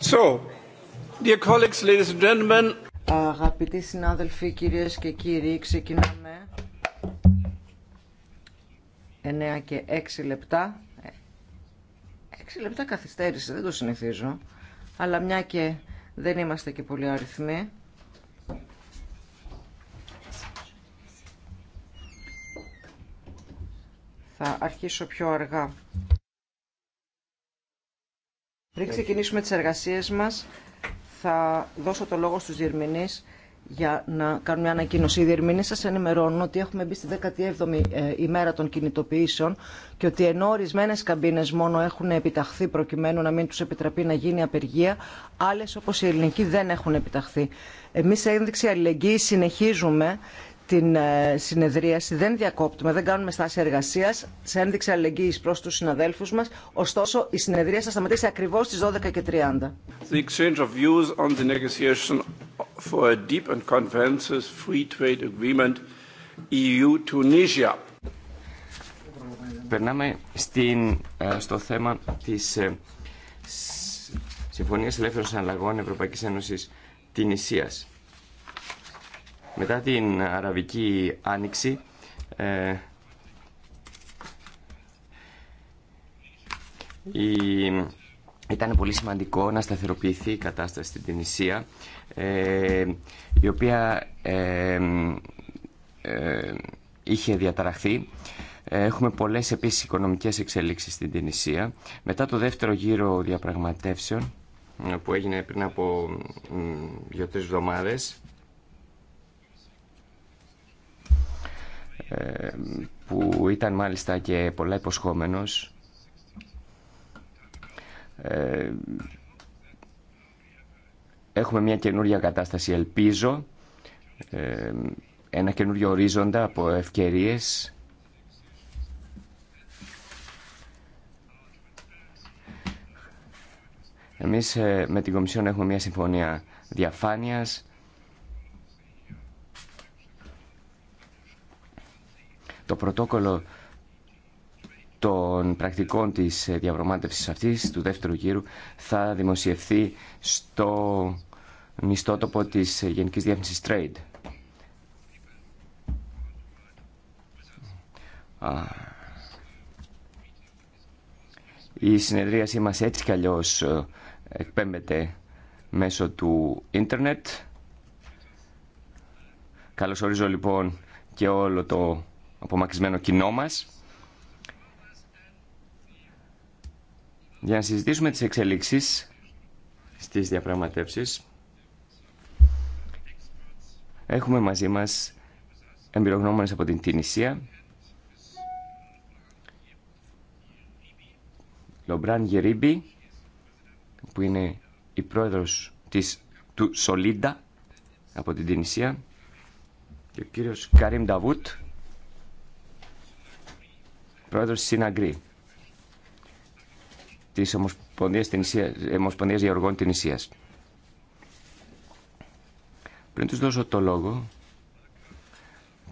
So, Αγαπητοί συνάδελφοι, κυρίες και κύριοι, ξεκινάμε 9 και 6 λεπτά. 6 ε, λεπτά καθυστέρηση, δεν το συνηθίζω. Αλλά μια και δεν είμαστε και πολύ αριθμοί. Θα αρχίσω πιο αργά πριν ξεκινήσουμε τις εργασίες μας, θα δώσω το λόγο στους διερμηνείς για να κάνουμε μια ανακοίνωση. Οι διερμηνείς σας ενημερώνουν ότι έχουμε μπει στη 17η ε, ημέρα των κινητοποιήσεων και ότι ενώ ορισμένε καμπίνες μόνο έχουν επιταχθεί προκειμένου να μην τους επιτραπεί να γίνει απεργία, άλλες όπως η ελληνική δεν έχουν επιταχθεί. Εμείς σε ένδειξη αλληλεγγύη συνεχίζουμε την ε, συνεδρίαση, δεν διακόπτουμε, δεν κάνουμε στάση εργασία σε ένδειξη αλληλεγγύη προ του συναδέλφου μα. Ωστόσο, η συνεδρία θα σταματήσει ακριβώ στι 12.30. The exchange of views on the negotiation for a deep and comprehensive free trade agreement EU Tunisia. Περνάμε στην, ε, στο θέμα της ε, Συμφωνίας Ελεύθερων Αλλαγών Ευρωπαϊκής Ένωσης Τινησία. Μετά την Αραβική Άνοιξη ε, ήταν πολύ σημαντικό να σταθεροποιηθεί η κατάσταση στην Τινησία ε, η οποία ε, ε, είχε διαταραχθεί. Έχουμε πολλές επίσης οικονομικές εξελίξεις στην Τινησία. Μετά το δεύτερο γύρο διαπραγματεύσεων ε, που έγινε πριν από δύο-τρεις εβδομάδες που ήταν μάλιστα και πολλά υποσχόμενος ε, έχουμε μια καινούργια κατάσταση ελπίζω ε, ένα καινούργιο ορίζοντα από ευκαιρίες Εμείς ε, με την Κομισιόν έχουμε μια συμφωνία διαφάνειας Το πρωτόκολλο των πρακτικών της διαβρομάτευσης αυτής του δεύτερου γύρου θα δημοσιευθεί στο μισθότοπο της Γενικής Διεύθυνσης Trade. Η συνεδρίασή μας έτσι κι αλλιώς ε, εκπέμπεται μέσω του ίντερνετ. Καλωσορίζω λοιπόν και όλο το απομακρυσμένο κοινό μας για να συζητήσουμε τις εξελίξεις στις διαπραγματεύσεις. Έχουμε μαζί μας εμπειρογνώμονες από την Τινησία, Λομπράν Γερίμπη, που είναι η πρόεδρος της, του Σολίντα από την Τινησία, και ο κύριος Καρίμ Νταβούτ, τη Συναγκρή τη Ομοσπονδία Τινησίας, Την Ισία. Πριν του δώσω το λόγο,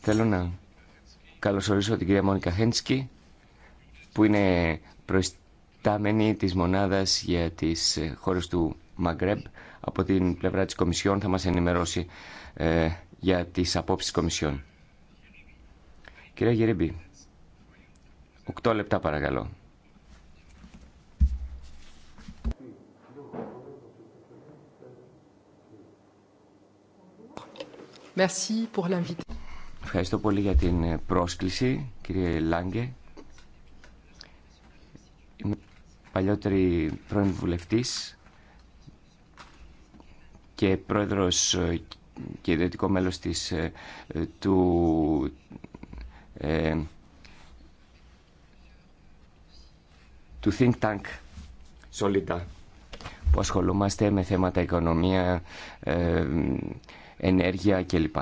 θέλω να καλωσορίσω την κυρία Μόνικα Χέντσκι, που είναι προϊστάμενη της μονάδας για τις ε, χώρες του Μαγκρέμπ. Από την πλευρά της Κομισιόν θα μας ενημερώσει ε, για τις απόψεις της Κομισιόν. Κυρία Γερίμπη, Οκτώ λεπτά παρακαλώ. Ευχαριστώ πολύ για την πρόσκληση, κύριε Λάγκε. Είμαι παλιότερη πρώην βουλευτής και πρόεδρος και ιδιωτικό μέλος της, ε, του ε, του Think Tank Solida που ασχολούμαστε με θέματα οικονομία, ε, ενέργεια κλπ.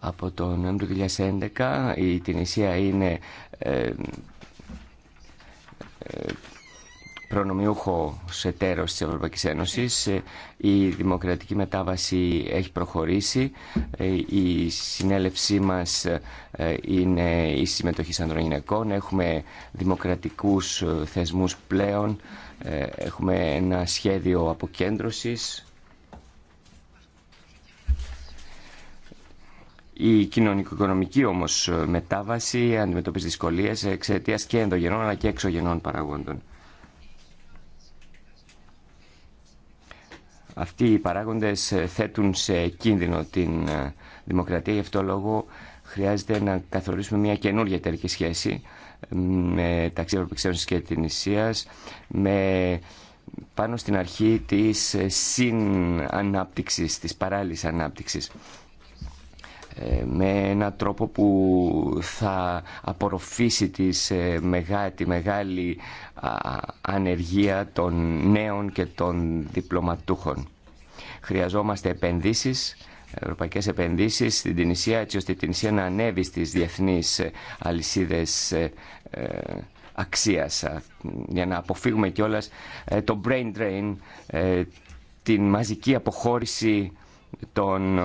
Από τον Νοέμβριο 2011 η Τινησία είναι ε, ε προνομιούχο εταίρος της Ευρωπαϊκής Ένωσης. Ε, η δημοκρατική μετάβαση έχει προχωρήσει. Ε, η συνέλευσή μας ε, είναι η συμμετοχή των γυναικών. Έχουμε δημοκρατικούς θεσμούς πλέον. Έχουμε ένα σχέδιο αποκέντρωσης. Η κοινωνικο-οικονομική όμως μετάβαση αντιμετωπίζει δυσκολίες εξαιτίας και ενδογενών αλλά και εξωγενών παραγόντων. Αυτοί οι παράγοντες ε, θέτουν σε κίνδυνο την ε, δημοκρατία. Γι' αυτό λόγο χρειάζεται να καθορίσουμε μια καινούργια εταιρική σχέση με Ευρωπαϊκής Ένωσης και την Ισίας με πάνω στην αρχή της ε, συνανάπτυξης, της παράλληλης ανάπτυξης. Ε, με ένα τρόπο που θα απορροφήσει τις, ε, μεγά, τη μεγάλη ανεργία των νέων και των διπλωματούχων. Χρειαζόμαστε επενδύσεις, ευρωπαϊκές επενδύσεις στην Τινησία έτσι ώστε η Τινησία να ανέβει στις διεθνείς ε, αλυσίδες αξίας για να αποφύγουμε κιόλας το brain drain, την μαζική αποχώρηση των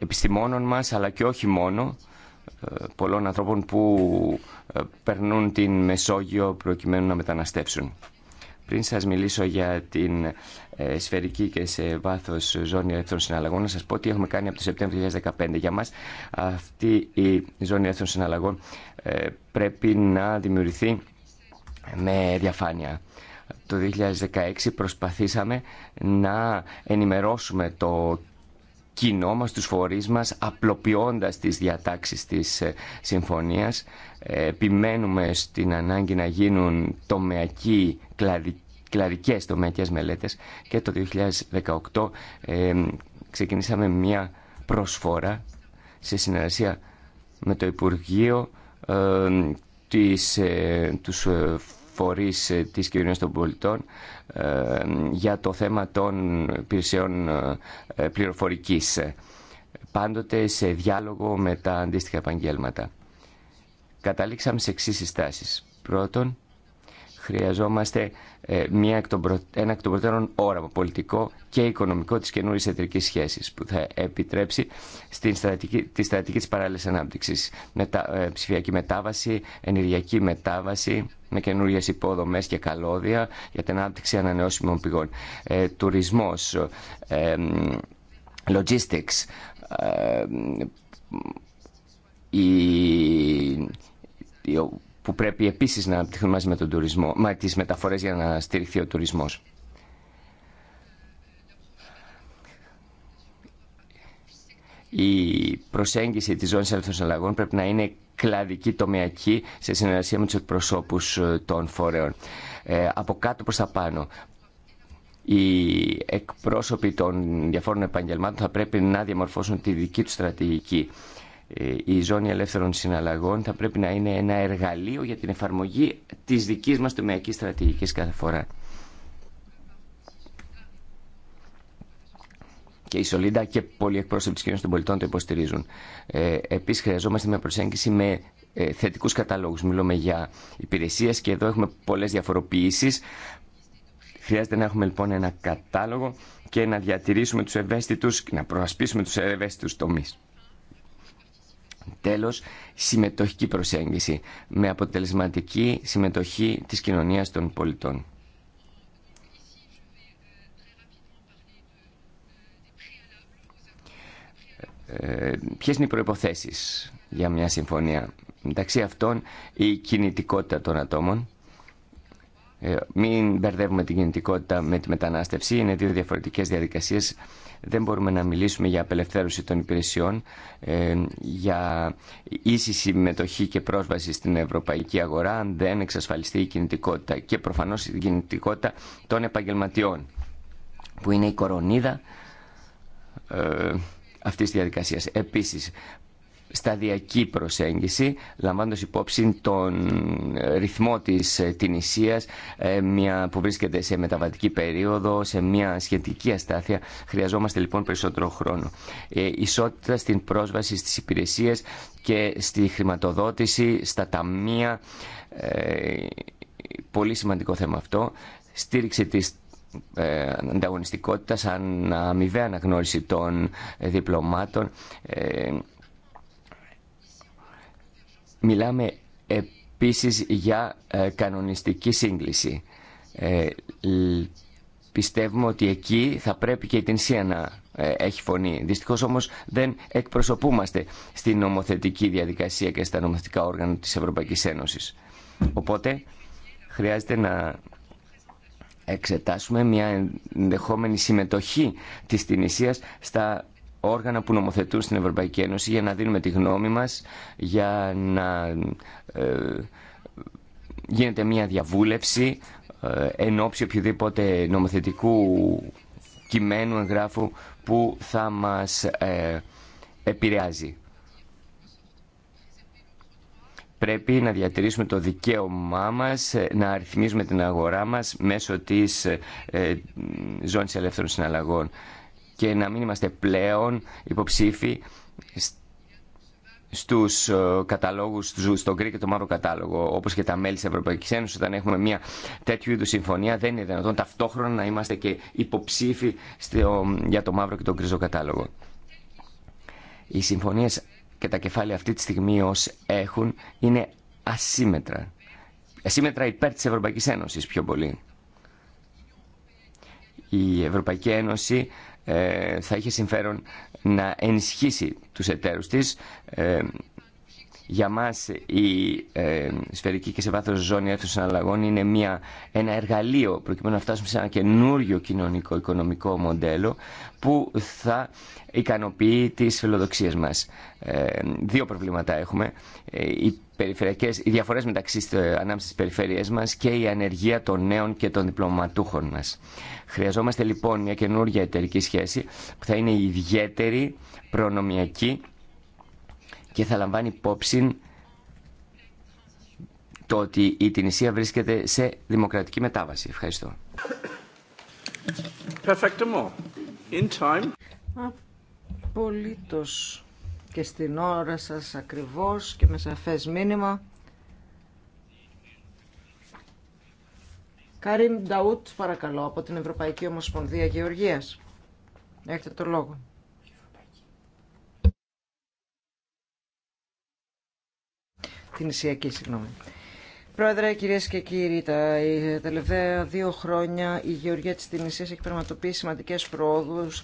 επιστημόνων μας αλλά και όχι μόνο ε, πολλών ανθρώπων που ε, περνούν την Μεσόγειο προκειμένου να μεταναστεύσουν. Πριν σας μιλήσω για την ε, σφαιρική και σε βάθος ζώνη ελεύθερων συναλλαγών, να σας πω τι έχουμε κάνει από το Σεπτέμβριο 2015. Για μας αυτή η ζώνη ελεύθερων συναλλαγών πρέπει να δημιουργηθεί με διαφάνεια. Το 2016 προσπαθήσαμε να ενημερώσουμε το κοινό μας, τους φορείς μας, απλοποιώντας τις διατάξεις της ε, συμφωνίας. Ε, επιμένουμε στην ανάγκη να γίνουν τομεακοί, κλαδικές τομεακές μελέτες και το 2018 ε, ξεκινήσαμε μια προσφορά σε συνεργασία με το Υπουργείο ε, τους φορείς ε, της κοινωνίας των πολιτών ε, για το θέμα των υπηρεσιών ε, πληροφορικής. Πάντοτε σε διάλογο με τα αντίστοιχα επαγγέλματα. Καταλήξαμε σε εξής συστάσεις. Πρώτον, χρειαζόμαστε μια ένα εκ των προτέρων όραμα πολιτικό και οικονομικό της καινούριας εταιρικής σχέσης που θα επιτρέψει στην στρατική, τη στρατηγική της παράλληλης ανάπτυξης. ψηφιακή μετάβαση, ενεργειακή μετάβαση, με καινούριε υποδομές και καλώδια για την ανάπτυξη ανανεώσιμων πηγών. Ε, τουρισμός, ε, logistics, ε, που πρέπει επίσης να αναπτυχθούν μαζί με τον τουρισμό, με τις μεταφορές για να στηριχθεί ο τουρισμός. Η προσέγγιση της ζώνης ελεύθερων αλλαγών πρέπει να είναι κλαδική, τομεακή, σε συνεργασία με τους εκπροσώπους ε, των φορέων. Ε, από κάτω προς τα πάνω. Οι εκπρόσωποι των διαφόρων επαγγελμάτων θα πρέπει να διαμορφώσουν τη δική του στρατηγική. Ε, η ζώνη ελεύθερων συναλλαγών θα πρέπει να είναι ένα εργαλείο για την εφαρμογή της δικής μας τομεακής στρατηγικής κάθε φορά. και η Σολίντα και πολλοί εκπρόσωποι τη κοινωνία των πολιτών το υποστηρίζουν. Ε, Επίση, χρειαζόμαστε μια προσέγγιση με ε, θετικού καταλόγου. Μιλούμε για υπηρεσίε και εδώ έχουμε πολλέ διαφοροποιήσει. Χρειάζεται να έχουμε λοιπόν ένα κατάλογο και να διατηρήσουμε του ευαίσθητου και να προασπίσουμε του ευαίσθητου τομεί. Τέλος, συμμετοχική προσέγγιση με αποτελεσματική συμμετοχή της κοινωνίας των πολιτών. ε, ποιες είναι οι προϋποθέσεις για μια συμφωνία. Μεταξύ αυτών η κινητικότητα των ατόμων. Ε, μην μπερδεύουμε την κινητικότητα με τη μετανάστευση. Είναι δύο διαφορετικές διαδικασίες. Δεν μπορούμε να μιλήσουμε για απελευθέρωση των υπηρεσιών, ε, για ίση συμμετοχή και πρόσβαση στην ευρωπαϊκή αγορά αν δεν εξασφαλιστεί η κινητικότητα και προφανώς η κινητικότητα των επαγγελματιών που είναι η κορονίδα ε, αυτής της διαδικασίας. Επίσης, σταδιακή προσέγγιση, λαμβάνοντας υπόψη τον ρυθμό της ε, Τινησίας, ε, μια που βρίσκεται σε μεταβατική περίοδο, σε μια σχετική αστάθεια. Χρειαζόμαστε λοιπόν περισσότερο χρόνο. Ε, ισότητα στην πρόσβαση στις υπηρεσίες και στη χρηματοδότηση, στα ταμεία, πολύ σημαντικό θέμα αυτό, στήριξη της ε, σαν αν, αμοιβαία αναγνώριση των ε, διπλωμάτων. Ε, μιλάμε επίσης για ε, κανονιστική σύγκληση. πιστεύουμε ότι εκεί θα πρέπει και η Τινσία να έχει φωνή. Δυστυχώς όμως δεν εκπροσωπούμαστε στην νομοθετική διαδικασία και στα νομοθετικά όργανα της Ευρωπαϊκής Ένωσης. Οπότε χρειάζεται να εξετάσουμε μια ενδεχόμενη συμμετοχή της Τινησίας στα όργανα που νομοθετούν στην Ευρωπαϊκή Ένωση για να δίνουμε τη γνώμη μας, για να ε, γίνεται μια διαβούλευση ε, εν ώψη οποιοδήποτε νομοθετικού κειμένου εγγράφου που θα μας ε, επηρεάζει πρέπει να διατηρήσουμε το δικαίωμά μας ε, να αριθμίζουμε την αγορά μας μέσω της ε, ε, ζώνης ελεύθερων συναλλαγών και να μην είμαστε πλέον υποψήφοι στους ε, καταλόγους, στον κρύο και το μαύρο κατάλογο, όπως και τα μέλη της Ευρωπαϊκής Ένωσης, όταν έχουμε μια τέτοιου είδους συμφωνία, δεν είναι δυνατόν ταυτόχρονα να είμαστε και υποψήφοι στο, για το μαύρο και τον κρύο κατάλογο. Οι συμφωνίες και τα κεφάλαια αυτή τη στιγμή ως έχουν είναι ασύμετρα. Ασύμετρα υπέρ της Ευρωπαϊκής Ένωσης πιο πολύ. Η Ευρωπαϊκή Ένωση ε, θα είχε συμφέρον να ενισχύσει τους εταίρους της ε, για μα, η ε, σφαιρική και σε βάθο ζώνη αίθουσα Αναλλαγών, είναι μια, ένα εργαλείο προκειμένου να φτάσουμε σε ένα καινούριο κοινωνικό-οικονομικό μοντέλο που θα ικανοποιεί τις φιλοδοξίες μα. Ε, δύο προβλήματα έχουμε. Ε, οι, περιφερειακές, οι διαφορές μεταξύ ε, ανάμεσα στι περιφέρειέ μα και η ανεργία των νέων και των διπλωματούχων μα. Χρειαζόμαστε λοιπόν μια καινούργια εταιρική σχέση που θα είναι ιδιαίτερη, προνομιακή και θα λαμβάνει υπόψη το ότι η Τινησία βρίσκεται σε δημοκρατική μετάβαση. Ευχαριστώ. In time. Απολύτως και στην ώρα σας ακριβώς και με σαφές μήνυμα. Κάριμ Νταούτ, παρακαλώ, από την Ευρωπαϊκή Ομοσπονδία Γεωργίας. Έχετε το λόγο. την συγγνώμη. Πρόεδρε, κυρίες και κύριοι, τα ε, τελευταία δύο χρόνια η γεωργία της Τινησίας έχει πραγματοποιήσει σημαντικές πρόοδους,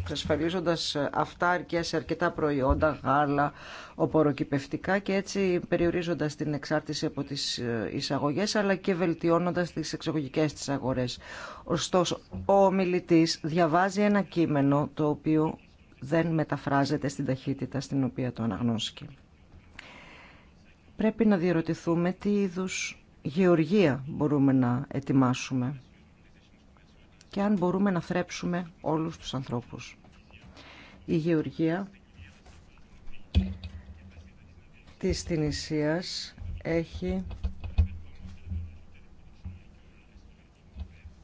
εξασφαλίζοντας αυτάρκεια σε αρκετά προϊόντα, γάλα, οποροκυπευτικά και έτσι περιορίζοντας την εξάρτηση από τις ε, εισαγωγές, αλλά και βελτιώνοντας τις εξαγωγικές της αγορές. Ωστόσο, ο μιλητής διαβάζει ένα κείμενο το οποίο δεν μεταφράζεται στην ταχύτητα στην οποία το αναγνώσκει πρέπει να διερωτηθούμε τι είδους γεωργία μπορούμε να ετοιμάσουμε και αν μπορούμε να θρέψουμε όλους τους ανθρώπους. Η γεωργία της Τινησίας έχει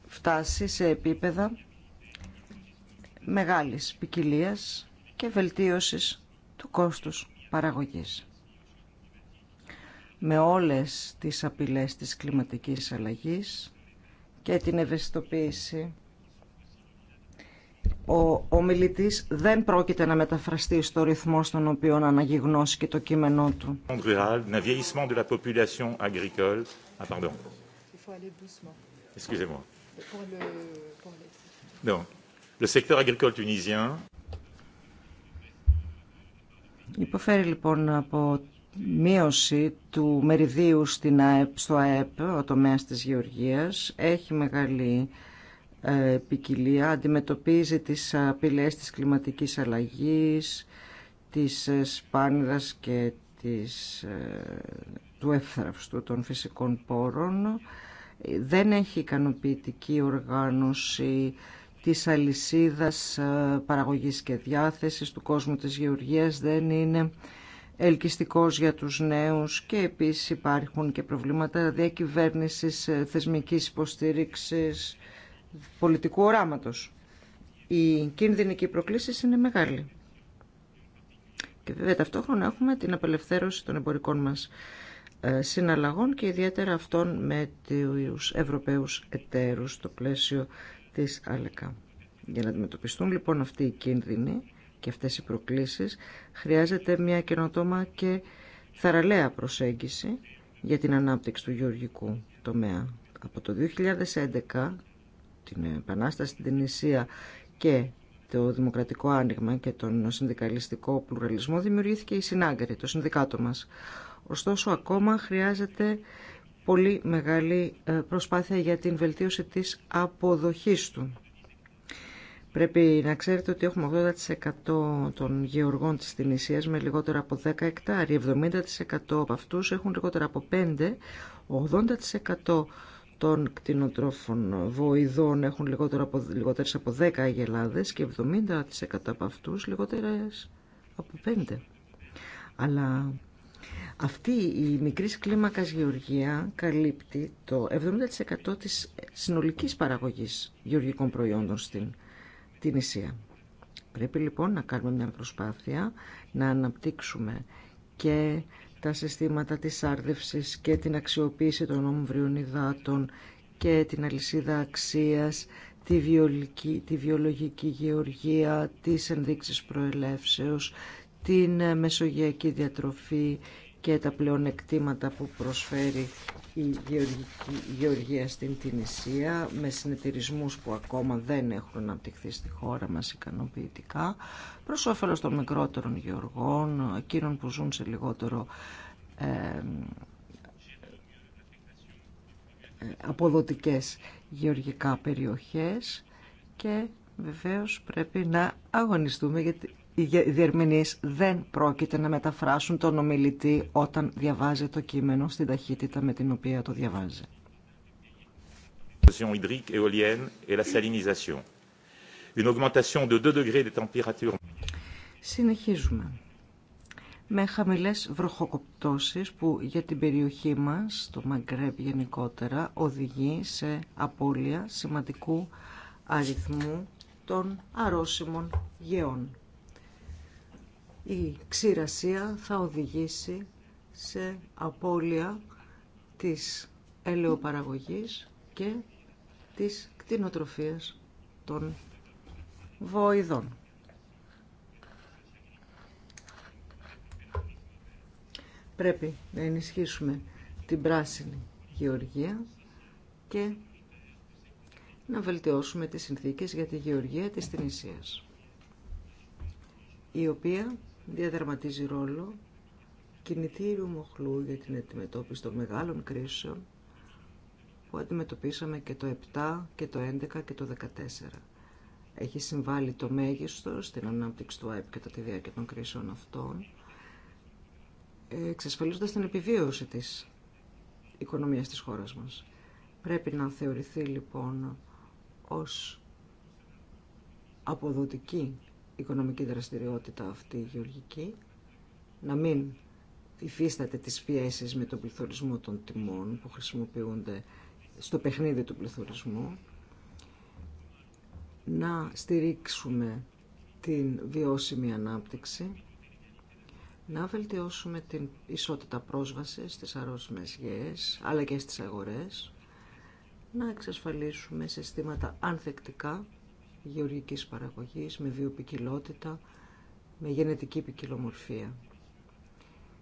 φτάσει σε επίπεδα μεγάλης ποικιλία και βελτίωσης του κόστους παραγωγής με όλες τις απειλές της κλιματικής αλλαγής και την ευαισθητοποίηση. Ο ομιλητής δεν πρόκειται να μεταφραστεί στο ρυθμό στον οποίο αναγυγνώσει και το κείμενό του. Υποφέρει λοιπόν από μείωση του μεριδίου στην ΑΕΠ, στο ΑΕΠ, ο τομέας της γεωργίας, έχει μεγάλη ε, ποικιλία, αντιμετωπίζει τις απειλές της κλιματικής αλλαγής, της ε, σπάνιδας και της, ε, του εύθραυστου των φυσικών πόρων. Δεν έχει ικανοποιητική οργάνωση της αλυσίδας παραγωγής και διάθεσης του κόσμου της γεωργίας, δεν είναι ελκυστικός για τους νέους και επίσης υπάρχουν και προβλήματα διακυβέρνησης, ε, θεσμικής υποστήριξης, πολιτικού οράματος. Οι κίνδυνοι και οι προκλήσεις είναι μεγάλη. Και βέβαια ταυτόχρονα έχουμε την απελευθέρωση των εμπορικών μας ε, συναλλαγών και ιδιαίτερα αυτών με τους Ευρωπαίους εταίρους στο πλαίσιο της ΑΛΕΚΑ. Για να αντιμετωπιστούν λοιπόν αυτοί οι κίνδυνοι, και αυτές οι προκλήσεις, χρειάζεται μια καινοτόμα και θαραλέα προσέγγιση για την ανάπτυξη του γεωργικού τομέα. Από το 2011, την Επανάσταση στην νησία και το Δημοκρατικό Άνοιγμα και τον συνδικαλιστικό πλουραλισμό δημιουργήθηκε η Συνάγκρη, το συνδικάτο μας. Ωστόσο, ακόμα χρειάζεται πολύ μεγάλη ε, προσπάθεια για την βελτίωση της αποδοχής του. Πρέπει να ξέρετε ότι έχουμε 80% των γεωργών της Τινησίας με λιγότερο από 10 εκτάρια. 70% από αυτούς έχουν λιγότερα από 5. 80% των κτηνοτρόφων βοηδών έχουν λιγότερο από, λιγότερες από 10 αγελάδες και 70% από αυτούς λιγότερες από 5. Αλλά αυτή η μικρή κλίμακας γεωργία καλύπτει το 70% της συνολικής παραγωγής γεωργικών προϊόντων στην Πρέπει λοιπόν να κάνουμε μια προσπάθεια να αναπτύξουμε και τα συστήματα της άρδευσης και την αξιοποίηση των όμβριων υδάτων και την αλυσίδα αξίας, τη, τη βιολογική γεωργία, τις ενδείξεις προελεύσεως, την μεσογειακή διατροφή και τα πλεονεκτήματα που προσφέρει η γεωργία στην Τινησία με συνεταιρισμούς που ακόμα δεν έχουν αναπτυχθεί στη χώρα μας ικανοποιητικά προς όφελος των μικρότερων γεωργών, εκείνων που ζουν σε λιγότερο ε, αποδοτικές γεωργικά περιοχές και βεβαίως πρέπει να αγωνιστούμε για οι διερμηνείς δεν πρόκειται να μεταφράσουν τον ομιλητή όταν διαβάζει το κείμενο στην ταχύτητα με την οποία το διαβάζει. Συνεχίζουμε με χαμηλές βροχοκοπτώσεις που για την περιοχή μας, το Μαγκρέμπ γενικότερα, οδηγεί σε απώλεια σημαντικού αριθμού των αρρώσιμων γεών η ξηρασία θα οδηγήσει σε απώλεια της ελαιοπαραγωγής και της κτηνοτροφίας των βοηδών. Πρέπει να ενισχύσουμε την πράσινη γεωργία και να βελτιώσουμε τις συνθήκες για τη γεωργία της Τινησίας, η οποία διαδραματίζει ρόλο κινητήριου μοχλού για την αντιμετώπιση των μεγάλων κρίσεων που αντιμετωπίσαμε και το 7 και το 11 και το 14. Έχει συμβάλει το μέγιστο στην ανάπτυξη του ΑΕΠ κατά τη διάρκεια των κρίσεων αυτών, εξασφαλίζοντας την επιβίωση της οικονομίας της χώρας μας. Πρέπει να θεωρηθεί λοιπόν ως αποδοτική οικονομική δραστηριότητα αυτή η γεωργική, να μην υφίσταται τις πιέσεις με τον πληθωρισμό των τιμών που χρησιμοποιούνται στο παιχνίδι του πληθωρισμού, να στηρίξουμε την βιώσιμη ανάπτυξη, να βελτιώσουμε την ισότητα πρόσβασης στις αρρώσιμες γεές, αλλά και στις αγορές, να εξασφαλίσουμε συστήματα ανθεκτικά γεωργικής παραγωγής, με βιοπικιλότητα, με γενετική ποικιλομορφία.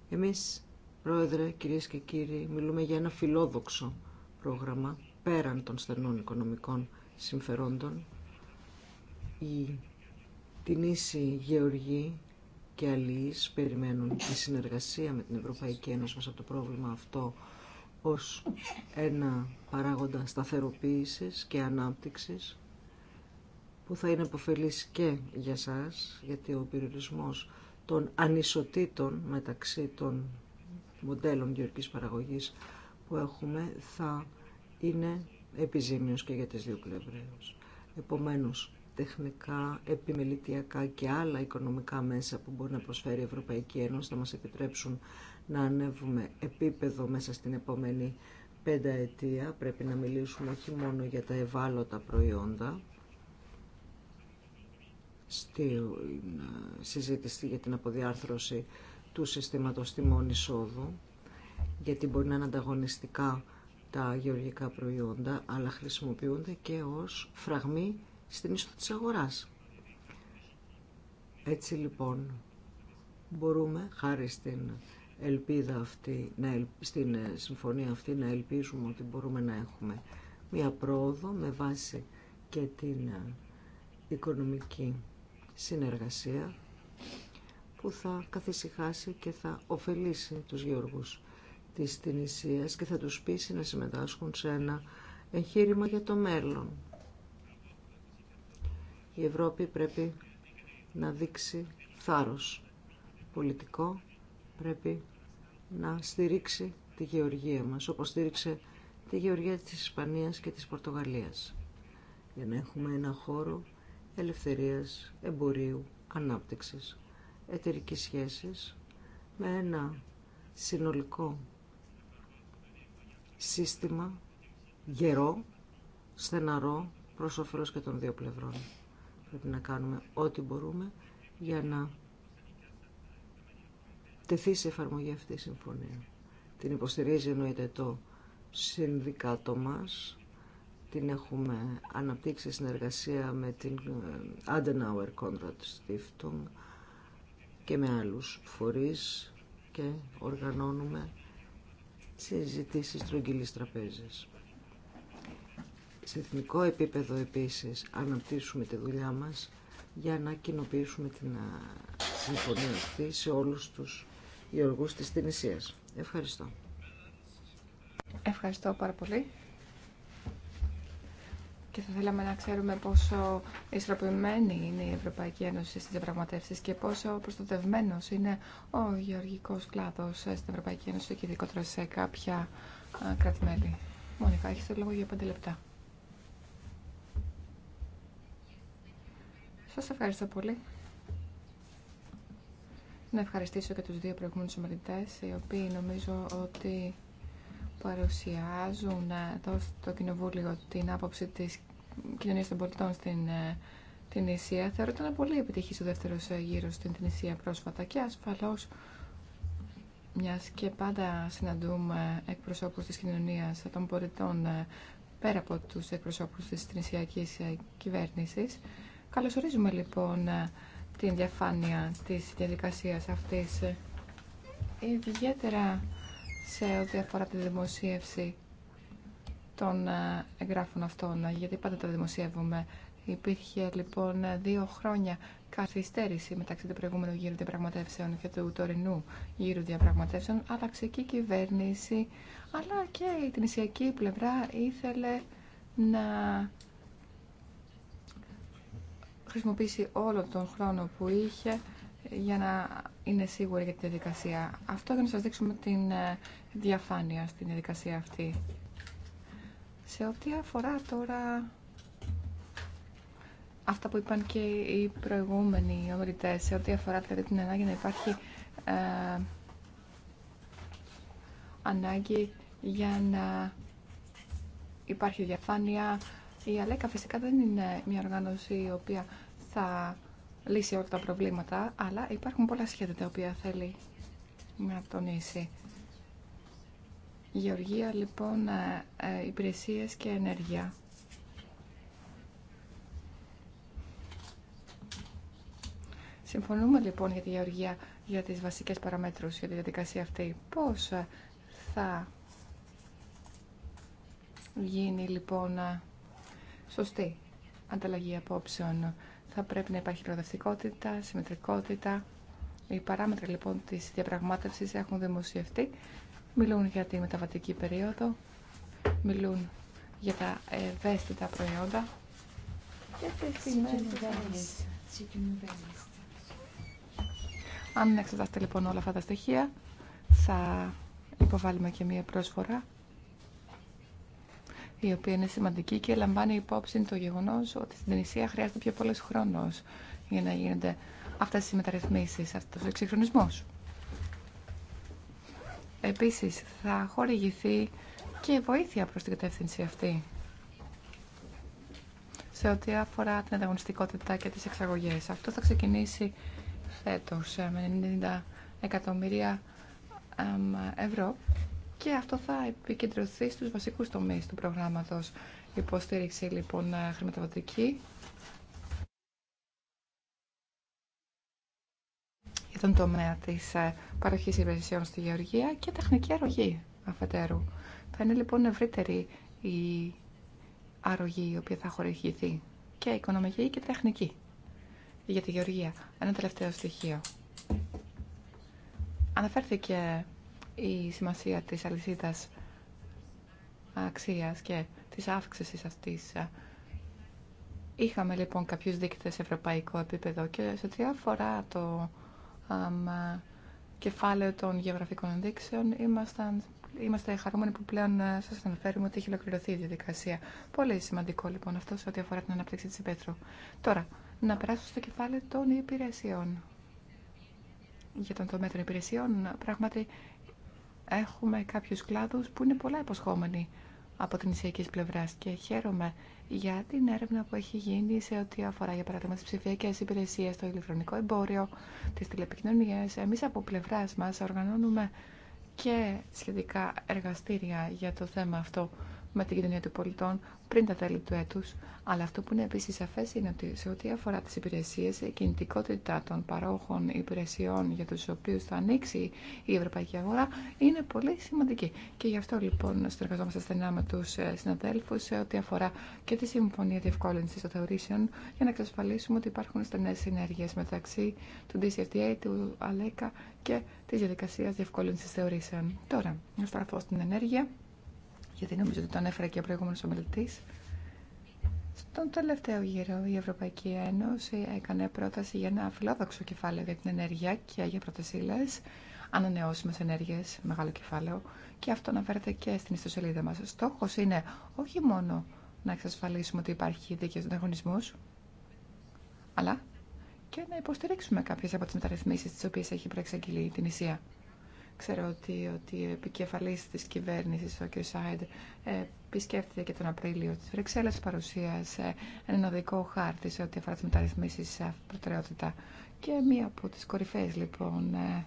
Εμείς, Πρόεδρε, κυρίες και κύριοι, μιλούμε για ένα φιλόδοξο πρόγραμμα πέραν των στενών οικονομικών συμφερόντων. Η την ίση γεωργή και αλληλείς περιμένουν τη συνεργασία με την Ευρωπαϊκή Ένωση μας από το πρόβλημα αυτό ως ένα παράγοντα σταθεροποίησης και ανάπτυξης που θα είναι επωφελής και για σας, γιατί ο περιορισμός των ανισοτήτων μεταξύ των μοντέλων γεωργικής παραγωγής που έχουμε θα είναι επιζήμιος και για τις δύο πλευρές. Επομένως, τεχνικά, επιμελητιακά και άλλα οικονομικά μέσα που μπορεί να προσφέρει η Ευρωπαϊκή Ένωση θα μας επιτρέψουν να ανέβουμε επίπεδο μέσα στην επόμενη πέντα αιτία. Πρέπει να μιλήσουμε όχι μόνο για τα ευάλωτα προϊόντα, στη ε, συζήτηση για την αποδιάρθρωση του συστήματος τιμών εισόδου, γιατί μπορεί να είναι ανταγωνιστικά τα γεωργικά προϊόντα, αλλά χρησιμοποιούνται και ως φραγμή στην είσοδο της αγοράς. Έτσι λοιπόν μπορούμε χάρη στην ελπίδα αυτή, να, στην ε, συμφωνία αυτή να ελπίζουμε ότι μπορούμε να έχουμε μία πρόοδο με βάση και την ε, οικονομική συνεργασία που θα καθησυχάσει και θα ωφελήσει τους γεωργούς της Τινησίας και θα τους πείσει να συμμετάσχουν σε ένα εγχείρημα για το μέλλον. Η Ευρώπη πρέπει να δείξει θάρρος πολιτικό, πρέπει να στηρίξει τη γεωργία μας, όπως στήριξε τη γεωργία της Ισπανίας και της Πορτογαλίας, για να έχουμε ένα χώρο ελευθερίας, εμπορίου, ανάπτυξης, εταιρικής σχέσης με ένα συνολικό σύστημα γερό, στεναρό, προς όφελος και των δύο πλευρών. Πρέπει να κάνουμε ό,τι μπορούμε για να τεθεί σε εφαρμογή αυτή η συμφωνία. Την υποστηρίζει εννοείται το συνδικάτο μας την έχουμε αναπτύξει συνεργασία με την ε, Adenauer Conrad Stiftung και με άλλους φορείς και οργανώνουμε συζητήσεις τρογγυλής τραπέζης. Σε εθνικό επίπεδο επίσης αναπτύσσουμε τη δουλειά μας για να κοινοποιήσουμε την ε, συμφωνία αυτή σε όλους τους γεωργούς της Τινησίας. Ευχαριστώ. Ευχαριστώ πάρα πολύ. Και θα θέλαμε να ξέρουμε πόσο ισορροπημένη είναι η Ευρωπαϊκή Ένωση στις διαπραγματεύσεις και πόσο προστατευμένος είναι ο γεωργικός κλάδος στην Ευρωπαϊκή Ένωση και ειδικότερα σε κάποια κράτη-μέλη. Μόνικα, έχεις το λόγο για πέντε λεπτά. Σας ευχαριστώ πολύ. Να ευχαριστήσω και τους δύο προηγούμενους ομιλητέ, οι οποίοι νομίζω ότι παρουσιάζουν εδώ στο Κοινοβούλιο την άποψη της Κοινωνία των πολιτών στην ε, την Ισία. Θεωρώ ότι ήταν πολύ επιτυχή ο δεύτερο ε, γύρο στην Ισία πρόσφατα και ασφαλώ μια και πάντα συναντούμε εκπροσώπους της κοινωνία των πολιτών ε, πέρα από τους εκπροσώπους της Τινησιακή κυβέρνησης. Καλωσορίζουμε λοιπόν την διαφάνεια τη διαδικασία αυτή ιδιαίτερα σε ό,τι αφορά τη δημοσίευση των ε, εγγράφων αυτών, γιατί πάντα τα δημοσιεύουμε. Υπήρχε λοιπόν δύο χρόνια καθυστέρηση μεταξύ του προηγούμενου γύρου διαπραγματεύσεων και του τωρινού γύρου διαπραγματεύσεων. αλλά και η κυβέρνηση, αλλά και η τυνησιακή πλευρά ήθελε να χρησιμοποιήσει όλο τον χρόνο που είχε για να είναι σίγουρη για τη διαδικασία. Αυτό για να σας δείξουμε την ε, διαφάνεια στην διαδικασία αυτή. Σε ό,τι αφορά τώρα αυτά που είπαν και οι προηγούμενοι ομιλητέ, σε ό,τι αφορά δηλαδή την ανάγκη να υπάρχει ε, ανάγκη για να υπάρχει διαφάνεια. Η ΑΛΕΚΑ φυσικά δεν είναι μια οργάνωση η οποία θα λύσει όλα τα προβλήματα, αλλά υπάρχουν πολλά σχέδια τα οποία θέλει να τονίσει. Γεωργία, λοιπόν, ε, ε, υπηρεσίες και ενέργεια. Συμφωνούμε λοιπόν για τη γεωργία, για τις βασικές παραμέτρους, για τη διαδικασία αυτή. Πώς ε, θα γίνει λοιπόν σωστή ανταλλαγή απόψεων. Θα πρέπει να υπάρχει προοδευτικότητα, συμμετρικότητα. Οι παράμετροι λοιπόν της διαπραγμάτευσης έχουν δημοσιευτεί Μιλούν για τη μεταβατική περίοδο, μιλούν για τα ευαίσθητα προϊόντα και τις σημαίες Αν εξετάσετε λοιπόν όλα αυτά τα στοιχεία, θα υποβάλουμε και μία πρόσφορα η οποία είναι σημαντική και λαμβάνει υπόψη το γεγονός ότι στην Τινησία χρειάζεται πιο πολλές χρόνος για να γίνονται αυτές οι μεταρρυθμίσεις, αυτός ο εξυγχρονισμός. Επίσης, θα χορηγηθεί και βοήθεια προς την κατεύθυνση αυτή σε ό,τι αφορά την ανταγωνιστικότητα και τις εξαγωγές. Αυτό θα ξεκινήσει φέτος με 90 εκατομμύρια ευρώ και αυτό θα επικεντρωθεί στους βασικούς τομείς του προγράμματος. Υποστήριξη λοιπόν χρηματοδοτική, στον τομέα τη ε, παροχή υπηρεσιών στη γεωργία και τεχνική αρρωγή αφετέρου. Θα είναι λοιπόν ευρύτερη η αρρωγή η οποία θα χορηγηθεί και οικονομική και τεχνική για τη γεωργία. Ένα τελευταίο στοιχείο. Αναφέρθηκε η σημασία της αλυσίδας αξίας και της αύξησης αυτής. Είχαμε λοιπόν κάποιους δείκτες σε ευρωπαϊκό επίπεδο και σε τι αφορά το ε, κεφάλαιο των γεωγραφικών ενδείξεων, είμαστε χαρούμενοι που πλέον ε, σα αναφέρουμε ότι έχει ολοκληρωθεί η διαδικασία. Πολύ σημαντικό λοιπόν αυτό σε ό,τι αφορά την ανάπτυξη τη ΕΠΕΤΡΟΥ. Τώρα, να περάσω στο κεφάλαιο των υπηρεσιών. Για τον τομέα των υπηρεσιών, πράγματι έχουμε κάποιου κλάδου που είναι πολλά υποσχόμενοι από την ισιακή πλευρά και χαίρομαι για την έρευνα που έχει γίνει σε ό,τι αφορά, για παράδειγμα, τι ψηφιακέ υπηρεσίε, το ηλεκτρονικό εμπόριο, τις τηλεπικοινωνίε. Εμεί από πλευρά μα οργανώνουμε και σχετικά εργαστήρια για το θέμα αυτό με την κοινωνία των πολιτών πριν τα τέλη του έτου, Αλλά αυτό που είναι επίση σαφέ είναι ότι σε ό,τι αφορά τι υπηρεσίε, η κινητικότητα των παρόχων υπηρεσιών για του οποίου θα ανοίξει η ευρωπαϊκή αγορά είναι πολύ σημαντική. Και γι' αυτό λοιπόν συνεργαζόμαστε στενά με του ε, συναδέλφου, σε ό,τι αφορά και τη Συμφωνία διευκόλυνση των Θεωρήσεων για να εξασφαλίσουμε ότι υπάρχουν στενέ συνέργειε μεταξύ του DCFTA, του ΑΛΕΚΑ και τη διαδικασία διευκόλυνση θεωρήσεων. Τώρα, να στραφώ στην ενέργεια γιατί νομίζω ότι το ανέφερε και ο προηγούμενος ομιλητής. Στον τελευταίο γύρο η Ευρωπαϊκή Ένωση έκανε πρόταση για ένα φιλόδοξο κεφάλαιο για την ενέργεια και για πρώτες ανανεώσιμε ανανεώσιμες ενέργειες, μεγάλο κεφάλαιο και αυτό αναφέρεται και στην ιστοσελίδα μας. Ο στόχος είναι όχι μόνο να εξασφαλίσουμε ότι υπάρχει δίκαιο ανταγωνισμό, αλλά και να υποστηρίξουμε κάποιες από τις μεταρρυθμίσεις τις οποίες έχει προεξαγγείλει την Ισία. Ξέρω ότι, ότι ο επικεφαλής της κυβέρνησης, ο κ. Σάιντ, επισκέφθηκε και τον Απρίλιο της Βρυξέλλας, παρουσίασε έναν οδικό χάρτη σε ό,τι αφορά τις μεταρρυθμίσεις σε προτεραιότητα. Και μία από τις κορυφαίες, λοιπόν, ε,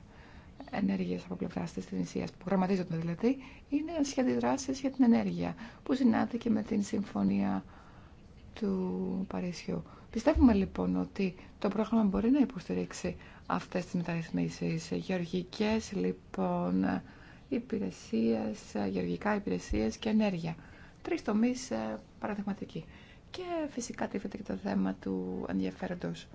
ενέργειες από πλευρά της Τινησίας, που γραμματίζονται δηλαδή, είναι οι σχέδιο για την ενέργεια, που συνάδει με την Συμφωνία του Παρισιού. Πιστεύουμε λοιπόν ότι το πρόγραμμα μπορεί να υποστηρίξει αυτές τις μεταρρυθμίσεις. Γεωργικές, λοιπόν, υπηρεσίες, γεωργικά υπηρεσίες και ενέργεια. Τρεις τομείς ε, παραδειγματικοί. Και φυσικά τρίφεται και το θέμα του ενδιαφέροντος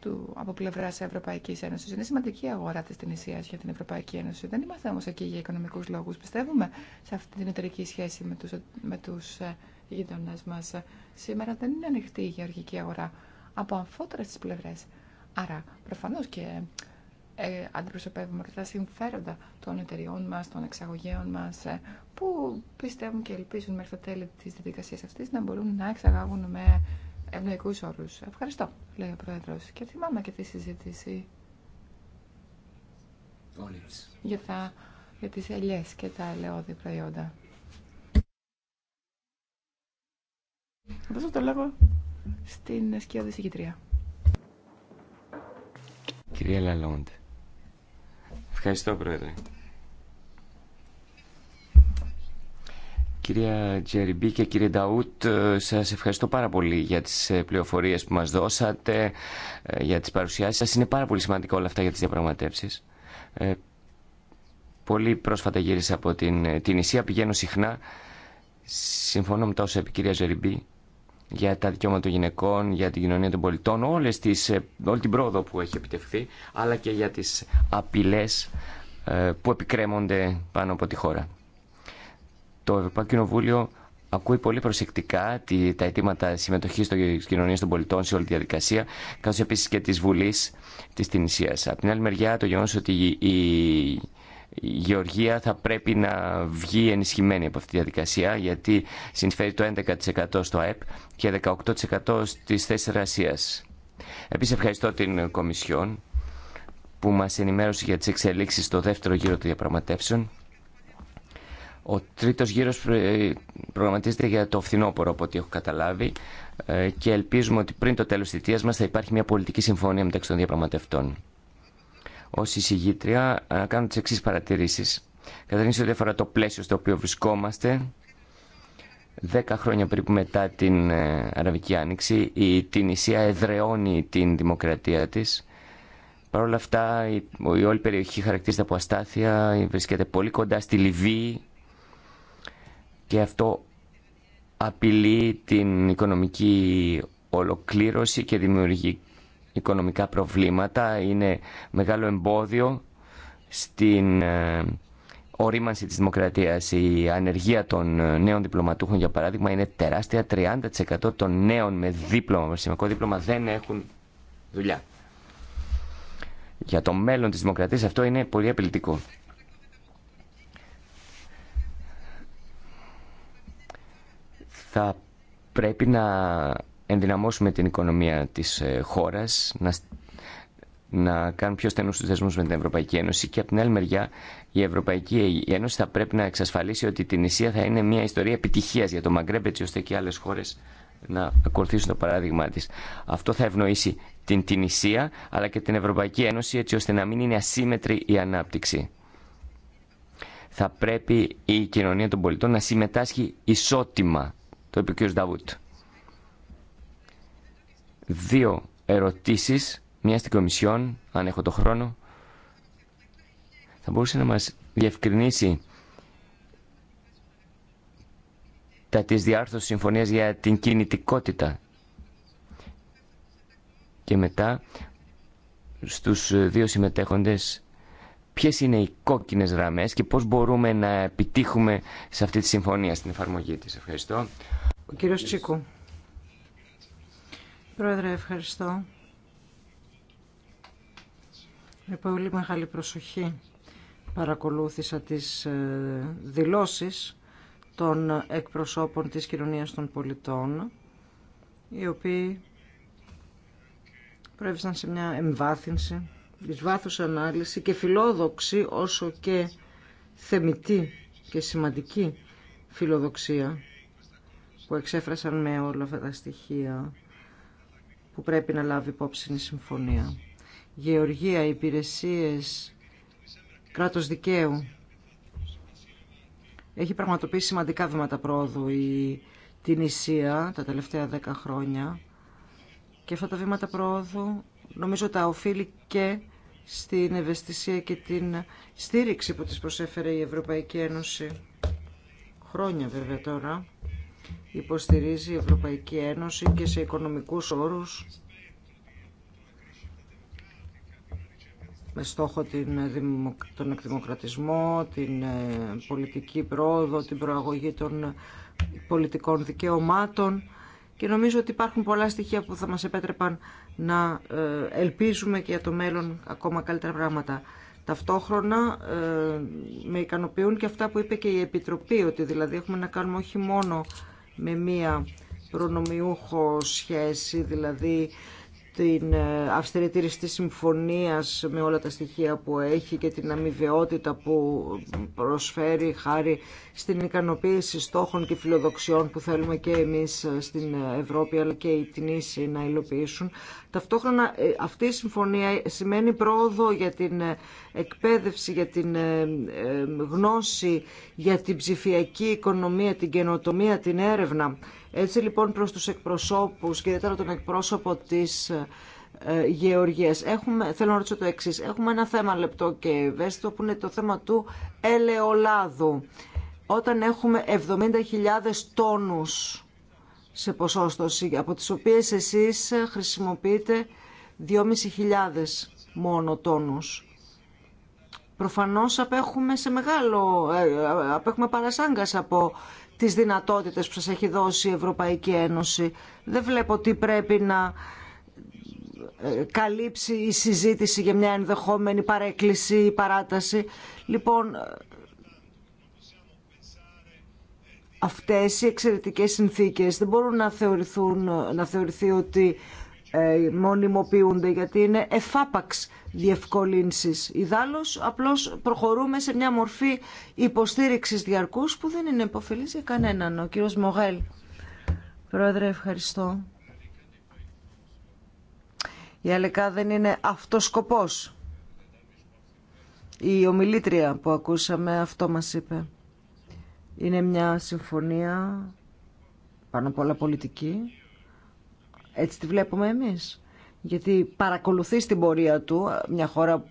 του από πλευρά Ευρωπαϊκή Ένωση. Είναι σημαντική αγορά τη Τινησία για την Ευρωπαϊκή Ένωση. Δεν είμαστε όμω εκεί για οικονομικού λόγου. Πιστεύουμε σε αυτή την εταιρική σχέση με του με τους ε, γείτονέ μα. Σήμερα δεν είναι ανοιχτή η γεωργική αγορά από αμφότερε τι πλευρέ. Άρα, προφανώς και ε, αντιπροσωπεύουμε τα συμφέροντα των εταιριών μας, των εξαγωγέων μας, ε, που πιστεύουν και ελπίζουν μέχρι το τέλο τη διαδικασία αυτή να μπορούν να εξαγάγουν με ευνοϊκού όρου. Ευχαριστώ, λέει ο Πρόεδρο. Και θυμάμαι και τη συζήτηση για, τα, για τις ελιές και τα ελαιόδη προϊόντα. Θα δώσω το λόγο στην σκιώδη συγκητρία κυρία Λαλόντ. Ευχαριστώ, Πρόεδρε. Κυρία Τζεριμπή και κύριε Νταούτ, ε, σας ευχαριστώ πάρα πολύ για τις ε, πληροφορίες που μας δώσατε, ε, για τις παρουσιάσεις σας. Είναι πάρα πολύ σημαντικό όλα αυτά για τις διαπραγματεύσεις. Πολύ πρόσφατα γύρισα από την, την Ισία, πηγαίνω συχνά. Συμφωνώ με τα όσα είπε η κυρία Τζεριμπή για τα δικαιώματα των γυναικών, για την κοινωνία των πολιτών, όλες τις, ε, όλη την πρόοδο που έχει επιτευχθεί, αλλά και για τις απειλές ε, που επικρέμονται πάνω από τη χώρα. Το Ευρωπαϊκό Κοινοβούλιο ακούει πολύ προσεκτικά τα αιτήματα συμμετοχής των κοινωνία των πολιτών σε όλη τη διαδικασία, καθώς επίσης και της Βουλής της Τινησίας. Από την άλλη μεριά, το γεγονός ότι η η Γεωργία θα πρέπει να βγει ενισχυμένη από αυτή τη διαδικασία γιατί συνεισφέρει το 11% στο ΑΕΠ και 18% στις θέσεις εργασία. Επίσης ευχαριστώ την Κομισιόν που μας ενημέρωσε για τις εξελίξεις στο δεύτερο γύρο των διαπραγματεύσεων. Ο τρίτος γύρος ε, προγραμματίζεται για το φθινόπωρο από ό,τι έχω καταλάβει ε, και ελπίζουμε ότι πριν το τέλος της θητείας μας θα υπάρχει μια πολιτική συμφωνία μεταξύ των διαπραγματευτών ω εισηγήτρια να ε, κάνω τι εξή παρατηρήσει. Καταρχήν, σε ό,τι αφορά το πλαίσιο στο οποίο βρισκόμαστε, δέκα χρόνια περίπου μετά την ε, Αραβική Άνοιξη, η Τινησία εδρεώνει την δημοκρατία της. Παρ' όλα αυτά, η, η όλη περιοχή χαρακτηρίζεται από αστάθεια, βρίσκεται πολύ κοντά στη Λιβύη και αυτό απειλεί την οικονομική ολοκλήρωση και δημιουργεί οικονομικά προβλήματα, είναι μεγάλο εμπόδιο στην ε, ορίμανση της δημοκρατίας. Η ανεργία των ε, νέων διπλωματούχων, για παράδειγμα, είναι τεράστια. 30% των νέων με δίπλωμα, με σημαντικό δίπλωμα, δεν έχουν δουλειά. Για το μέλλον της δημοκρατίας αυτό είναι πολύ απειλητικό. Θα πρέπει να ενδυναμώσουμε την οικονομία της ε, χώρας, να, να κάνουν πιο στενούς τους δεσμούς με την Ευρωπαϊκή Ένωση και από την άλλη μεριά η Ευρωπαϊκή Ένωση θα πρέπει να εξασφαλίσει ότι την Ισία θα είναι μια ιστορία επιτυχίας για το Μαγκρέμπ έτσι ώστε και άλλες χώρες να ακολουθήσουν το παράδειγμά της. Αυτό θα ευνοήσει την Τινησία αλλά και την Ευρωπαϊκή Ένωση έτσι ώστε να μην είναι ασύμετρη η ανάπτυξη. Θα πρέπει η κοινωνία των πολιτών να συμμετάσχει ισότιμα, το είπε ο κ. Νταβούτ δύο ερωτήσεις, μία στην Κομισιόν, αν έχω το χρόνο. Θα μπορούσε να μας διευκρινίσει τα της διάρθρωσης συμφωνίας για την κινητικότητα. Και μετά, στους δύο συμμετέχοντες, ποιες είναι οι κόκκινες γραμμές και πώς μπορούμε να επιτύχουμε σε αυτή τη συμφωνία στην εφαρμογή της. Ευχαριστώ. Ο κύριος Τσίκου. Πρόεδρε, ευχαριστώ. Με πολύ μεγάλη προσοχή παρακολούθησα τις ε, δηλώσεις των εκπροσώπων της κοινωνίας των πολιτών, οι οποίοι προέβησαν σε μια εμβάθυνση, εις ανάλυση και φιλόδοξη όσο και θεμητή και σημαντική φιλοδοξία που εξέφρασαν με όλα αυτά τα στοιχεία που πρέπει να λάβει υπόψη η συμφωνία. Γεωργία, υπηρεσίες, κράτος δικαίου. Έχει πραγματοποιήσει σημαντικά βήματα πρόοδου η την Ισία τα τελευταία δέκα χρόνια και αυτά τα βήματα πρόοδου νομίζω τα οφείλει και στην ευαισθησία και την στήριξη που της προσέφερε η Ευρωπαϊκή Ένωση χρόνια βέβαια τώρα υποστηρίζει η Ευρωπαϊκή Ένωση και σε οικονομικούς όρους με στόχο τον εκδημοκρατισμό, την ε, πολιτική πρόοδο, την προαγωγή των πολιτικών δικαιωμάτων και νομίζω ότι υπάρχουν πολλά στοιχεία που θα μας επέτρεπαν να ε, ελπίζουμε και για το μέλλον ακόμα καλύτερα πράγματα. Ταυτόχρονα ε, με ικανοποιούν και αυτά που είπε και η Επιτροπή, ότι δηλαδή έχουμε να κάνουμε όχι μόνο με μία προνομιούχο σχέση, δηλαδή την ε, αυστηρή τήρηση της συμφωνίας με όλα τα στοιχεία που έχει και την αμοιβαιότητα που προσφέρει χάρη στην ικανοποίηση στόχων και φιλοδοξιών που θέλουμε και εμείς ε, στην Ευρώπη αλλά και οι Τινήση να υλοποιήσουν. Ταυτόχρονα ε, αυτή η συμφωνία σημαίνει πρόοδο για την εκπαίδευση, για την γνώση, για την ψηφιακή οικονομία, την καινοτομία, την έρευνα. Έτσι λοιπόν προς τους εκπροσώπους και ιδιαίτερα τον εκπρόσωπο της ε, Γεωργίας, Έχουμε, θέλω να ρωτήσω το εξής. Έχουμε ένα θέμα λεπτό και ευαίσθητο που είναι το θέμα του ελαιολάδου. Όταν έχουμε 70.000 τόνους σε ποσόστοση, από τις οποίες εσείς χρησιμοποιείτε 2.500 μόνο τόνους. Προφανώς απέχουμε, σε μεγάλο, ε, απέχουμε παρασάγκας από τις δυνατότητες που σας έχει δώσει η Ευρωπαϊκή Ένωση. Δεν βλέπω τι πρέπει να ε, καλύψει η συζήτηση για μια ενδεχόμενη παρέκκληση ή παράταση. Λοιπόν, ε, αυτές οι εξαιρετικές συνθήκες δεν μπορούν να, θεωρηθούν, να θεωρηθεί ότι ε, μονιμοποιούνται γιατί είναι εφάπαξ διευκολύνσεις. Ιδάλλως απλώς προχωρούμε σε μια μορφή υποστήριξης διαρκούς που δεν είναι υποφελής για κανέναν. Ο κύριος Μογέλ. Πρόεδρε ευχαριστώ. Η Αλεκά δεν είναι αυτός σκοπός. Η ομιλήτρια που ακούσαμε αυτό μας είπε. Είναι μια συμφωνία πάνω απ' όλα πολιτική έτσι τη βλέπουμε εμείς. Γιατί παρακολουθεί στην πορεία του μια χώρα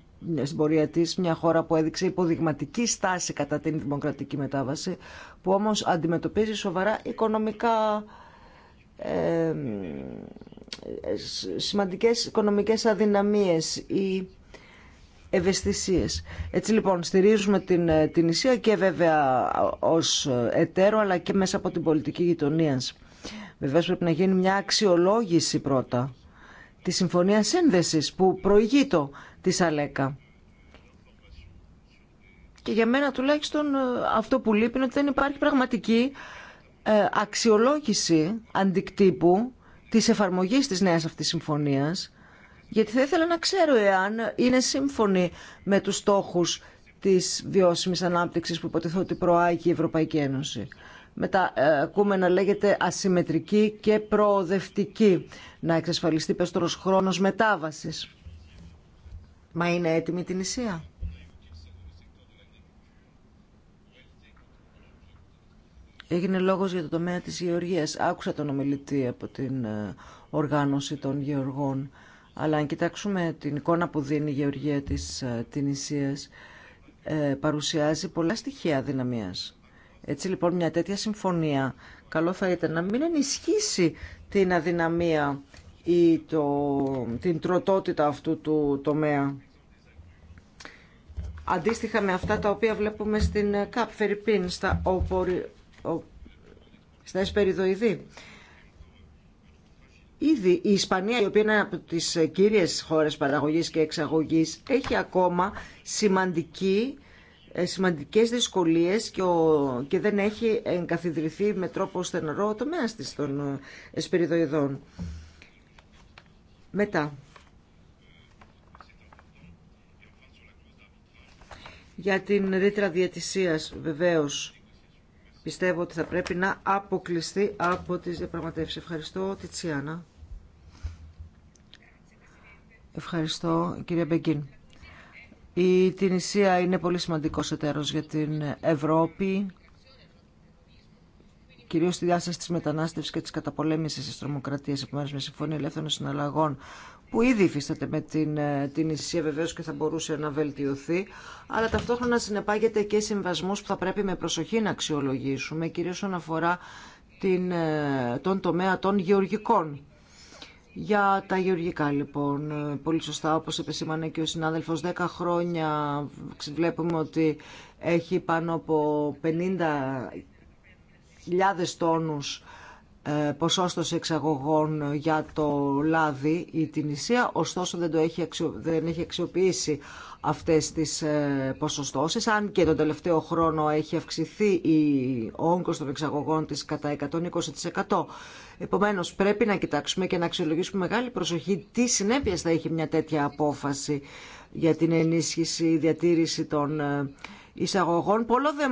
στην πορεία της, μια χώρα που έδειξε υποδειγματική στάση κατά την δημοκρατική μετάβαση, που όμως αντιμετωπίζει σοβαρά οικονομικά ε, σημαντικές οικονομικές αδυναμίες ή ευαισθησίες. Έτσι λοιπόν στηρίζουμε την, ε, την Ισία και βέβαια ε, ως εταίρο αλλά και μέσα από την πολιτική γειτονίας. Βεβαίω πρέπει να γίνει μια αξιολόγηση πρώτα τη συμφωνία σύνδεση που προηγεί το της Αλέκα. Και για μένα τουλάχιστον ε, αυτό που λείπει είναι ότι δεν υπάρχει πραγματική ε, αξιολόγηση αντικτύπου της εφαρμογής της νέας αυτής συμφωνίας γιατί θα ήθελα να ξέρω εάν είναι σύμφωνη με τους στόχους της βιώσιμης ανάπτυξης που υποτιθώ ότι προάγει η Ευρωπαϊκή Ένωση. Μετά ακούμε να λέγεται ασυμμετρική και προοδευτική. Να εξασφαλιστεί πέστρος χρόνος μετάβασης. Μα είναι έτοιμη την Ισία. Έγινε λόγος για το τομέα της γεωργίας. Άκουσα τον ομιλητή από την ε, οργάνωση των γεωργών. Αλλά αν κοιτάξουμε την εικόνα που δίνει η γεωργία της ε, Τινησίας, ε, παρουσιάζει πολλά στοιχεία δυναμίας. Έτσι λοιπόν μια τέτοια συμφωνία καλό θα ήταν να μην ενισχύσει την αδυναμία ή το, την τροτότητα αυτού του τομέα. Αντίστοιχα με αυτά τα οποία βλέπουμε στην ΚΑΠ Φερρυπίν, στα, οπορι, ο, στα εσπεριδοειδή. Ήδη η Ισπανία, η οποία είναι από τις κύριες χώρες παραγωγής και εξαγωγής, έχει ακόμα σημαντική ε, σημαντικές δυσκολίες και, δεν έχει εγκαθιδρυθεί με τρόπο στεναρό ο τομέας της των εσπεριδοειδών. Μετά. Για την ρήτρα διατησίας βεβαίως πιστεύω ότι θα πρέπει να αποκλειστεί από τις διαπραγματεύσεις. Ευχαριστώ Τιτσιάνα. Ευχαριστώ κυρία Μπεγκίν. Η Τινησία είναι πολύ σημαντικός εταίρος για την Ευρώπη, κυρίως στη διάσταση της μετανάστευσης και της καταπολέμησης της τρομοκρατίας, επομένως με συμφωνία ελεύθερων συναλλαγών, που ήδη υφίσταται με την, ε, Τινησία βεβαίω βεβαίως και θα μπορούσε να βελτιωθεί, αλλά ταυτόχρονα συνεπάγεται και συμβασμούς που θα πρέπει με προσοχή να αξιολογήσουμε, κυρίως όσον αφορά την, ε, τον τομέα των γεωργικών για τα γεωργικά λοιπόν, πολύ σωστά όπως επεσήμανε και ο συνάδελφος, 10 χρόνια βλέπουμε ότι έχει πάνω από 50.000 τόνους ε, ποσόστος εξαγωγών για το λάδι ή την ωστόσο δεν, το έχει, δεν έχει αξιοποιήσει αυτές τις ε, ποσοστώσεις, αν και τον τελευταίο χρόνο έχει αυξηθεί ο όγκος των εξαγωγών της κατά 120%. Επομένως πρέπει να κοιτάξουμε και να αξιολογήσουμε μεγάλη προσοχή τι συνέπειες θα έχει μια τέτοια απόφαση για την ενίσχυση, διατήρηση των ε, εισαγωγών πολλό δε,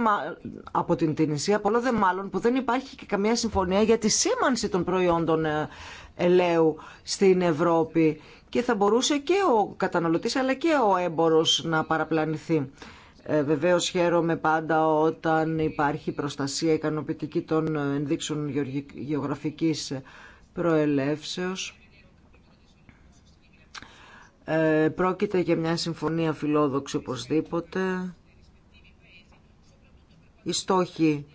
από την Τινησία, πολλό δε μάλλον που δεν υπάρχει και καμία συμφωνία για τη σήμανση των προϊόντων ε, ελαίου στην Ευρώπη και θα μπορούσε και ο καταναλωτής αλλά και ο έμπορος να παραπλανηθεί. Ε, βεβαίως χαίρομαι πάντα όταν υπάρχει προστασία ικανοποιητική των ενδείξεων γεωγραφικής προελεύσεως ε, πρόκειται για μια συμφωνία φιλόδοξη οπωσδήποτε. Οι στόχοι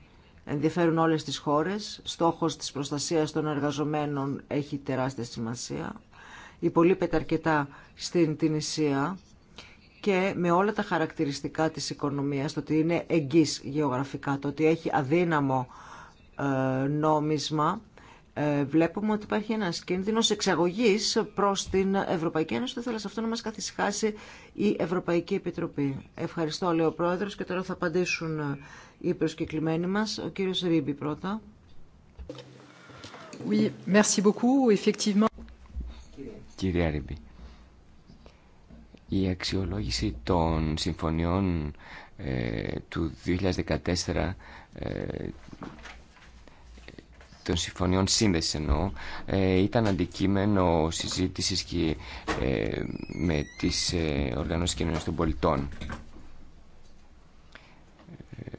ενδιαφέρουν όλες τις χώρες. Στόχος της προστασίας των εργαζομένων έχει τεράστια σημασία. Υπολείπεται αρκετά στην Τινησία και με όλα τα χαρακτηριστικά της οικονομίας, το ότι είναι εγγύς γεωγραφικά, το ότι έχει αδύναμο ε, νόμισμα, ε, βλέπουμε ότι υπάρχει ένας κίνδυνος εξαγωγής προς την Ευρωπαϊκή Ένωση. Θα θέλω σε αυτό να μας καθησυχάσει η Ευρωπαϊκή Επιτροπή. Ευχαριστώ, λέει ο Πρόεδρος, και τώρα θα απαντήσουν ε, οι προσκεκλημένοι μας. Ο κύριος Ρίμπη πρώτα. Oui, merci beaucoup. Effectivement. Κυρία Ρίμπη, η αξιολόγηση των συμφωνιών ε, του 2014 των συμφωνιών σύνδεση εννοώ, ε, ήταν αντικείμενο συζήτησης και ε, με τις ε, οργανώσεις κοινωνίας των πολιτών. Ε,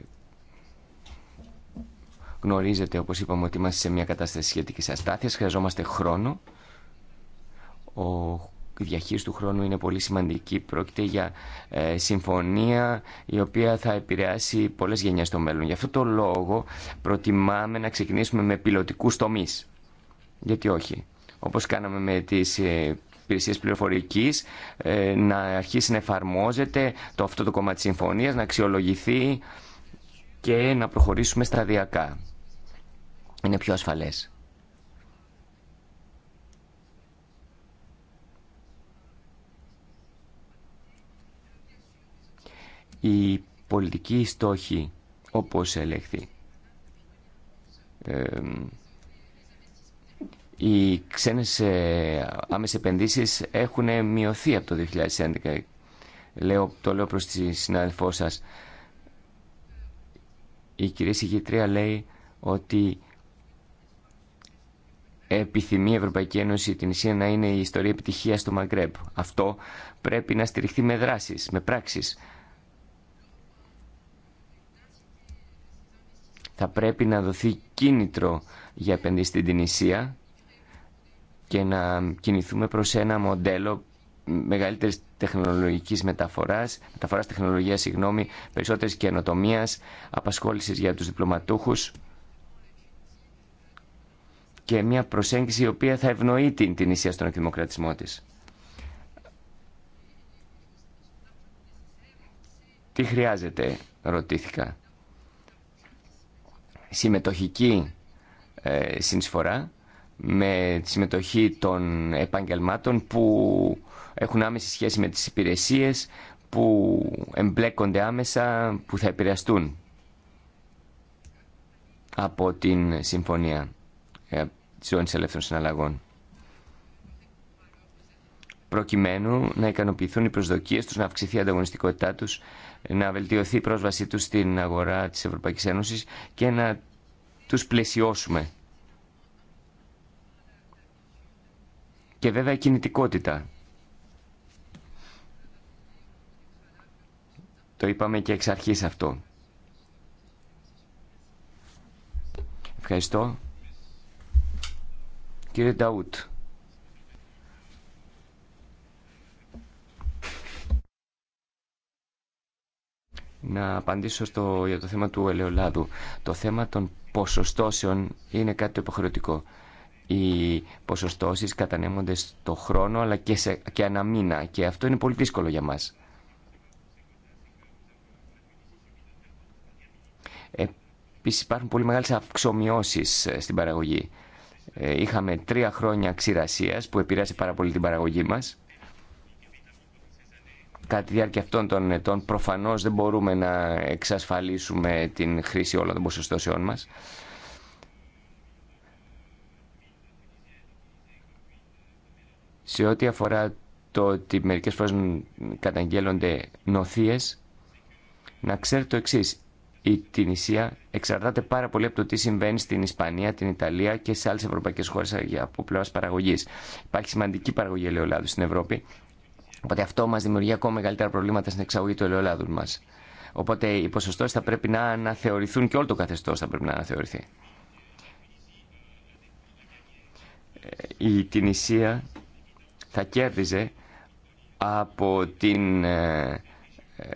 γνωρίζετε, όπως είπαμε, ότι είμαστε σε μια κατάσταση σχετικής αστάθειας, χρειαζόμαστε χρόνο. Ο η διαχείριση του χρόνου είναι πολύ σημαντική. Πρόκειται για ε, συμφωνία η οποία θα επηρεάσει πολλές γενιές στο μέλλον. Γι' αυτό το λόγο προτιμάμε να ξεκινήσουμε με πιλωτικούς τομείς. Γιατί όχι. Όπως κάναμε με τις ε, υπηρεσίες ε, να αρχίσει να εφαρμόζεται το αυτό το κομμάτι της συμφωνίας, να αξιολογηθεί και να προχωρήσουμε σταδιακά. Είναι πιο ασφαλές. οι πολιτικοί στόχοι όπως ελέγχθη. οι ξένες ε, άμεσες επενδύσεις έχουν μειωθεί από το 2011. Λέω, το λέω προς τη συνάδελφό σας. Η κυρία Συγητρία λέει ότι επιθυμεί η Ευρωπαϊκή Ένωση την Ισία να είναι η ιστορία επιτυχίας στο Μαγκρέμπ. Αυτό πρέπει να στηριχθεί με δράσεις, με πράξεις. Θα πρέπει να δοθεί κίνητρο για επενδύσεις στην Τινησία και να κινηθούμε προς ένα μοντέλο μεγαλύτερης τεχνολογικής μεταφοράς, μεταφοράς τεχνολογίας, συγγνώμη, περισσότερης καινοτομίας, απασχόλησης για τους διπλωματούχους και μια προσέγγιση η οποία θα ευνοεί την, την στον εκδημοκρατισμό της. Τι χρειάζεται, ρωτήθηκα συμμετοχική ε, συνεισφορά με τη συμμετοχή των επαγγελμάτων που έχουν άμεση σχέση με τις υπηρεσίες που εμπλέκονται άμεσα, που θα επηρεαστούν από την Συμφωνία ε, της Ζώνης Ελεύθερων Συναλλαγών προκειμένου να ικανοποιηθούν οι προσδοκίες τους, να αυξηθεί η ανταγωνιστικότητά τους να βελτιωθεί η πρόσβασή τους στην αγορά της Ευρωπαϊκής Ένωσης και να τους πλαισιώσουμε. Και βέβαια η κινητικότητα. Το είπαμε και εξ αρχής αυτό. Ευχαριστώ. Κύριε Νταούτ. να απαντήσω στο, για το θέμα του ελαιολάδου. Το θέμα των ποσοστώσεων είναι κάτι το υποχρεωτικό. Οι ποσοστώσεις κατανέμονται στο χρόνο αλλά και, σε, και αναμήνα και αυτό είναι πολύ δύσκολο για μας. Επίση υπάρχουν πολύ μεγάλες αυξομοιώσεις ε, στην παραγωγή. Ε, είχαμε τρία χρόνια ξηρασίας που επηρέασε πάρα πολύ την παραγωγή μας κατά τη διάρκεια αυτών των ετών προφανώς δεν μπορούμε να εξασφαλίσουμε την χρήση όλων των ποσοστώσεών μας. Σε ό,τι αφορά το ότι μερικές φορές καταγγέλλονται νοθείες, να ξέρετε το εξής, η Τινησία εξαρτάται πάρα πολύ από το τι συμβαίνει στην Ισπανία, την Ιταλία και σε άλλες ευρωπαϊκές χώρες από πλευράς παραγωγής. Υπάρχει σημαντική παραγωγή ελαιολάδου στην Ευρώπη Οπότε αυτό μα δημιουργεί ακόμα μεγαλύτερα προβλήματα στην εξαγωγή του ελαιολάδου μα. Οπότε οι ποσοστό θα πρέπει να αναθεωρηθούν και όλο το καθεστώ θα πρέπει να αναθεωρηθεί. Ε, η Τινησία θα κέρδιζε από την ε, ε,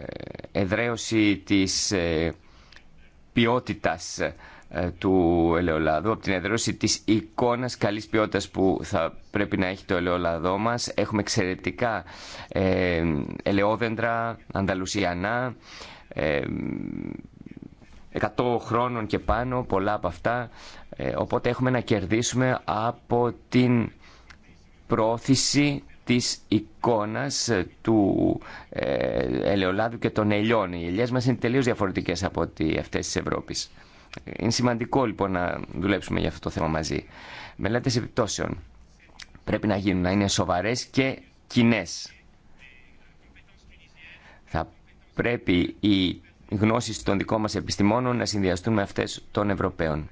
εδραίωση της ποιότητας ε, του ελαιολάδου, από την εδρώση της εικόνας καλής ποιότητας που θα πρέπει να έχει το ελαιολαδό μας. Έχουμε εξαιρετικά ε, ελαιόδεντρα, ανταλουσιανά, ε, 100 χρόνων και πάνω, πολλά από αυτά. Ε, οπότε έχουμε να κερδίσουμε από την πρόθεση της εικόνας ε, του ελαιολάδου και των ελιών. Οι ελιές μας είναι τελείως διαφορετικές από αυτές της Ευρώπης. Είναι σημαντικό λοιπόν να δουλέψουμε για αυτό το θέμα μαζί. Μελέτες επιπτώσεων πρέπει να γίνουν, να είναι σοβαρές και κοινέ. Θα πρέπει οι γνώσεις των δικών μας επιστημόνων να συνδυαστούν με αυτές των Ευρωπαίων.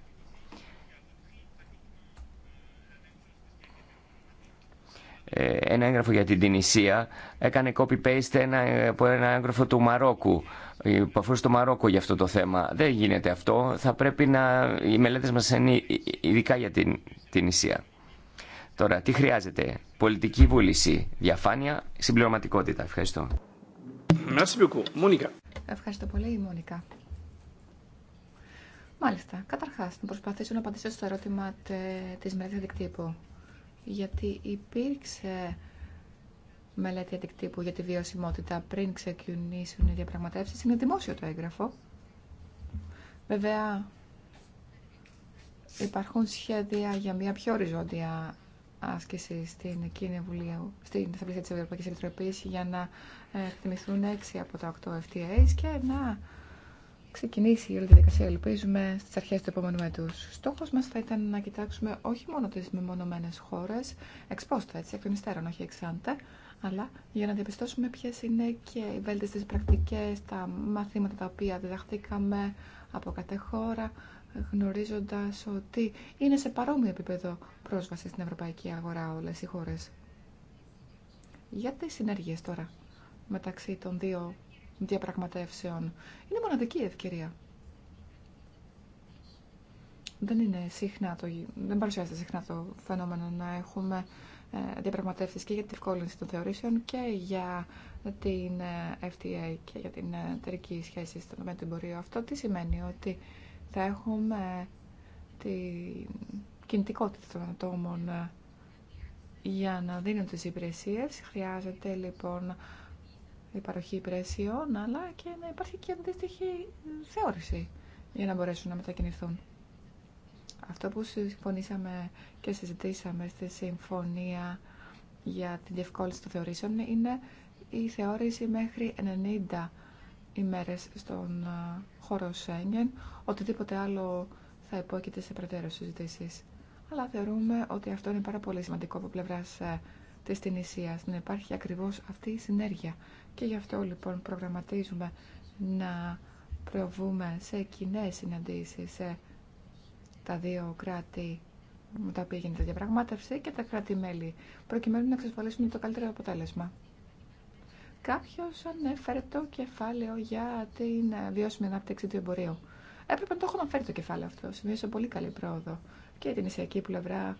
Ε, ένα έγγραφο για την Τινησία έκανε copy-paste ένα, από ένα έγγραφο του Μαρόκου ε, που αφορούσε το Μαρόκο για αυτό το θέμα. Δεν γίνεται αυτό. Θα πρέπει να... Οι μελέτες μας είναι ειδικά για την Τινησία. Τώρα, τι χρειάζεται. Πολιτική βούληση, διαφάνεια, συμπληρωματικότητα. Ευχαριστώ. Ευχαριστώ πολύ, Μόνικα. Μάλιστα. Καταρχάς, να προσπαθήσω να απαντήσω στο ερώτημα της μελέτης δικτύπου γιατί υπήρξε μελέτη αντικτύπου για τη βιωσιμότητα πριν ξεκινήσουν οι διαπραγματεύσεις. Είναι δημόσιο το έγγραφο. Βέβαια, υπάρχουν σχέδια για μια πιο οριζόντια άσκηση στην Βουλή στην της Ευρωπαϊκής Επιτροπής για να ε, εκτιμηθούν έξι από τα οκτώ FTAs και να ξεκινήσει η όλη διαδικασία, ελπίζουμε, στι αρχέ του επόμενου έτου. Στόχο μα θα ήταν να κοιτάξουμε όχι μόνο τι μεμονωμένε χώρε, εξπόστα έτσι, εκ των υστέρων, όχι εξάντα, αλλά για να διαπιστώσουμε ποιε είναι και οι βέλτιστε πρακτικέ, τα μαθήματα τα οποία διδαχθήκαμε από κάθε χώρα, γνωρίζοντα ότι είναι σε παρόμοιο επίπεδο πρόσβαση στην ευρωπαϊκή αγορά όλε οι χώρε. Για τι συνέργειε τώρα μεταξύ των δύο διαπραγματεύσεων. Είναι μοναδική ευκαιρία. Δεν είναι συχνά το, δεν παρουσιάζεται συχνά το φαινόμενο να έχουμε ε, διαπραγματεύσεις και για τη διευκόλυνση των θεωρήσεων και για την ε, FTA και για την ε, εταιρική σχέση στον τομέα του Αυτό τι σημαίνει ότι θα έχουμε την κινητικότητα των ατόμων για να δίνουν τις υπηρεσίες. Χρειάζεται λοιπόν η παροχή υπηρεσιών, αλλά και να υπάρχει και αντίστοιχη θεώρηση για να μπορέσουν να μετακινηθούν. Αυτό που συμφωνήσαμε και συζητήσαμε στη συμφωνία για την διευκόλυνση των θεωρήσεων είναι η θεώρηση μέχρι 90 ημέρες στον χώρο Σέγγεν. Οτιδήποτε άλλο θα υπόκειται σε προτέρες συζητήσει. Αλλά θεωρούμε ότι αυτό είναι πάρα πολύ σημαντικό από πλευρά ε, τη Τινησία, να υπάρχει ακριβώ αυτή η συνέργεια και γι' αυτό λοιπόν προγραμματίζουμε να προβούμε σε κοινέ συναντήσεις σε τα δύο κράτη με τα οποία γίνεται διαπραγμάτευση και τα κράτη-μέλη, προκειμένου να εξασφαλίσουμε το καλύτερο αποτέλεσμα. Κάποιο ανέφερε το κεφάλαιο για την βιώσιμη ανάπτυξη του εμπορίου. Έπρεπε να το έχουμε φέρει το κεφάλαιο αυτό. Σημείωσε πολύ καλή πρόοδο και την ισιακή πλευρά.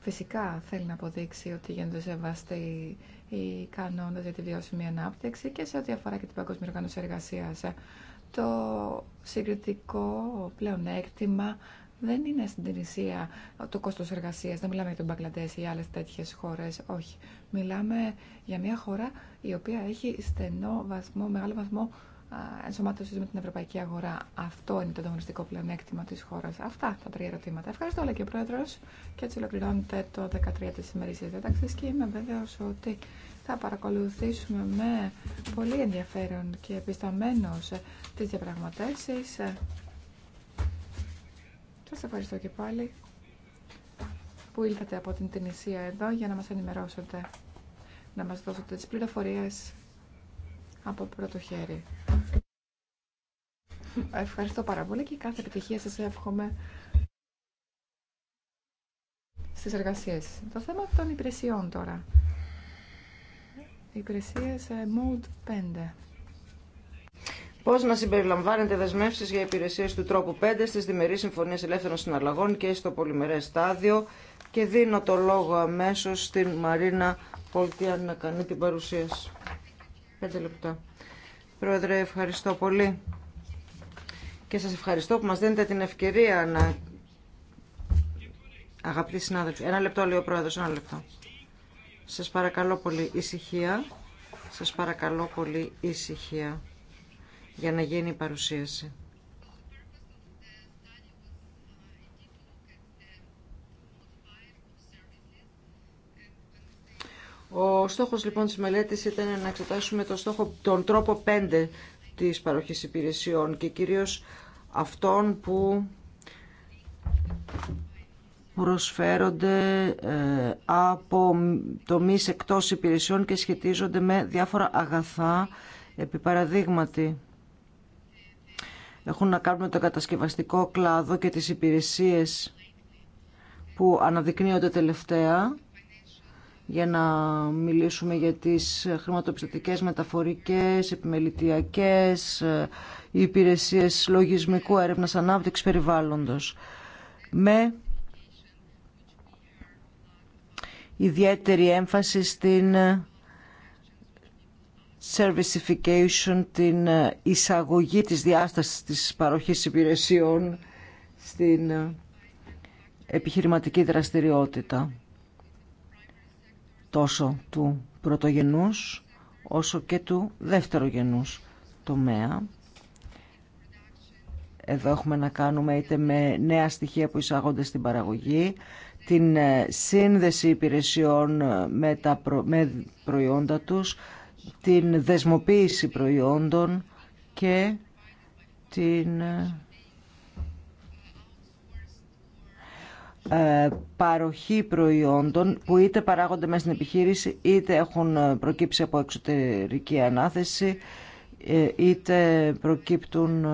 Φυσικά θέλει να αποδείξει ότι γίνονται σεβαστοί οι κανόνε για τη βιώσιμη ανάπτυξη και σε ό,τι αφορά και την Παγκόσμια Οργάνωση Εργασία. Το συγκριτικό πλεονέκτημα δεν είναι στην Τινησία το κόστος εργασία. Δεν μιλάμε για τον Μπαγκλαντέ ή άλλες τέτοιες χώρες. Όχι. Μιλάμε για μια χώρα η οποία έχει στενό βαθμό, μεγάλο βαθμό ενσωμάτωσης με την ευρωπαϊκή αγορά. Αυτό είναι το ανταγωνιστικό πλεονέκτημα της χώρας. Αυτά τα τρία ερωτήματα. Ευχαριστώ όλα και ο Πρόεδρος και έτσι ολοκληρώνεται το 13 της ημερήσιας διάταξης και είμαι βέβαιος ότι θα παρακολουθήσουμε με πολύ ενδιαφέρον και επισταμένος τις διαπραγματεύσεις. Σας ευχαριστώ και πάλι που ήλθατε από την Τινησία εδώ για να μας ενημερώσετε, να μας δώσετε τις πληροφορίες από πρώτο χέρι. Ευχαριστώ πάρα πολύ και κάθε επιτυχία σας εύχομαι στις εργασίες. Το θέμα των υπηρεσιών τώρα. Υπηρεσίες Mode 5. Πώ να συμπεριλαμβάνετε δεσμεύσει για υπηρεσίε του τρόπου 5 στι διμερεί συμφωνίε ελεύθερων συναλλαγών και στο πολυμερέ στάδιο. Και δίνω το λόγο αμέσω στην Μαρίνα Πολτία να κάνει την παρουσίαση. Πέντε λεπτά. Πρόεδρε, ευχαριστώ πολύ και σας ευχαριστώ που μας δίνετε την ευκαιρία να... Αγαπητοί συνάδελφοι, ένα λεπτό λέει ο Πρόεδρος, ένα λεπτό. Σας παρακαλώ πολύ ησυχία, σας παρακαλώ πολύ ησυχία για να γίνει η παρουσίαση. Ο στόχος λοιπόν της μελέτης ήταν να εξετάσουμε το στόχο, τον τρόπο 5 της παροχής υπηρεσιών και κυρίως αυτών που προσφέρονται ε, από τομείς εκτός υπηρεσιών και σχετίζονται με διάφορα αγαθά επί παραδείγματι. Έχουν να κάνουν με το κατασκευαστικό κλάδο και τις υπηρεσίες που αναδεικνύονται τελευταία για να μιλήσουμε για τις χρηματοπιστωτικές μεταφορικές, επιμελητιακές, υπηρεσίες λογισμικού έρευνας ανάπτυξης περιβάλλοντος. Με ιδιαίτερη έμφαση στην servicification, την εισαγωγή της διάστασης της παροχής υπηρεσιών στην επιχειρηματική δραστηριότητα τόσο του πρωτογενούς όσο και του δευτερογενούς τομέα. Εδώ έχουμε να κάνουμε είτε με νέα στοιχεία που εισάγονται στην παραγωγή, την ε, σύνδεση υπηρεσιών ε, με, τα προϊόντα τους, την δεσμοποίηση προϊόντων και την ε, Ε, παροχή προϊόντων που είτε παράγονται μέσα στην επιχείρηση είτε έχουν ε, προκύψει από εξωτερική ανάθεση ε, είτε προκύπτουν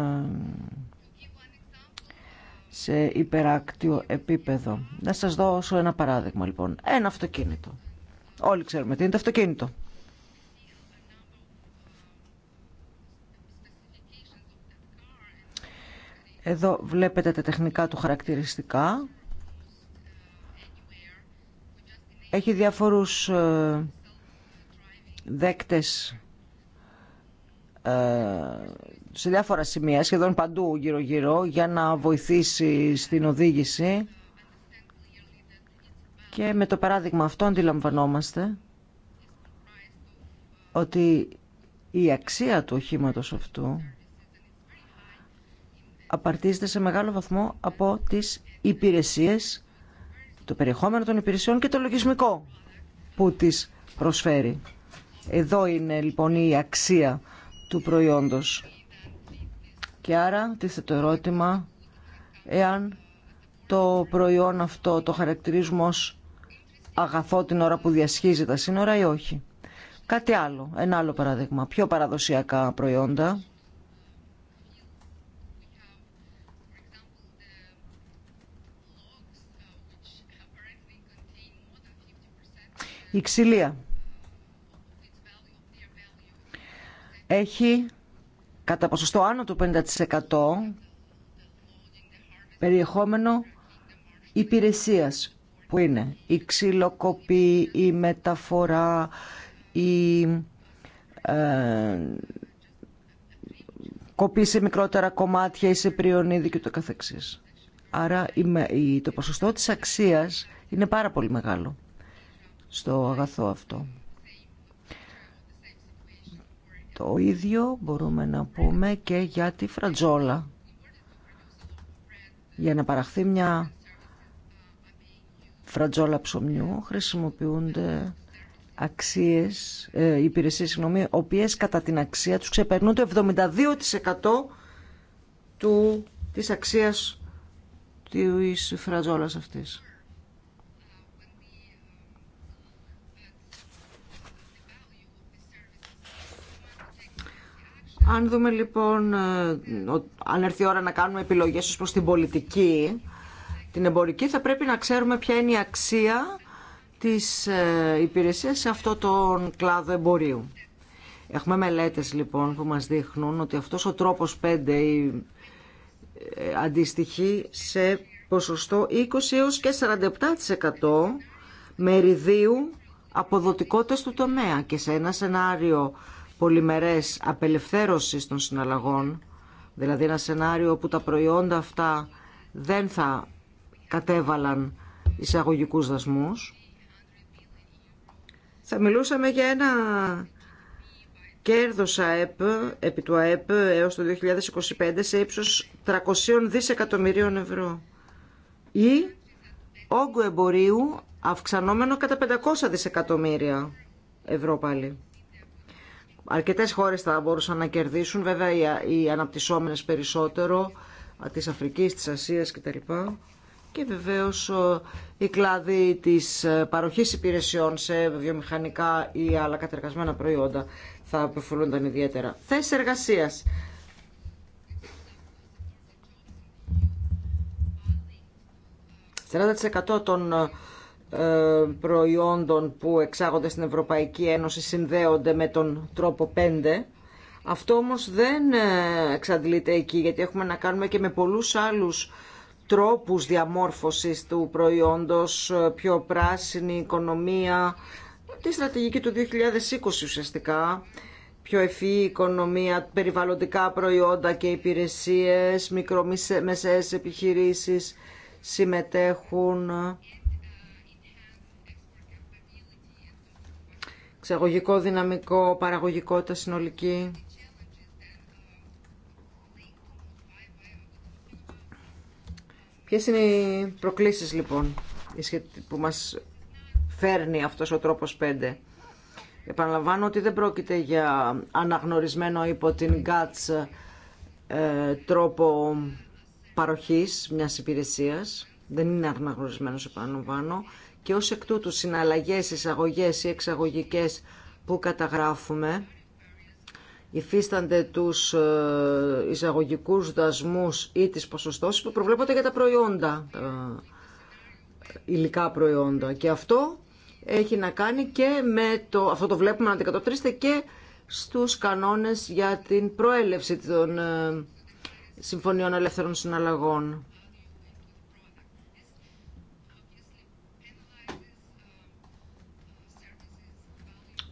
σε υπεράκτιο επίπεδο. Να σας δώσω ένα παράδειγμα λοιπόν. Ένα αυτοκίνητο. Όλοι ξέρουμε τι είναι το αυτοκίνητο. Εδώ βλέπετε τα τεχνικά του χαρακτηριστικά έχει διαφορούς ε, δέκτες ε, σε διάφορα σημεία, σχεδόν παντού γύρω-γύρω, για να βοηθήσει στην οδήγηση. Και με το παράδειγμα αυτό αντιλαμβανόμαστε ότι η αξία του οχήματος αυτού απαρτίζεται σε μεγάλο βαθμό από τις υπηρεσίες το περιεχόμενο των υπηρεσιών και το λογισμικό που τις προσφέρει. Εδώ είναι λοιπόν η αξία του προϊόντος. Και άρα τίθεται το ερώτημα εάν το προϊόν αυτό το χαρακτηρίζουμε ως αγαθό την ώρα που διασχίζει τα σύνορα ή όχι. Κάτι άλλο, ένα άλλο παράδειγμα, πιο παραδοσιακά προϊόντα Η ξυλία έχει κατά ποσοστό άνω του 50% περιεχόμενο υπηρεσίας που είναι η ξυλοκοπή, η μεταφορά, η ε, κοπή σε μικρότερα κομμάτια ή σε πριονίδι και το καθεξής. Άρα το ποσοστό της αξίας είναι πάρα πολύ μεγάλο στο αγαθό αυτό. Το ίδιο μπορούμε να πούμε και για τη φρατζόλα. Για να παραχθεί μια φρατζόλα ψωμιού χρησιμοποιούνται αξίες, ε, υπηρεσίες, συγγνώμη, οποίες κατά την αξία τους ξεπερνούν το 72% του, της αξίας της φρατζόλας αυτής. Αν δούμε λοιπόν, ε, αν έρθει η ώρα να κάνουμε επιλογές ως προς την πολιτική, την εμπορική, θα πρέπει να ξέρουμε ποια είναι η αξία της ε, υπηρεσίας σε αυτό τον κλάδο εμπορίου. Έχουμε μελέτες λοιπόν που μας δείχνουν ότι αυτός ο τρόπος 5 ε, αντιστοιχεί σε ποσοστό 20 έως και 47% μεριδίου αποδοτικότητας του τομέα και σε ένα σενάριο πολυμερές απελευθέρωσης των συναλλαγών, δηλαδή ένα σενάριο όπου τα προϊόντα αυτά δεν θα κατέβαλαν εισαγωγικού δασμούς, θα μιλούσαμε για ένα κέρδος ΑΕΠ, επί του ΑΕΠ έως το 2025 σε ύψος 300 δισεκατομμυρίων ευρώ ή όγκου εμπορίου αυξανόμενο κατά 500 δισεκατομμύρια ευρώ πάλι. Αρκετές χώρες θα μπορούσαν να κερδίσουν, βέβαια οι αναπτυσσόμενες περισσότερο, της Αφρικής, της Ασίας κτλ. Και βεβαίως η κλάδη της ε, παροχής υπηρεσιών σε βιομηχανικά ή άλλα κατεργασμένα προϊόντα θα απευθυνόνταν ιδιαίτερα. Θέσεις εργασίας. ...40% των ε, ε, προϊόντων που εξάγονται στην Ευρωπαϊκή Ένωση συνδέονται με τον τρόπο 5. Αυτό όμως δεν ε, εξαντλείται εκεί γιατί έχουμε να κάνουμε και με πολλούς άλλους τρόπους διαμόρφωσης του προϊόντος, ε, πιο πράσινη οικονομία, τη στρατηγική του 2020 ουσιαστικά, πιο ευφυή οικονομία, περιβαλλοντικά προϊόντα και υπηρεσίες, μικρομεσαίες επιχειρήσεις συμμετέχουν εξαγωγικό δυναμικό, παραγωγικότητα συνολική. Ποιες είναι οι προκλήσεις λοιπόν που μας φέρνει αυτός ο τρόπος 5. Επαναλαμβάνω ότι δεν πρόκειται για αναγνωρισμένο υπό την GATS ε, τρόπο παροχής μιας υπηρεσίας. Δεν είναι αναγνωρισμένος επαναλαμβάνω και ως εκ τούτου συναλλαγές, εισαγωγές ή εξαγωγικές που καταγράφουμε υφίστανται τους ε, εισαγωγικούς δασμούς ή τις ποσοστώσεις που προβλέπονται για τα προϊόντα, τα υλικά προϊόντα. Και αυτό έχει να κάνει και με το, αυτό το βλέπουμε να αντικατοπτρίστε και στους κανόνες για την προέλευση των ε, συμφωνιών ελεύθερων συναλλαγών.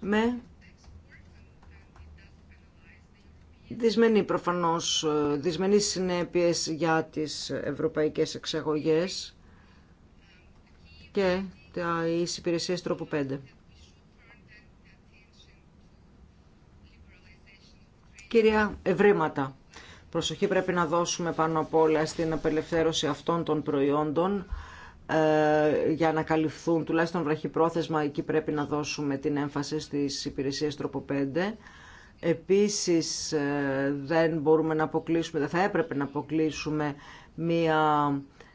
με δυσμενή προφανώς, δυσμενείς συνέπειες για τις ευρωπαϊκές εξαγωγές και τις υπηρεσίες τρόπου 5. Κυρία, ευρήματα. Προσοχή πρέπει να δώσουμε πάνω απ' όλα στην απελευθέρωση αυτών των προϊόντων ε, για να καλυφθούν τουλάχιστον βραχυπρόθεσμα, εκεί πρέπει να δώσουμε την έμφαση στις υπηρεσίες τρόπο 5. Επίσης ε, δεν μπορούμε να αποκλείσουμε, δεν θα έπρεπε να αποκλείσουμε μία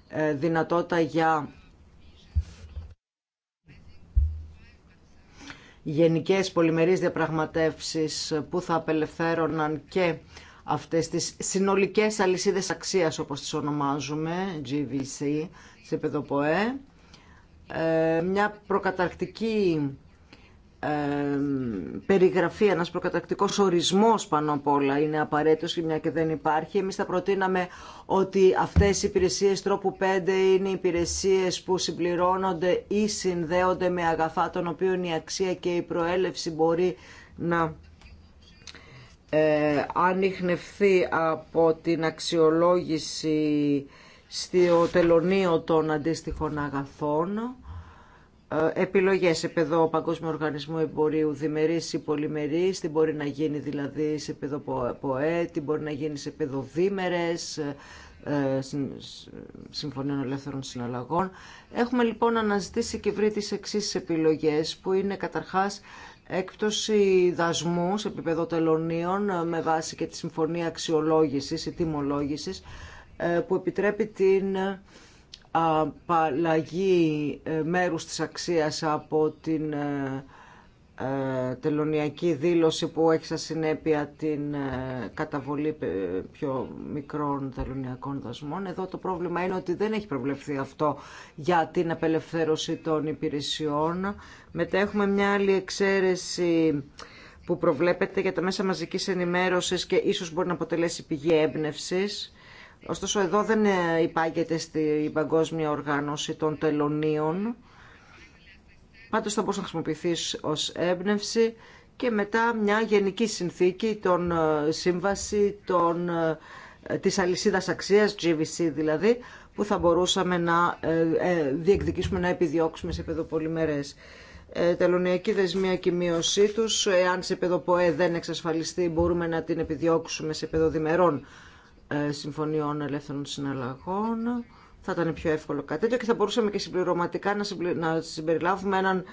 ε, δυνατότητα για γενικές πολυμερείς διαπραγματεύσεις που θα απελευθέρωναν και αυτές τις συνολικές αλυσίδες αξίας όπως τις ονομάζουμε, GVC, σε παιδοποέ. Ε, μια προκαταρκτική ε, περιγραφή, ένας προκαταρκτικός ορισμός πάνω απ' όλα είναι απαραίτητος και μια και δεν υπάρχει. Εμείς θα προτείναμε ότι αυτές οι υπηρεσίες τρόπου 5 είναι υπηρεσίες που συμπληρώνονται ή συνδέονται με αγαθά των οποίων η αξία και η προέλευση μπορεί να ε, ανοιχνευθεί από την αξιολόγηση στο τελωνίο των αντίστοιχων αγαθών ε, επιλογές ο Παγκόσμιου Οργανισμού Εμπορίου, διμερής ή πολυμερής, τι μπορεί να γίνει δηλαδή σε επίπεδο ΠΟΕ, τι μπορεί να γίνει σε επίπεδο δίμερες, ε, Συμφωνίων Ελεύθερων Συναλλαγών. Έχουμε λοιπόν αναζητήσει και βρει τις εξής επιλογές που είναι καταρχάς έκπτωση δασμού σε επίπεδο τελωνίων ε, με βάση και τη συμφωνία αξιολόγησης ή τιμολόγησης ε, που επιτρέπει την ε, απαλλαγή μέρους της αξίας από την τελωνιακή δήλωση που έχει σαν συνέπεια την ε, καταβολή πιο μικρών τελωνιακών δασμών. Εδώ το πρόβλημα είναι ότι δεν έχει προβλεφθεί αυτό για την απελευθέρωση των υπηρεσιών. Μετά έχουμε μια άλλη εξαίρεση που προβλέπεται για τα μέσα μαζικής ενημέρωσης και ίσως μπορεί να αποτελέσει πηγή έμπνευση. Ωστόσο εδώ δεν ε, υπάγεται στην παγκόσμια οργάνωση των τελωνίων Πάντως θα μπορούσε να χρησιμοποιηθεί ως έμπνευση και μετά μια γενική συνθήκη, των ε, σύμβαση των, ε, της αλυσίδας αξίας, GVC δηλαδή, που θα μπορούσαμε να ε, διεκδικήσουμε, να επιδιώξουμε σε πεδοπολιμερές Ε, τελωνιακή δεσμία και μείωσή τους, εάν σε πεδοποέ δεν εξασφαλιστεί, μπορούμε να την επιδιώξουμε σε πεδοδημερών συμφωνιών ελεύθερων συναλλαγών θα ήταν πιο εύκολο κάτι τέτοιο και θα μπορούσαμε και συμπληρωματικά να, να συμπεριλάβουμε έναν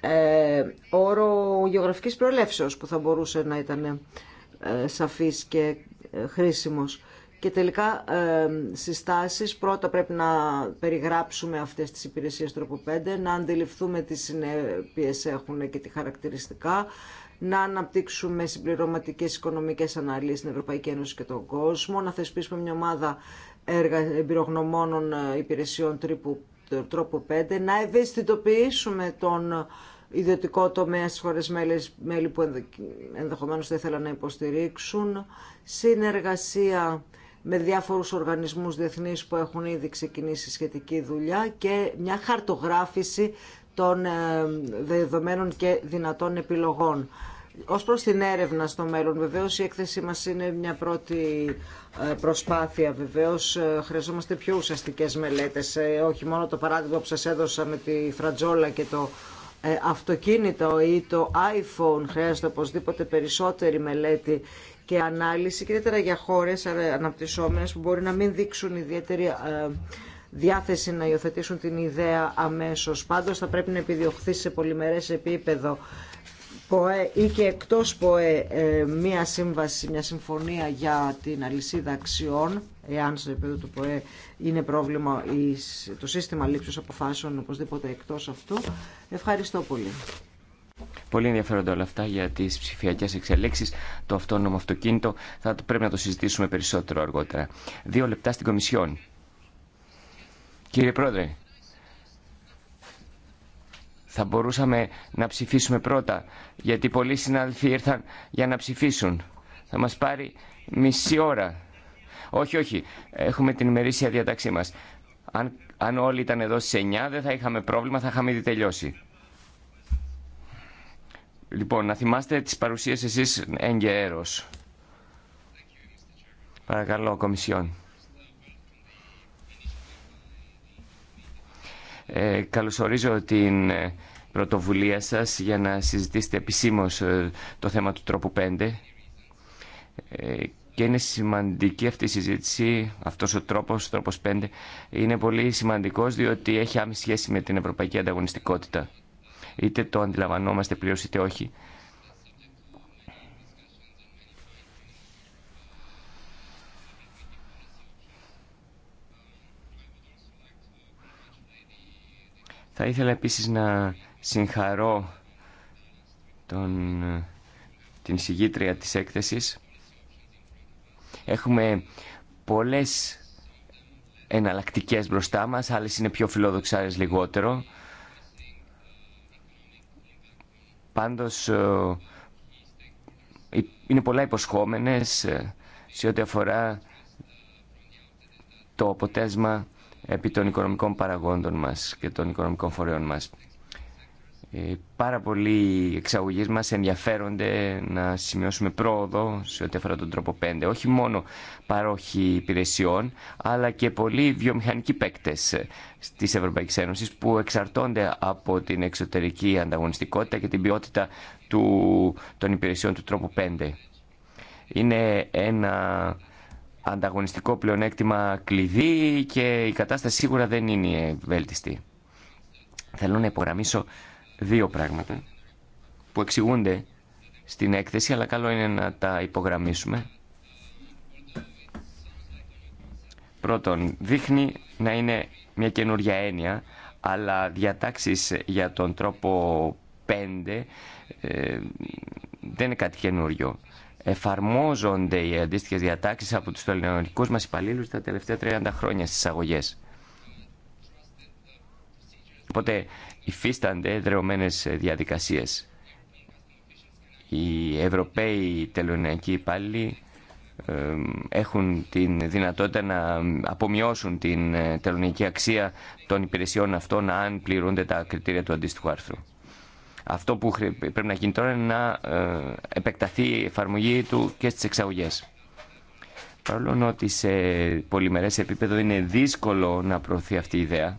ε, όρο γεωγραφικής προελεύσεως που θα μπορούσε να ήταν ε, σαφής και ε, χρήσιμος. Και τελικά ε, συστάσεις, πρώτα πρέπει να περιγράψουμε αυτές τις υπηρεσίες τρόπο 5, να αντιληφθούμε τι συνέπειες έχουν και τι χαρακτηριστικά, να αναπτύξουμε συμπληρωματικές οικονομικές αναλύσεις στην Ευρωπαϊκή Ένωση και τον κόσμο, να θεσπίσουμε μια ομάδα έργα εμπειρογνωμόνων ε, υπηρεσιών τρίπου, τρόπου 5, να ευαισθητοποιήσουμε τον ιδιωτικό τομέα στις χώρες μέλη, μέλη που ενδεχομένως δεν ήθελαν να υποστηρίξουν, συνεργασία με διάφορους οργανισμούς διεθνείς που έχουν ήδη ξεκινήσει σχετική δουλειά και μια χαρτογράφηση των ε, δεδομένων και δυνατών επιλογών. Ως προς την έρευνα στο μέλλον, βεβαίως η έκθεσή μας είναι μια πρώτη ε, προσπάθεια. Βεβαίως ε, χρειαζόμαστε πιο ουσιαστικές μελέτες, ε, όχι μόνο το παράδειγμα που σας έδωσα με τη φρατζόλα και το αυτοκίνητο ή το iPhone. Χρειάζεται οπωσδήποτε περισσότερη μελέτη και ανάλυση, ιδιαίτερα για χώρες αναπτυσσόμενες που μπορεί να μην δείξουν ιδιαίτερη διάθεση να υιοθετήσουν την ιδέα αμέσως. Πάντως θα πρέπει να επιδιωχθεί σε πολυμερές επίπεδο ΠΟΕ ή και εκτός ΠΟΕ ε, μια σύμβαση, μια συμφωνία για την αλυσίδα αξιών, εάν στο επίπεδο του ΠΟΕ είναι πρόβλημα το σύστημα λήψης αποφάσεων οπωσδήποτε εκτός αυτού. Ευχαριστώ πολύ. Πολύ ενδιαφέρονται όλα αυτά για τι ψηφιακέ εξελίξεις Το αυτόνομο αυτοκίνητο θα πρέπει να το συζητήσουμε περισσότερο αργότερα. Δύο λεπτά στην Κομισιόν. Κύριε Πρόεδρε, θα μπορούσαμε να ψηφίσουμε πρώτα, γιατί πολλοί συνάδελφοι ήρθαν για να ψηφίσουν. Θα μας πάρει μισή ώρα. Όχι, όχι, έχουμε την ημερήσια διαταξή μας. Αν, αν όλοι ήταν εδώ στις 9 δεν θα είχαμε πρόβλημα, θα είχαμε ήδη τελειώσει. Λοιπόν, να θυμάστε τις παρουσίες εσείς εγκαίρως. Παρακαλώ, Κομισιόν. Ε, καλωσορίζω την ε, πρωτοβουλία σας για να συζητήσετε επισήμως ε, το θέμα του τρόπου 5 ε, και είναι σημαντική αυτή η συζήτηση, αυτός ο τρόπος, τρόπος 5, είναι πολύ σημαντικός διότι έχει άμεση σχέση με την ευρωπαϊκή ανταγωνιστικότητα. Είτε το αντιλαμβανόμαστε πλήρως είτε όχι. Θα ήθελα επίσης να συγχαρώ τον, την συγγήτρια της έκθεσης. Έχουμε πολλές εναλλακτικές μπροστά μας, άλλες είναι πιο φιλόδοξες, λιγότερο. Πάντως ε, είναι πολλά υποσχόμενες ε, σε ό,τι αφορά το αποτέλεσμα επί των οικονομικών παραγόντων μας και των οικονομικών φορέων μας. Ε, πάρα πολλοί εξαγωγείς μας ενδιαφέρονται να σημειώσουμε πρόοδο σε ό,τι αφορά τον τρόπο 5. Όχι μόνο παρόχοι υπηρεσιών, αλλά και πολλοί βιομηχανικοί παίκτες της Ευρωπαϊκής Ένωσης που εξαρτώνται από την εξωτερική ανταγωνιστικότητα και την ποιότητα του, των υπηρεσιών του τρόπου 5. Είναι ένα ανταγωνιστικό πλεονέκτημα κλειδί και η κατάσταση σίγουρα δεν είναι βέλτιστη. Θέλω να υπογραμμίσω δύο πράγματα που εξηγούνται στην έκθεση, αλλά καλό είναι να τα υπογραμμίσουμε. Πρώτον, δείχνει να είναι μια καινούρια έννοια, αλλά διατάξεις για τον τρόπο 5 ε, δεν είναι κάτι καινούριο εφαρμόζονται οι αντίστοιχε διατάξεις από τους ελληνικού μας υπαλλήλους τα τελευταία 30 χρόνια στις αγωγέ. Οπότε υφίστανται δρεωμένε διαδικασίες. Οι Ευρωπαίοι τελωνιακοί υπάλληλοι έχουν την δυνατότητα να απομειώσουν την ε, τελωνιακή αξία των υπηρεσιών αυτών αν πληρούνται τα κριτήρια του αντίστοιχου άρθρου. Αυτό που πρέπει να γίνει τώρα είναι να ε, επεκταθεί η εφαρμογή του και στις εξαγωγές. Παρόλο ότι σε πολυμερές επίπεδο είναι δύσκολο να προωθεί αυτή η ιδέα,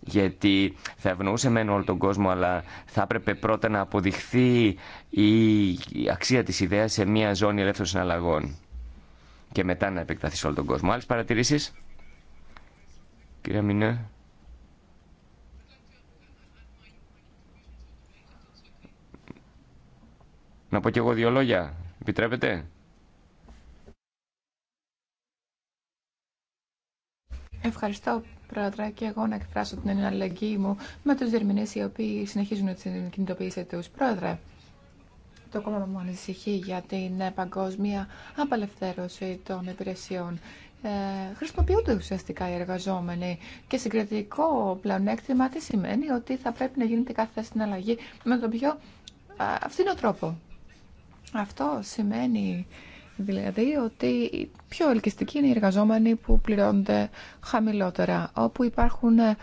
γιατί θα ευνοούσε μεν όλο τον κόσμο, αλλά θα έπρεπε πρώτα να αποδειχθεί η αξία της ιδέας σε μια ζώνη ελεύθερων συναλλαγών και μετά να επεκταθεί σε όλο τον κόσμο. Άλλες παρατηρήσεις? Κύριε Μινέ. Να πω κι εγώ δύο λόγια. Επιτρέπετε. Ευχαριστώ, Πρόεδρε, και εγώ να εκφράσω την εναλλαγή μου με τους διερμηνείς οι οποίοι συνεχίζουν την κινητοποίησή τους. Πρόεδρε, το κόμμα μου ανησυχεί για την ε, παγκόσμια απελευθέρωση των υπηρεσιών. Ε, χρησιμοποιούνται ουσιαστικά οι εργαζόμενοι και συγκριτικό πλεονέκτημα τι σημαίνει ότι θα πρέπει να γίνεται κάθε συναλλαγή με τον πιο ε, α, τρόπο. Αυτό σημαίνει δηλαδή ότι πιο ελκυστικοί είναι οι εργαζόμενοι που πληρώνονται χαμηλότερα, όπου υπάρχουν ε,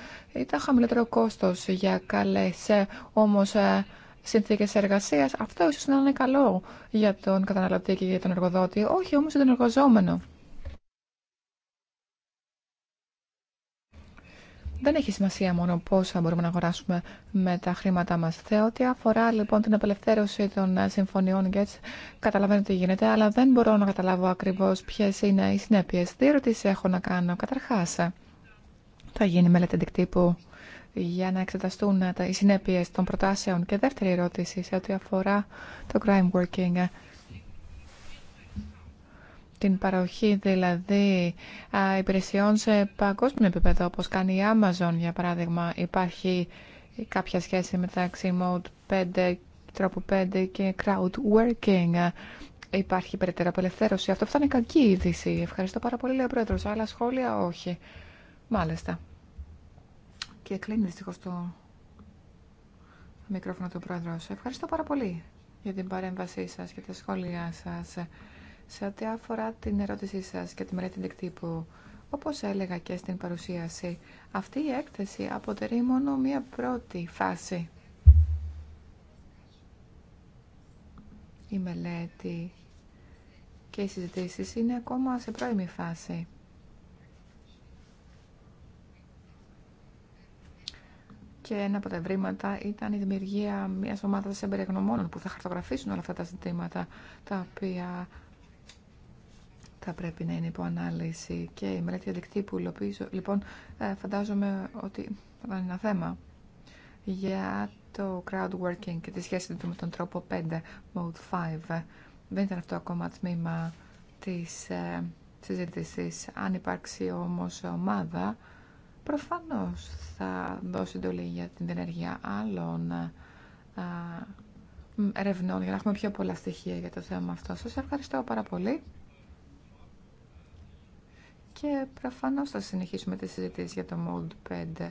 τα χαμηλότερο κόστος για καλές ε, όμως ε, συνθήκες εργασίας. Αυτό ίσως να είναι καλό για τον καταναλωτή και για τον εργοδότη, όχι όμως για τον εργαζόμενο. δεν έχει σημασία μόνο πόσα μπορούμε να αγοράσουμε με τα χρήματά μας. ότι αφορά λοιπόν την απελευθέρωση των ε, συμφωνιών και έτσι καταλαβαίνω τι γίνεται, αλλά δεν μπορώ να καταλάβω ακριβώς ποιε είναι οι συνέπειες. Τι ερωτήσει έχω να κάνω. Καταρχά. θα γίνει μελέτη αντικτύπου για να εξεταστούν ε, οι συνέπειε των προτάσεων. Και δεύτερη ερώτηση σε ό,τι αφορά το crime working την παροχή δηλαδή υπηρεσιών σε παγκόσμιο επίπεδο, όπως κάνει η Amazon για παράδειγμα. Υπάρχει κάποια σχέση μεταξύ Mode 5, τρόπου 5 και crowd working. Υπάρχει περαιτέρω απελευθέρωση. Αυτό θα είναι κακή είδηση. Ευχαριστώ πάρα πολύ, λέει ο Πρόεδρος. Άλλα σχόλια όχι. Μάλιστα. Και κλείνει δυστυχώ το μικρόφωνο του Πρόεδρος. Ευχαριστώ πάρα πολύ για την παρέμβασή σας και τα σχόλιά σας. Σε ό,τι αφορά την ερώτησή σας και τη μελέτη δικτύπου, όπως έλεγα και στην παρουσίαση, αυτή η έκθεση αποτελεί μόνο μία πρώτη φάση. Η μελέτη και οι συζητήσεις είναι ακόμα σε πρώιμη φάση. Και ένα από τα ευρήματα ήταν η δημιουργία μιας ομάδας εμπεριαγνωμόνων που θα χαρτογραφήσουν όλα αυτά τα ζητήματα τα οποία θα πρέπει να είναι υπό ανάλυση και η μελέτη αντικτύπου υλοποιήσω. Λοιπόν, ε, φαντάζομαι ότι θα είναι ένα θέμα για το crowd working και τη σχέση του με τον τρόπο 5, mode 5. Δεν ήταν αυτό ακόμα τμήμα της ε, συζήτησης. Αν υπάρξει όμως ομάδα, προφανώς θα δώσει εντολή για την ενέργεια άλλων α, ε, ε, ερευνών για να έχουμε πιο πολλά στοιχεία για το θέμα αυτό. Σας ευχαριστώ πάρα πολύ και προφανώς θα συνεχίσουμε τις συζήτηση για το Mold 5.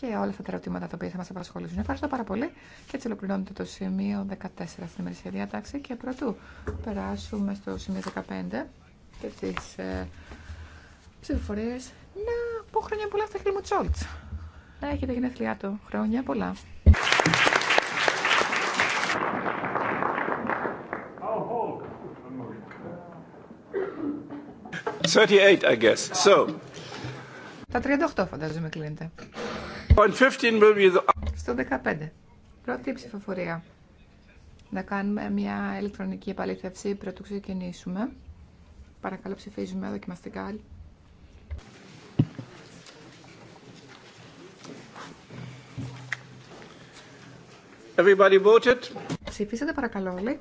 και όλα αυτά τα ερωτήματα τα οποία θα μα απασχολήσουν. Ευχαριστώ πάρα πολύ και έτσι ολοκληρώνεται το σημείο 14 στην ημερησία διάταξη. Και πρωτού περάσουμε στο σημείο 15 και τις ε, ψηφοφορίε, να πω χρόνια πολλά στα Χλίμου Τσόλτ. Έχετε γενέθλιά του. Χρόνια πολλά. 38, I guess. So. Τα 38 φαντάζομαι κλείνεται. 15 will be the... Στο 15. Πρώτη ψηφοφορία. Να κάνουμε μια ηλεκτρονική επαλήθευση πριν το ξεκινήσουμε. Παρακαλώ ψηφίζουμε δοκιμαστικά. Everybody voted. Ψηφίσατε παρακαλώ όλοι.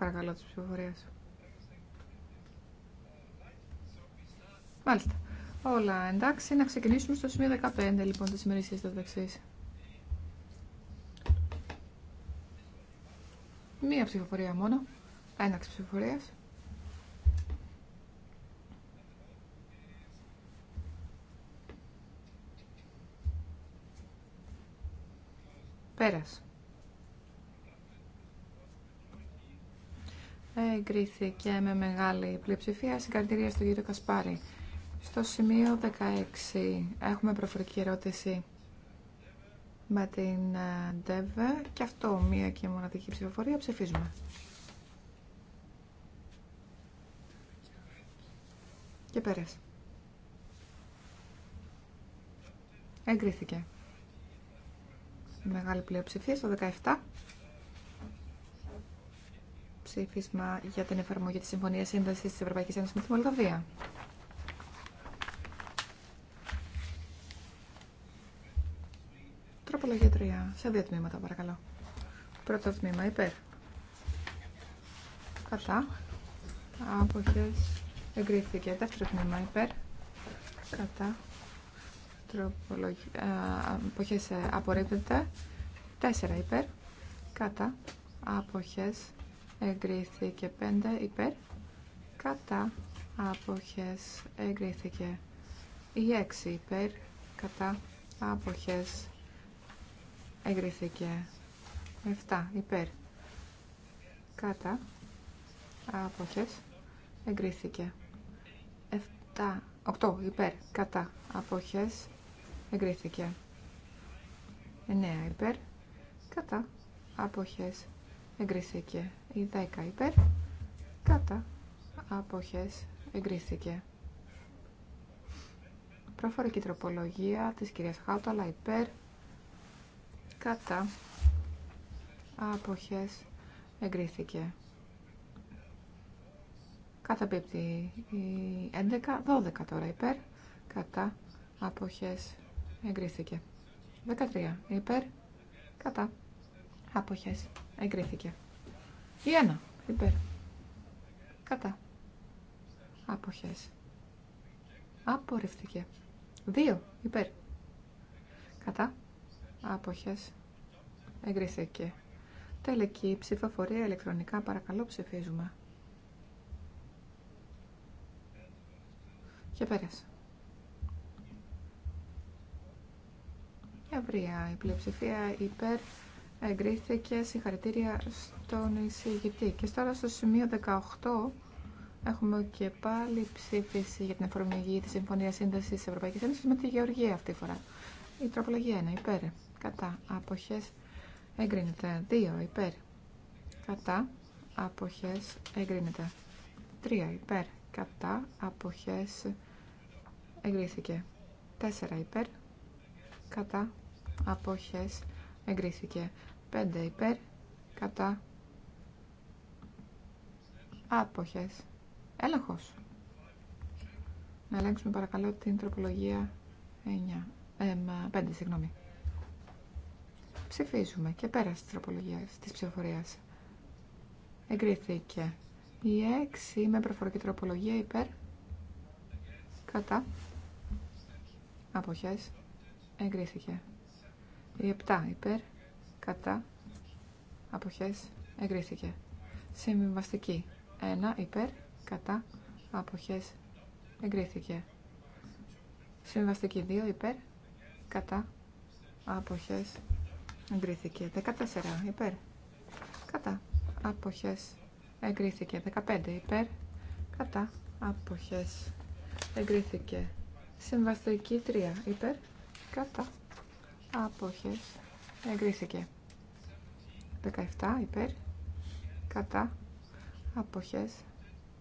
παρακαλώ τη ψηφοφορία. Μάλιστα. Όλα εντάξει, να ξεκινήσουμε στο σημείο 15 λοιπόν τη ημερησία διαταξή. Μία ψηφοφορία μόνο. Έναξη ψηφοφορία. Πέρασε. εγκρίθηκε με μεγάλη πλειοψηφία. συγκαρτηρία στον κύριο Κασπάρη. Στο σημείο 16 έχουμε προφορική ερώτηση με την ΔΕΒΕ ε, και αυτό μία και μοναδική ψηφοφορία ψηφίζουμε. Και πέρασε. Εγκρίθηκε. Μεγάλη πλειοψηφία στο 17 ψήφισμα για την εφαρμογή της Συμφωνίας Σύνδεσης της Ευρωπαϊκής Ένωσης με τη Μολδαβία. Τροπολογία 3. Σε δύο τμήματα, παρακαλώ. Πρώτο τμήμα, υπέρ. Κατά. Αποχές. Εγκρίθηκε. Δεύτερο τμήμα, υπέρ. Κατά. Τροπολογία. Αποχές ε, απορρίπτεται. Τέσσερα υπέρ. Κατά. Αποχές εγκρίθηκε 5 υπέρ κατά άποχες εγκρίθηκε η 6 υπέρ κατά άποχες εγκρίθηκε 7 υπέρ κατά άποχες εγκρίθηκε 7 8 υπέρ κατά άποχες εγκρίθηκε 9 υπέρ κατά άποχες εγκρίθηκε η 10 υπέρ. Κατά. Αποχές. Εγκρίθηκε. Προφορική τροπολογία της κυρίας Χάουταλα υπέρ. Κατά. Αποχές. Εγκρίθηκε. πίπτη η 11. 12 τώρα υπέρ. Κατά. Αποχές. Εγκρίθηκε. 13. Υπέρ. Κατά. Αποχές. Εγκρίθηκε. Η ένα. Υπέρ. Κατά. Αποχές. Απορριφθήκε. Δύο. Υπέρ. Κατά. Αποχές. Εγκριθήκε. Τελική ψηφοφορία ηλεκτρονικά. Παρακαλώ ψηφίζουμε. Και πέρασε. ευρια η πλειοψηφία υπέρ εγκρίθηκε συγχαρητήρια στον εισηγητή. Και τώρα στο σημείο 18 έχουμε και πάλι ψήφιση για την εφαρμογή της Συμφωνίας τη Ευρωπαϊκή Ένωση με τη Γεωργία αυτή τη φορά. Η τροπολογία 1 υπέρ, κατά, απόχέ, εγκρίνεται. 2 υπέρ, κατά, απόχέ, εγκρίνεται. 3 υπέρ, κατά, απόχέ, εγκρίθηκε. 4 υπέρ, κατά, αποχές, εγκρίθηκε. 5 υπέρ κατά άποχες έλεγχος να ελέγξουμε παρακαλώ την τροπολογία 9, 5 συγγνώμη ψηφίζουμε και πέρα της τροπολογίας της ψηφοφορίας εγκρίθηκε η 6 με προφορική τροπολογία υπέρ κατά αποχές εγκρίθηκε η 7 υπέρ κατά αποχές εγκρίθηκε. Συμβαστική. 1 ειπε κατά αποχές εγκρίθηκε. Συμβαστική 2 υπέρ κατά αποχές εγκρίθηκε. 14 υπέρ κατά αποχές εγκρίθηκε. 15 ειπε κατά αποχές εγκρίθηκε. Συμβαστική 3 υπέρ κατά αποχές Εγκρίθηκε. 17 υπέρ. Κατά. Αποχές.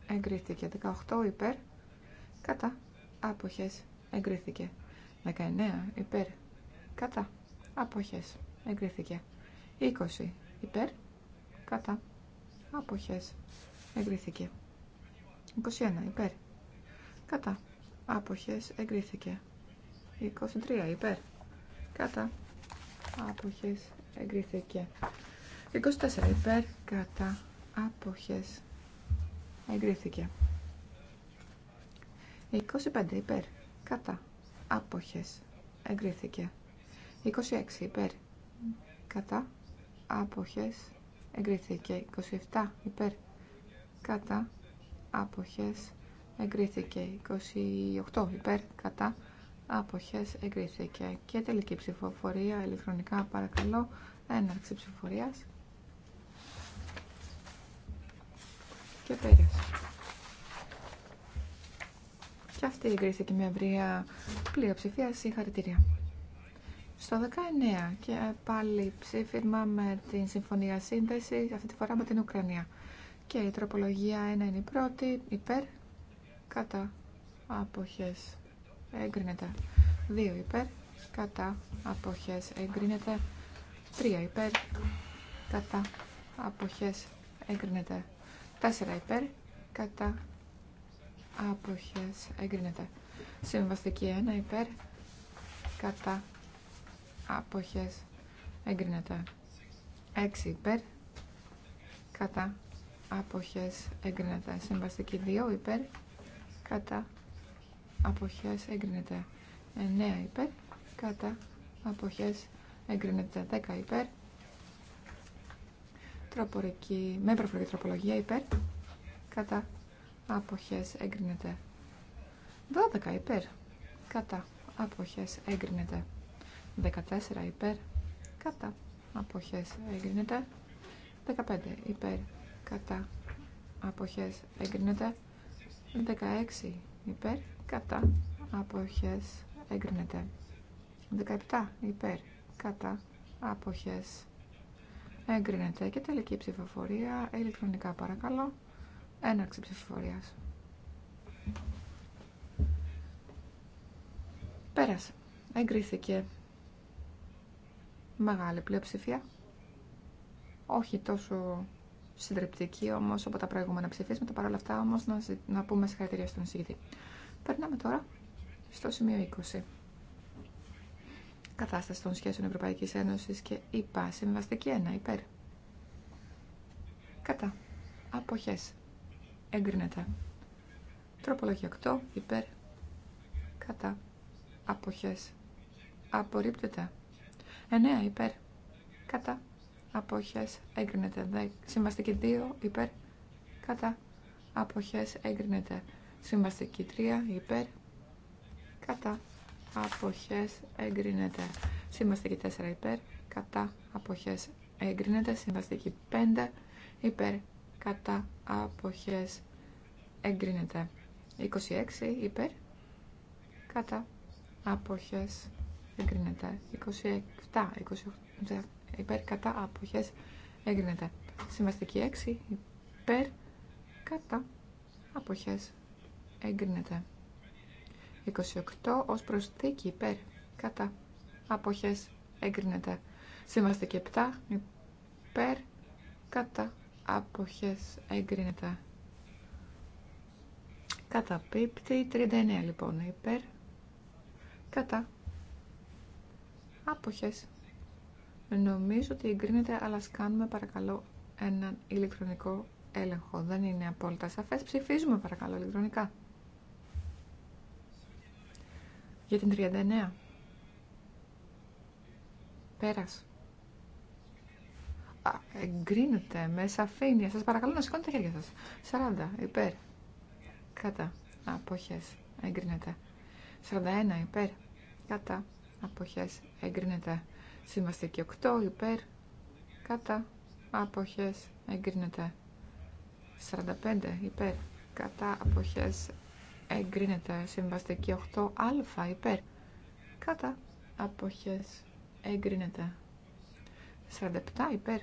Εγκρίθηκε. 18 υπέρ. Κατά. Αποχές. Εγκρίθηκε. 19 υπέρ. Κατά. Αποχές. Εγκρίθηκε. 20 υπέρ. Κατά. Αποχές. Εγκρίθηκε. 21 υπέρ. Κατά. Άποχες εγκρίθηκε. 23 υπέρ. Κατά. Αποχές εγκρίθηκε. 24 υπέρ κατά αποχές εγκρίθηκε. 25 υπέρ κατά αποχές εγκρίθηκε. 26 υπέρ κατά αποχές εγκρίθηκε. 27 υπέρ κατά αποχές εγκρίθηκε. 28 υπέρ κατά αποχές εγκρίθηκε και τελική ψηφοφορία ηλεκτρονικά παρακαλώ έναρξη ψηφοφορίας και πέρασε και αυτή εγκρίθηκε με ευρεία πλειοψηφία συγχαρητήρια στο 19 και πάλι ψήφισμα με την συμφωνία σύνδεση αυτή τη φορά με την Ουκρανία και η τροπολογία 1 είναι η πρώτη υπέρ κατά αποχές εγκρίνεται. 2 υπέρ, κατά αποχές εγκρίνεται. 3 υπέρ, κατά αποχές εγκρίνεται. 4 υπέρ, κατά αποχές εγκρίνεται. Συμβαστική 1 υπέρ, κατά αποχές εγκρίνεται. 6 υπέρ, κατά αποχές εγκρίνεται. Συμβαστική 2 υπέρ, κατά αποχές εγκρίνεται 9 υπέρ κατά αποχές εγκρίνεται 10 υπέρ τροπορική, με προφορική τροπολογία υπέρ κατά αποχές εγκρίνεται 12 υπέρ κατά αποχές εγκρίνεται 14 υπέρ κατά αποχές εγκρίνεται 15 υπέρ κατά αποχές εγκρίνεται 16 υπέρ κατά αποχές εγκρίνεται 17 υπέρ κατά αποχές εγκρίνεται και τελική ψηφοφορία ηλεκτρονικά παρακαλώ έναρξη ψηφοφορίας πέρασε εγκρίθηκε μεγάλη πλειοψηφία όχι τόσο συντριπτική όμως από τα προηγούμενα ψηφίσματα παρόλα αυτά όμως να, να πούμε συγχαρητήρια στον εισηγητή Περνάμε τώρα στο σημείο 20. Κατάσταση των σχέσεων Ευρωπαϊκή Ένωση και ΙΠΑ. Συμβαστική 1. Υπέρ. Κατά. Αποχέ, Εγκρίνεται. Τροπολογία 8. Υπέρ. Κατά. απόχέ, Απορρίπτεται. 9. Υπέρ. Κατά. απόχέ, Εγκρίνεται. Συμβαστική 2. Υπέρ. Κατά. απόχέ, Εγκρίνεται. Συμβαστική 3 υπέρ. Κατά αποχές εγκρίνεται. Συμβαστική 4 υπέρ. Κατά αποχές εγκρίνεται. Συμβαστική 5 υπέρ. Κατά αποχές εγκρίνεται. 26 υπέρ. Κατά αποχές εγκρίνεται. 27 28, υπέρ. Κατά αποχές εγκρίνεται. Συμβαστική 6 υπέρ. Κατά αποχές εγκρίνεται. 28 ως προσθήκη υπέρ κατά αποχές εγκρίνεται. και 7 υπέρ κατά αποχές εγκρίνεται. πίπτη 39 λοιπόν υπέρ κατά άποχες. Νομίζω ότι εγκρίνεται, αλλά κάνουμε παρακαλώ έναν ηλεκτρονικό έλεγχο. Δεν είναι απόλυτα σαφές. Ψηφίζουμε παρακαλώ ηλεκτρονικά. Για την 39. Πέρας. Α, εγκρίνεται με σαφήνεια. Σας παρακαλώ να σηκώνετε τα χέρια σας. 40. Υπέρ. Κατά. Αποχές. Εγκρίνεται. 41. Υπέρ. Κατά. Αποχές. Εγκρίνεται. και 8. Υπέρ. Κατά. Αποχές. Εγκρίνεται. 45. Υπέρ. Κατά. Αποχές εγκρίνεται συμβαστική 8α υπέρ κατά αποχές εγκρίνεται 47 υπέρ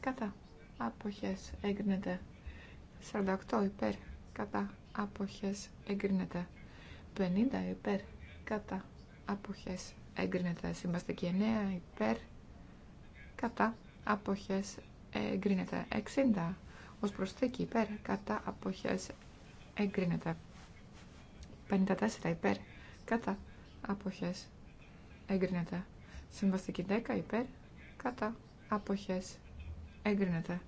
κατά αποχές εγκρίνεται 48 υπέρ κατά αποχές εγκρίνεται 50 υπέρ κατά αποχές εγκρίνεται συμβαστική 9 υπέρ κατά αποχές εγκρίνεται 60 ως προσθήκη υπέρ κατά αποχές εγκρίνεται 54 υπέρ. Κατά. Αποχές. Εγκρίνεται. Συμβαστική 10 υπέρ. Κατά. Αποχές. Εγκρίνεται.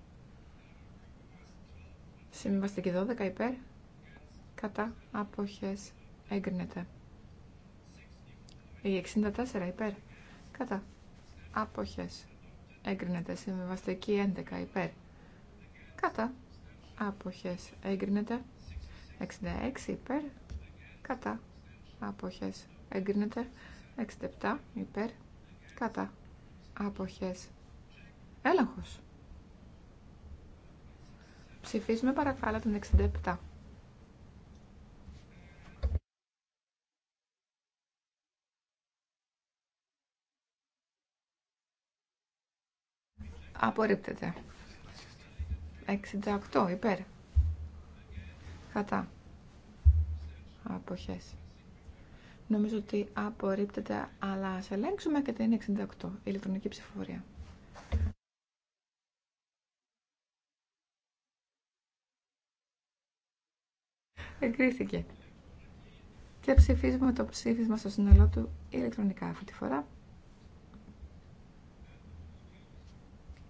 Συμβαστική 12 υπέρ. Κατά. Αποχές. Εγκρίνεται. Η 64 υπέρ. Κατά. Αποχές. Εγκρίνεται. Συμβαστική 11 υπέρ. Κατά. Αποχές. Εγκρίνεται. 66 υπέρ κατά αποχές εγκρίνεται 67 υπέρ κατά αποχές έλεγχος ψηφίζουμε παρακαλώ την 67 Απορρίπτεται. 68 υπέρ. Κατά αποχές. Νομίζω ότι απορρίπτεται, αλλά ας ελέγξουμε και την 68, ηλεκτρονική ψηφοφορία. Εγκρίθηκε. Και ψηφίζουμε το ψήφισμα στο σύνολό του ηλεκτρονικά αυτή τη φορά.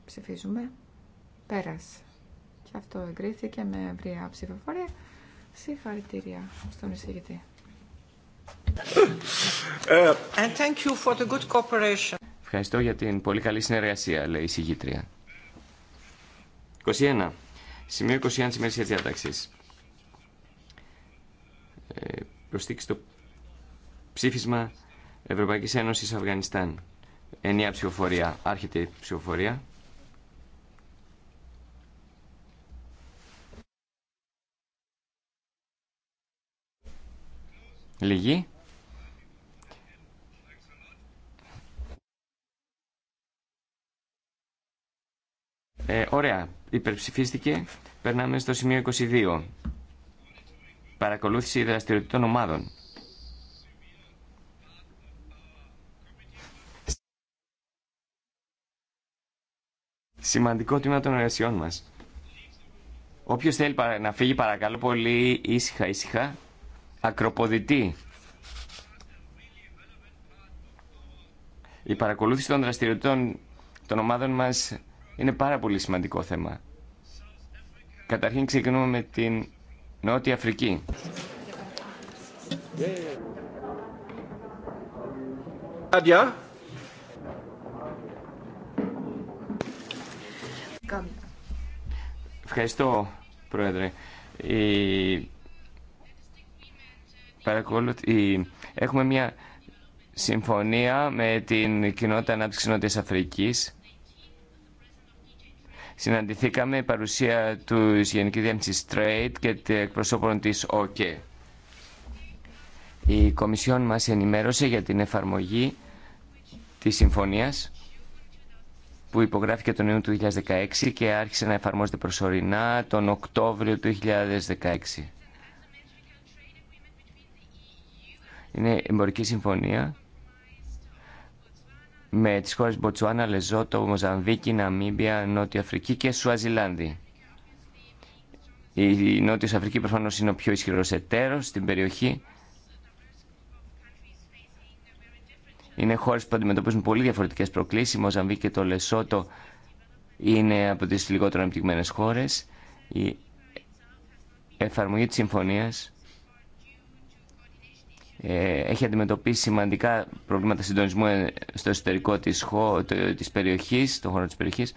Ψηφίζουμε. Πέρας. Και αυτό εγκρίθηκε με ευρία ψηφοφορία. Συγχαρητήρια στον εισηγητή. Ε, and Ευχαριστώ για την πολύ καλή συνεργασία, λέει η συγγήτρια. 21. Σημείο 21 της ημέρης της διάταξης. Ε, προστήκη στο ψήφισμα Ευρωπαϊκής Ένωσης Αφγανιστάν. Ενιά ψηφοφορία. Άρχεται η ψηφοφορία. Λίγη. Ε, ωραία, υπερψηφίστηκε. Περνάμε στο σημείο 22. Παρακολούθηση δραστηριοτήτων ομάδων. Σημαντικό τμήμα των εργασιών μας. Όποιος θέλει να φύγει παρακαλώ πολύ ήσυχα ήσυχα ακροποδητή. Η παρακολούθηση των δραστηριοτήτων των ομάδων μας είναι πάρα πολύ σημαντικό θέμα. Καταρχήν ξεκινούμε με την Νότια Αφρική. Άντια. Ευχαριστώ, Πρόεδρε. Η Παρακολουθεί. Έχουμε μια συμφωνία με την Κοινότητα ανάπτυξη νότια Αφρική. Συναντηθήκαμε η παρουσία του Γενική Διεύθυνση Trade και των εκπροσώπων τη ΟΚΕ. Η Κομισιόν μα ενημέρωσε για την εφαρμογή τη συμφωνία που υπογράφηκε τον Ιούνιο του 2016 και άρχισε να εφαρμόζεται προσωρινά τον Οκτώβριο του 2016. Είναι εμπορική συμφωνία με τις χώρες Μποτσουάνα, Λεζότο, Μοζαμβίκη, Ναμίμπια, Νότια Αφρική και Σουαζιλάνδη. Η Νότια Αφρική προφανώ είναι ο πιο ισχυρό εταίρο στην περιοχή. Είναι χώρε που αντιμετωπίζουν πολύ διαφορετικέ προκλήσει. Η Μοζαμβίκη και το Λεσότο είναι από τι λιγότερο ανεπτυγμένε χώρε. Η εφαρμογή τη συμφωνία ε, έχει αντιμετωπίσει σημαντικά προβλήματα συντονισμού ε, στο εσωτερικό της, της περιοχής, στον χώρο της περιοχής.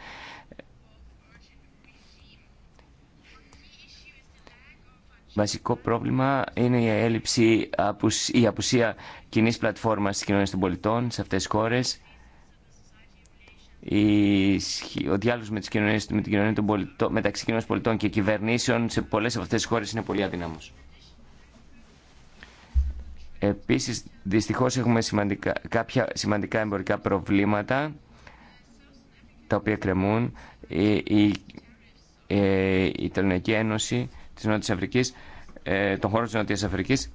Βασικό πρόβλημα είναι η έλλειψη, η απουσία κοινή πλατφόρμας τη κοινωνία των πολιτών σε αυτές τις χώρες. ο διάλογος με, τις κοινωνίες, με την κοινωνία των πολιτών, μεταξύ κοινωνίας πολιτών και κυβερνήσεων σε πολλές από αυτές τις χώρες είναι πολύ αδυνάμος. Επίσης, δυστυχώς έχουμε σημαντικά, κάποια σημαντικά εμπορικά προβλήματα τα οποία κρεμούν. Η, η, ε, η Τελωνιακή Ένωση της Νότιας Αφρικής, ε, των χώρων της Νότιας Αφρικής,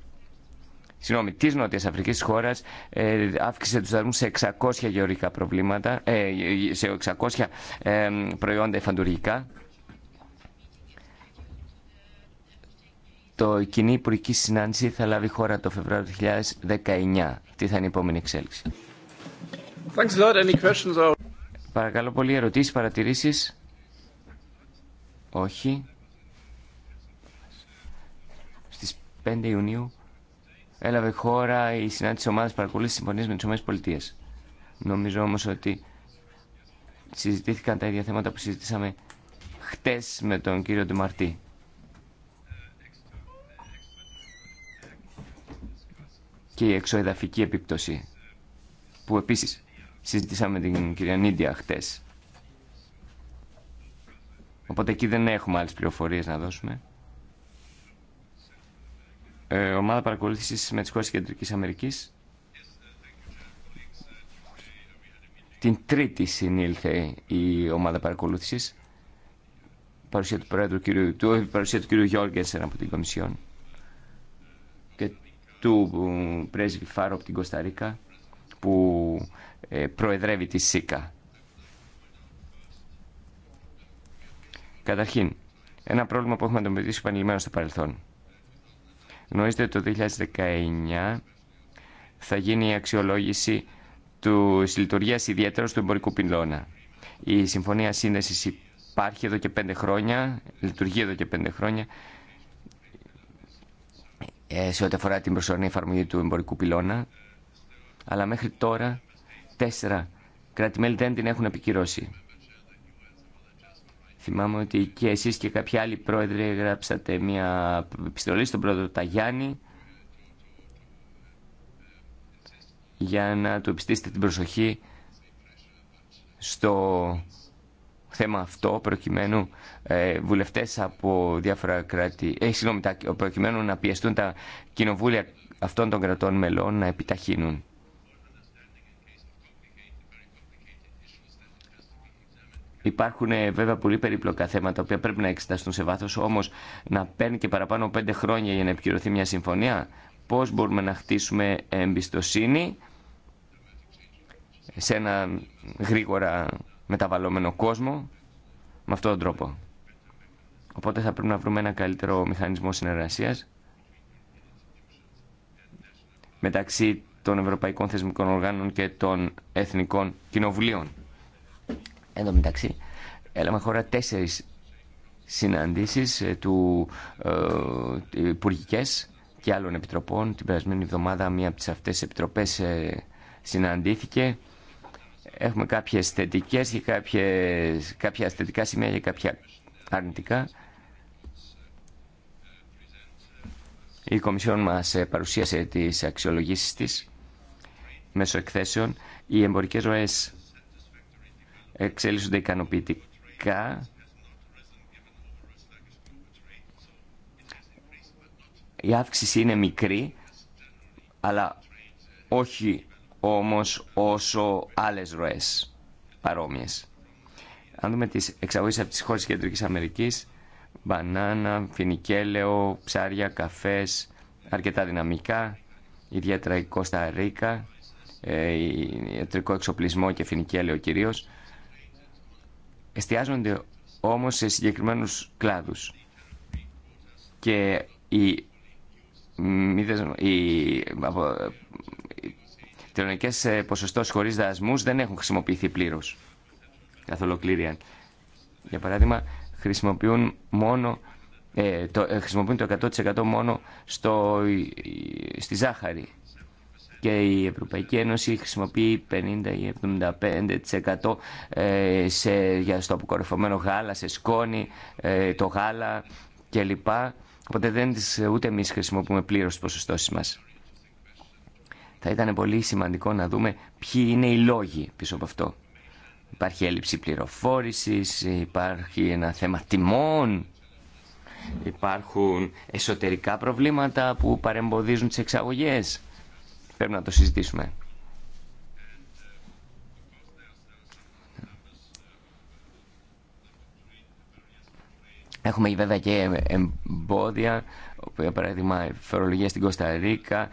συγγνώμη, τις Νότιας Αφρικής χώρα ε, αύξησε του δασμούς σε 600 γεωργικά προβλήματα, ε, σε 600 ε, προϊόντα εφαντουργικά. το κοινή υπουργική συνάντηση θα λάβει χώρα το Φεβρουάριο του 2019. Τι θα είναι η επόμενη εξέλιξη. Παρακαλώ πολύ, ερωτήσεις, παρατηρήσεις. Όχι. Στις 5 Ιουνίου έλαβε χώρα η συνάντηση ομάδα παρακολούθησης συμφωνίας με τις ΗΠΑ. Νομίζω όμως ότι συζητήθηκαν τα ίδια θέματα που συζητήσαμε χτες με τον κύριο Ντεμαρτή. και η εξοεδαφική επίπτωση που επίσης συζητήσαμε με την κυρία Νίντια χτες. Οπότε εκεί δεν έχουμε άλλες πληροφορίες να δώσουμε. Ε, ομάδα παρακολούθησης με τις χώρες της Κεντρικής Αμερικής. Την τρίτη συνήλθε η ομάδα παρακολούθησης. Παρουσία του Πρόεδρου κ. Του, παρουσία του κ. Γιώργενσεν από την Κομισιόν του πρέσβη Φάρο από την Κωνσταντίνα που ε, προεδρεύει τη ΣΥΚΑ. Καταρχήν, ένα πρόβλημα που έχουμε αντιμετωπίσει επανειλημμένο στο παρελθόν. Γνωρίζετε ότι το 2019 θα γίνει η αξιολόγηση του λειτουργία ιδιαίτερα του εμπορικού πυλώνα. Η Συμφωνία Σύνδεση υπάρχει εδώ και πέντε χρόνια, λειτουργεί εδώ και πέντε χρόνια ε, σε ό,τι αφορά την προσωρινή εφαρμογή του εμπορικού πυλώνα, αλλά μέχρι τώρα τέσσερα κράτη-μέλη δεν την έχουν επικυρώσει. Θυμάμαι ότι και εσείς και κάποιοι άλλοι πρόεδροι γράψατε μια επιστολή στον πρόεδρο Ταγιάννη για να του επιστήσετε την προσοχή στο θέμα αυτό προκειμένου ε, βουλευτές από διάφορα κράτη, ε, συγγνώμη, τα, προκειμένου να πιεστούν τα κοινοβούλια αυτών των κρατών μελών να επιταχύνουν. Υπάρχουν ε, βέβαια πολύ περίπλοκα θέματα που πρέπει να εξεταστούν σε βάθος, όμως να παίρνει και παραπάνω πέντε χρόνια για να επικυρωθεί μια συμφωνία. Πώς μπορούμε να χτίσουμε εμπιστοσύνη σε ένα γρήγορα μεταβαλλόμενο κόσμο με αυτόν τον τρόπο. Οπότε θα πρέπει να βρούμε ένα καλύτερο μηχανισμό συνεργασίας μεταξύ των Ευρωπαϊκών Θεσμικών Οργάνων και των Εθνικών Κοινοβουλίων. Εδώ τω μεταξύ, έλαμε χώρα τέσσερις συναντήσεις ε, του ε, και άλλων επιτροπών. Την περασμένη εβδομάδα μία από τις αυτές επιτροπές ε, συναντήθηκε έχουμε κάποιες θετικές και κάποιες, κάποια θετικά σημεία και κάποια αρνητικά. Η Κομισιόν μας ε, παρουσίασε τις αξιολογήσεις της μέσω εκθέσεων. Οι εμπορικές ροές εξέλισσονται ικανοποιητικά. Η αύξηση είναι μικρή, αλλά όχι όμως όσο άλλες ροές παρόμοιες. Αν δούμε τις εξαγωγές από τις χώρες της Κεντρικής Αμερικής, μπανάνα, φινικέλαιο, ψάρια, καφές, αρκετά δυναμικά, ιδιαίτερα η Κώστα Ρίκα, ε, ιατρικό εξοπλισμό και φινικέλαιο κυρίως, εστιάζονται όμως σε συγκεκριμένους κλάδους. Και οι, οι τελωνικέ ε, ποσοστό χωρί δασμού δεν έχουν χρησιμοποιηθεί πλήρω Καθ' ολοκλήρια. Για παράδειγμα, χρησιμοποιούν μόνο ε, το, ε, το 100% μόνο στο, ε, στη ζάχαρη και η Ευρωπαϊκή Ένωση χρησιμοποιεί 50 ή 75% σε, για στο αποκορυφωμένο γάλα, σε σκόνη, το γάλα κλπ. Οπότε δεν τις, ούτε εμεί χρησιμοποιούμε πλήρως τις ποσοστώσεις μας θα ήταν πολύ σημαντικό να δούμε ποιοι είναι οι λόγοι πίσω από αυτό. Υπάρχει έλλειψη πληροφόρησης, υπάρχει ένα θέμα τιμών, υπάρχουν εσωτερικά προβλήματα που παρεμποδίζουν τις εξαγωγές. Πρέπει να το συζητήσουμε. Έχουμε βέβαια και εμπόδια, για παράδειγμα φορολογία στην Κωνσταντίνα,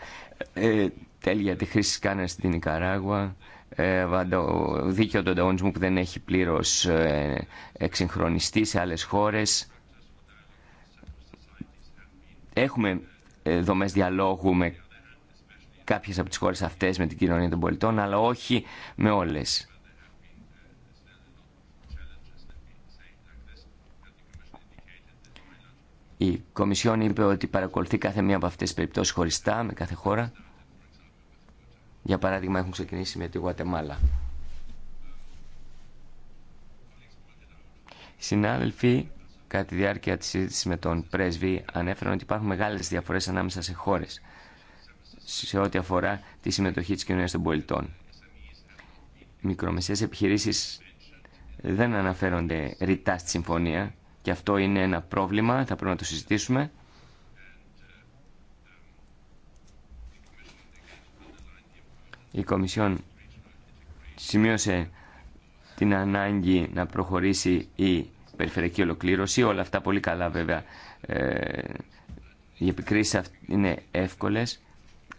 ε, τέλεια τη χρήση σκάνερ στην Ικαράγουα, ε, δίκαιο του ανταγωνισμού που δεν έχει πλήρως ε, εξυγχρονιστεί σε άλλες χώρες. Έχουμε δομέ διαλόγου με κάποιες από τις χώρες αυτές, με την κοινωνία των πολιτών, αλλά όχι με όλες. Η Κομισιόν είπε ότι παρακολουθεί κάθε μία από αυτέ τι περιπτώσει χωριστά με κάθε χώρα. Για παράδειγμα έχουν ξεκινήσει με τη Γουατεμάλα. συνάδελφοι κατά τη διάρκεια τη συζήτηση με τον πρέσβη ανέφεραν ότι υπάρχουν μεγάλε διαφορέ ανάμεσα σε χώρε, σε ό,τι αφορά τη συμμετοχή τη κοινωνία των πολιτών. Μικρομεσαίε επιχειρήσει δεν αναφέρονται ρητά στη συμφωνία και αυτό είναι ένα πρόβλημα, θα πρέπει να το συζητήσουμε. Η Κομισιόν σημείωσε την ανάγκη να προχωρήσει η περιφερειακή ολοκλήρωση. Όλα αυτά πολύ καλά βέβαια. Ε, οι επικρίσεις είναι εύκολες,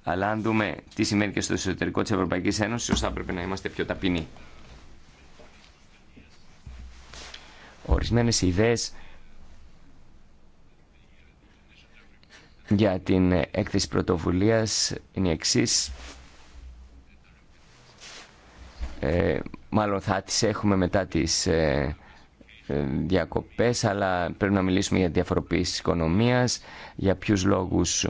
αλλά αν δούμε τι σημαίνει και στο εσωτερικό της ευρωπαϊκή Ένωσης, όσο θα έπρεπε να είμαστε πιο ταπεινοί. ορισμένες ιδέες για την έκθεση πρωτοβουλίας είναι η Ε, μάλλον θα τις έχουμε μετά τις ε, ε, διακοπές, αλλά πρέπει να μιλήσουμε για διαφοροποίηση της οικονομίας, για ποιους λόγους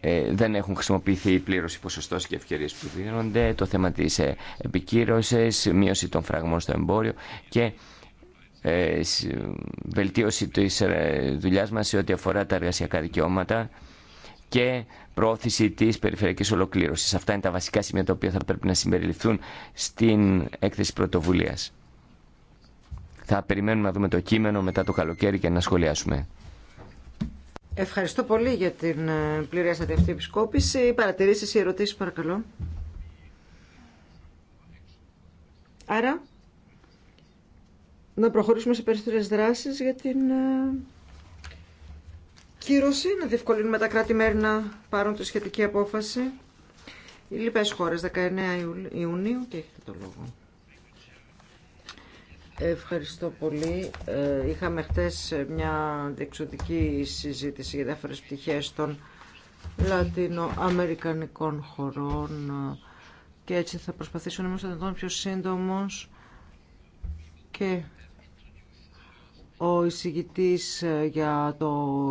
ε, δεν έχουν χρησιμοποιηθεί πλήρω οι ποσοστό και ευκαιρίε που δίνονται, το θέμα τη ε, επικύρωσης, επικύρωση, μείωση των φραγμών στο εμπόριο και ε, βελτίωση τη δουλειά μα σε ό,τι αφορά τα εργασιακά δικαιώματα και προώθηση τη περιφερειακή ολοκλήρωση. Αυτά είναι τα βασικά σημεία τα οποία θα πρέπει να συμπεριληφθούν στην έκθεση πρωτοβουλία. Θα περιμένουμε να δούμε το κείμενο μετά το καλοκαίρι και να σχολιάσουμε. Ευχαριστώ πολύ για την ε, πληρέστατη αυτή επισκόπηση. Οι παρατηρήσεις, οι ερωτήσεις παρακαλώ. Άρα, να προχωρήσουμε σε περισσότερες δράσεις για την ε, κύρωση, να διευκολύνουμε τα κράτη-μέρη να πάρουν τη σχετική απόφαση. Οι λοιπές χώρες, 19 Ιουνίου και έχετε το λόγο. Ευχαριστώ πολύ. Ε, είχαμε χτες μια διεξοδική συζήτηση για διάφορες πτυχές των λατινοαμερικανικών χωρών και έτσι θα προσπαθήσω να είμαστε εδώ πιο σύντομος και ο εισηγητής ε, για,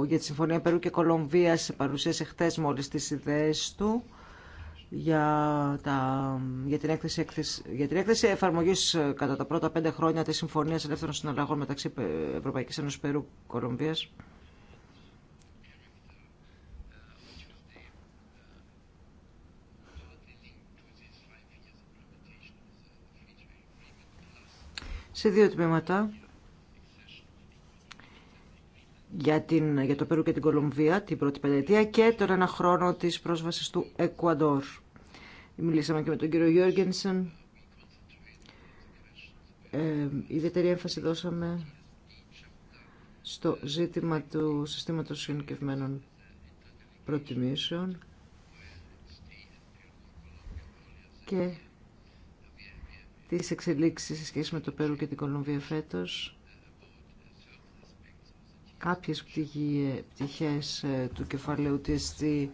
για τη Συμφωνία Περού και Κολομβίας παρουσίασε χτες μόλις τις ιδέες του για, τα, για, την έκθεση, για την έκθεση εφαρμογής ε, κατά τα πρώτα πέντε χρόνια της Συμφωνίας Ελεύθερων Συναλλαγών μεταξύ Ευρωπαϊκής Ένωσης Περού Κολομβίας. Σε δύο τμήματα για, την, για το Περού και την Κολομβία την πρώτη πενταετία και τον ένα χρόνο της πρόσβασης του Εκουαδόρ. Μιλήσαμε και με τον κύριο Γιώργενσεν. Ε, ιδιαίτερη έμφαση δώσαμε στο ζήτημα του συστήματος συνοικευμένων προτιμήσεων και τις εξελίξεις σε σχέση με το Περού και την Κολομβία φέτος Κάποιες ε, πτυχές ε, του κεφαλαίου TST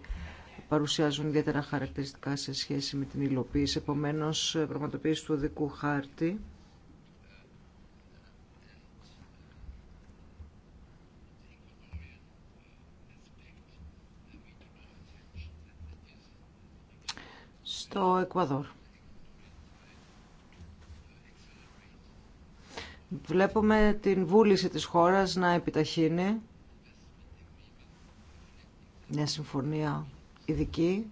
παρουσιάζουν ιδιαίτερα χαρακτηριστικά σε σχέση με την υλοποίηση. Επομένως, ε, πραγματοποίηση του οδικού χάρτη στο Εκουαδόρ. Βλέπουμε την βούληση της χώρας να επιταχύνει μια συμφωνία ειδική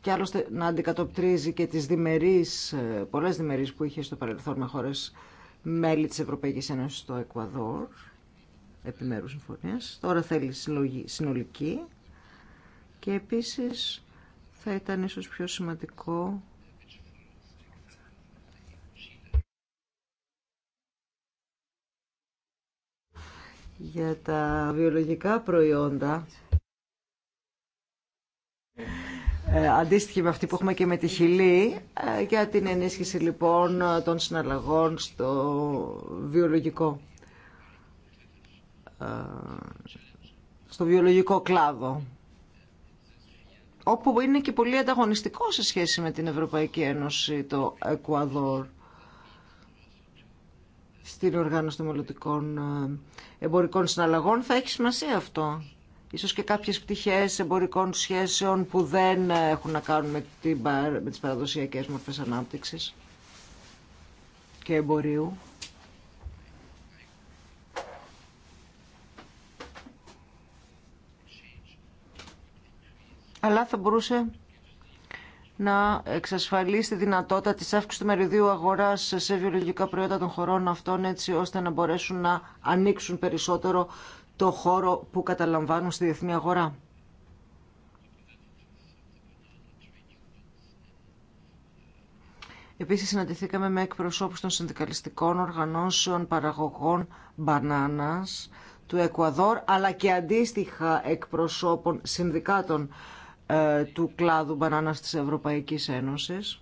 και άλλωστε να αντικατοπτρίζει και τις διμερείς, ε, πολλές διμερείς που είχε στο παρελθόν με χώρες μέλη της Ευρωπαϊκής Ένωσης στο Εκουαδόρ, επιμέρους συμφωνίας. Τώρα θέλει συνολική και επίσης θα ήταν ίσως πιο σημαντικό για τα βιολογικά προϊόντα ε, αντίστοιχη με αυτή που έχουμε και με τη Χιλή ε, για την ενίσχυση λοιπόν των συναλλαγών στο βιολογικό ε, στο βιολογικό κλάδο όπου είναι και πολύ ανταγωνιστικό σε σχέση με την Ευρωπαϊκή Ένωση το Εκουαδόρ στην οργάνωση των μελλοντικών ε, εμπορικών συναλλαγών. Θα έχει σημασία αυτό. Ίσως και κάποιες πτυχές εμπορικών σχέσεων που δεν έχουν να κάνουν με, την, με τις παραδοσιακές μορφές ανάπτυξης και εμπορίου. Αλλά θα μπορούσε να εξασφαλίσει τη δυνατότητα της αύξησης του μεριδίου αγοράς σε βιολογικά προϊόντα των χωρών αυτών έτσι ώστε να μπορέσουν να ανοίξουν περισσότερο το χώρο που καταλαμβάνουν στη διεθνή αγορά. Επίσης συναντηθήκαμε με εκπροσώπους των συνδικαλιστικών οργανώσεων παραγωγών μπανάνας του Εκουαδόρ αλλά και αντίστοιχα εκπροσώπων συνδικάτων ε, του κλάδου μπανάνας της Ευρωπαϊκής Ένωσης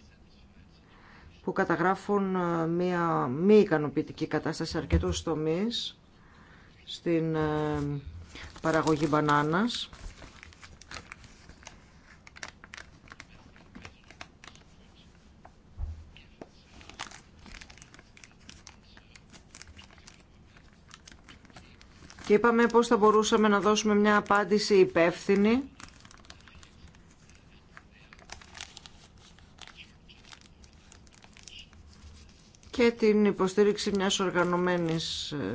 που καταγράφουν ε, μία μη ικανοποιητική κατάσταση σε αρκετούς τομείς στην ε, παραγωγή μπανάνας. Και είπαμε πώς θα μπορούσαμε να δώσουμε μια απάντηση υπεύθυνη και την υποστήριξη μιας οργανωμένης ε,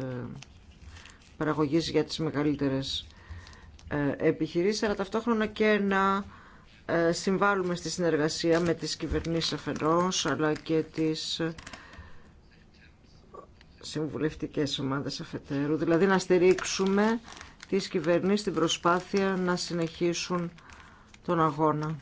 παραγωγής για τις μεγαλύτερες ε, επιχειρήσεις, αλλά ταυτόχρονα και να ε, συμβάλλουμε στη συνεργασία με τις κυβερνήσεις αφενός, αλλά και τις συμβουλευτικές ομάδες αφετέρου, δηλαδή να στηρίξουμε τις κυβερνήσεις στην προσπάθεια να συνεχίσουν τον αγώνα.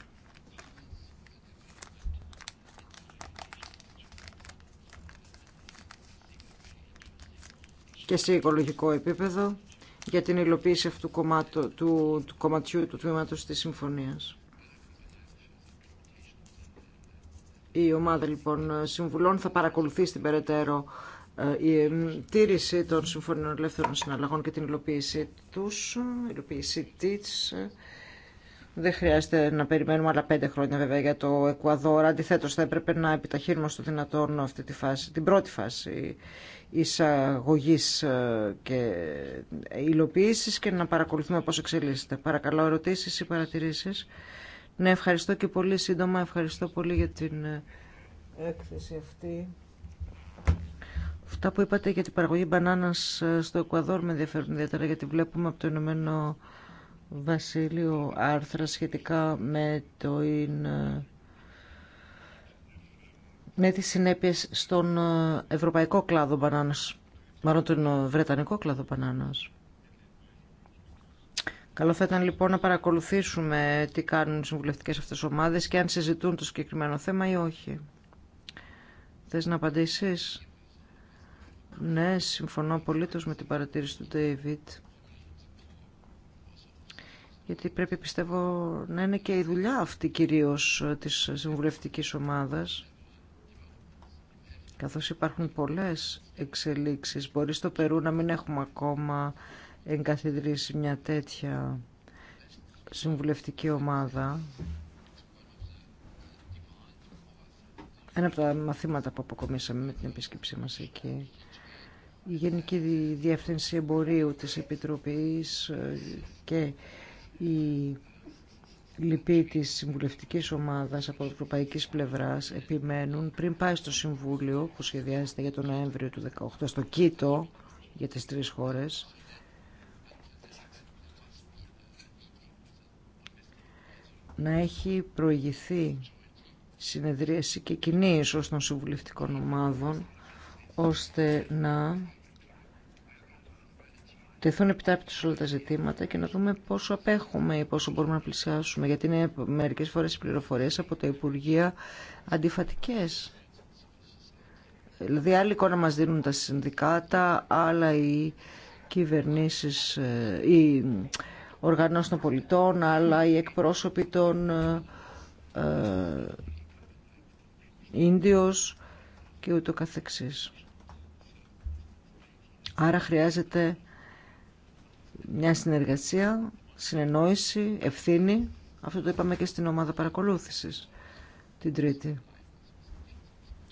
και σε οικολογικό επίπεδο για την υλοποίηση αυτού του, κομμάτου, του, του κομματιού του τμήματος της συμφωνίας. Η ομάδα λοιπόν συμβουλών θα παρακολουθεί στην περαιτέρω ε, η ε, τήρηση των συμφωνιών ελεύθερων συναλλαγών και την υλοποίησή τους, ε, υλοποίησή της, δεν χρειάζεται να περιμένουμε άλλα πέντε χρόνια βέβαια για το Εκουαδόρ. Αντιθέτω, θα έπρεπε να επιταχύνουμε στο δυνατόν αυτή τη φάση, την πρώτη φάση εισαγωγή ε, και υλοποίηση και να παρακολουθούμε πώ εξελίσσεται. Παρακαλώ, ερωτήσει ή παρατηρήσει. Ναι, ευχαριστώ και πολύ σύντομα. Ευχαριστώ πολύ για την ε, έκθεση αυτή. Αυτά που είπατε για την παραγωγή μπανάνας ε, στο Εκουαδόρ με ενδιαφέρουν ιδιαίτερα γιατί βλέπουμε από το Ηνωμένο Βασίλειο άρθρα σχετικά με το ε, με τις συνέπειες στον ε, ευρωπαϊκό κλάδο μπανάνας, μάλλον τον ε, βρετανικό κλάδο μπανάνας. Καλό θα ήταν λοιπόν να παρακολουθήσουμε τι κάνουν οι συμβουλευτικές αυτές ομάδες και αν συζητούν το συγκεκριμένο θέμα ή όχι. Θες να απαντήσεις? Ναι, συμφωνώ απολύτως με την παρατήρηση του David γιατί πρέπει πιστεύω να είναι και η δουλειά αυτή κυρίως της συμβουλευτικής ομάδας καθώς υπάρχουν πολλές εξελίξεις. Μπορεί στο Περού να μην έχουμε ακόμα εγκαθιδρύσει μια τέτοια συμβουλευτική ομάδα. Ένα από τα μαθήματα που αποκομίσαμε με την επίσκεψή μας εκεί. Η Γενική Διεύθυνση Εμπορίου της Επιτροπής ε, και η λοιποί τη συμβουλευτική ομάδα από ευρωπαϊκή πλευρά επιμένουν πριν πάει στο Συμβούλιο που σχεδιάζεται για τον Νοέμβριο του 2018 στο Κίτο για τις τρεις χώρες να έχει προηγηθεί συνεδρίαση και κοινή ίσως των συμβουλευτικών ομάδων ώστε να τεθούν επιτάπητος όλα τα ζητήματα και να δούμε πόσο απέχουμε ή πόσο μπορούμε να πλησιάσουμε. Γιατί είναι μερικές φορές οι πληροφορίες από τα Υπουργεία αντιφατικές. Δηλαδή άλλη εικόνα μας δίνουν τα συνδικάτα, άλλα οι κυβερνήσεις, ε, οι οργανώσεις των πολιτών, άλλα οι εκπρόσωποι των ε, ε και ούτω καθεξής. Άρα χρειάζεται μια συνεργασία, συνεννόηση, ευθύνη. Αυτό το είπαμε και στην ομάδα παρακολούθησης την Τρίτη.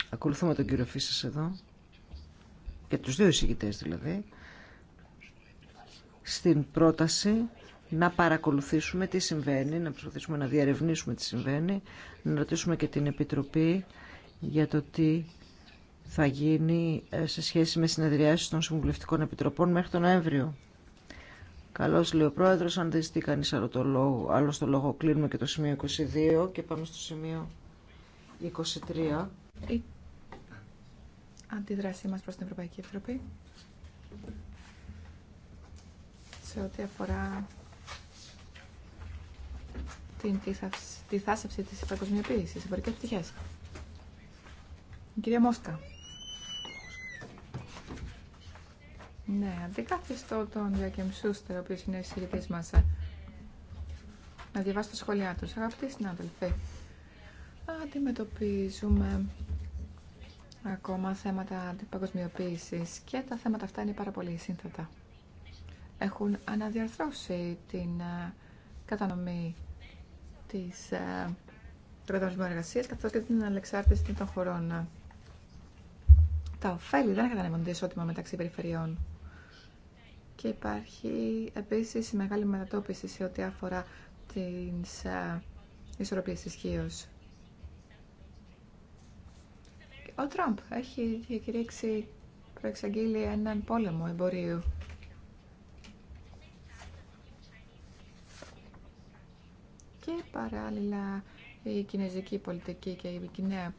Ακολουθούμε τον κύριο Φύσης εδώ και τους δύο εισηγητές δηλαδή στην πρόταση να παρακολουθήσουμε τι συμβαίνει, να προσπαθήσουμε να διαρευνήσουμε τι συμβαίνει, να ρωτήσουμε και την Επιτροπή για το τι θα γίνει ε, σε σχέση με συνεδριάσεις των Συμβουλευτικών Επιτροπών μέχρι τον Νοέμβριο. Καλώς λέει ο πρόεδρο. αν δεν ζητεί κανεί άλλο το λόγο, στο λόγο κλείνουμε και το σημείο 22 και πάμε στο σημείο 23. Η αντίδρασή μας προς την Ευρωπαϊκή Επιτροπή σε ό,τι αφορά την τη θάσευση της παγκοσμιοποίηση σε πτυχές. Η κυρία Μόσκα. Ναι, αντικαθιστώ τον Γιάκεμ Σούστερ, ο οποίο είναι συγκεκριτής μα. Να διαβάσω τα σχόλιά του. Αγαπητοί συνάδελφοι, αντιμετωπίζουμε ακόμα θέματα αντιπαγκοσμιοποίησης και τα θέματα αυτά είναι πάρα πολύ σύνθετα. Έχουν αναδιαρθρώσει την ε, κατανομή της κατανομή ε, εργασίας καθώς και την ανεξάρτηση των χωρών. Τα ωφέλη δεν κατανέμονται ισότιμα μεταξύ περιφερειών και υπάρχει επίσης μεγάλη μετατόπιση σε ό,τι αφορά τις ε, ισορροπίες ισχύω. Ο Τραμπ έχει διακηρύξει, προεξαγγείλει έναν πόλεμο εμπορίου. Και παράλληλα η κινέζικη πολιτική και η Κινέζικη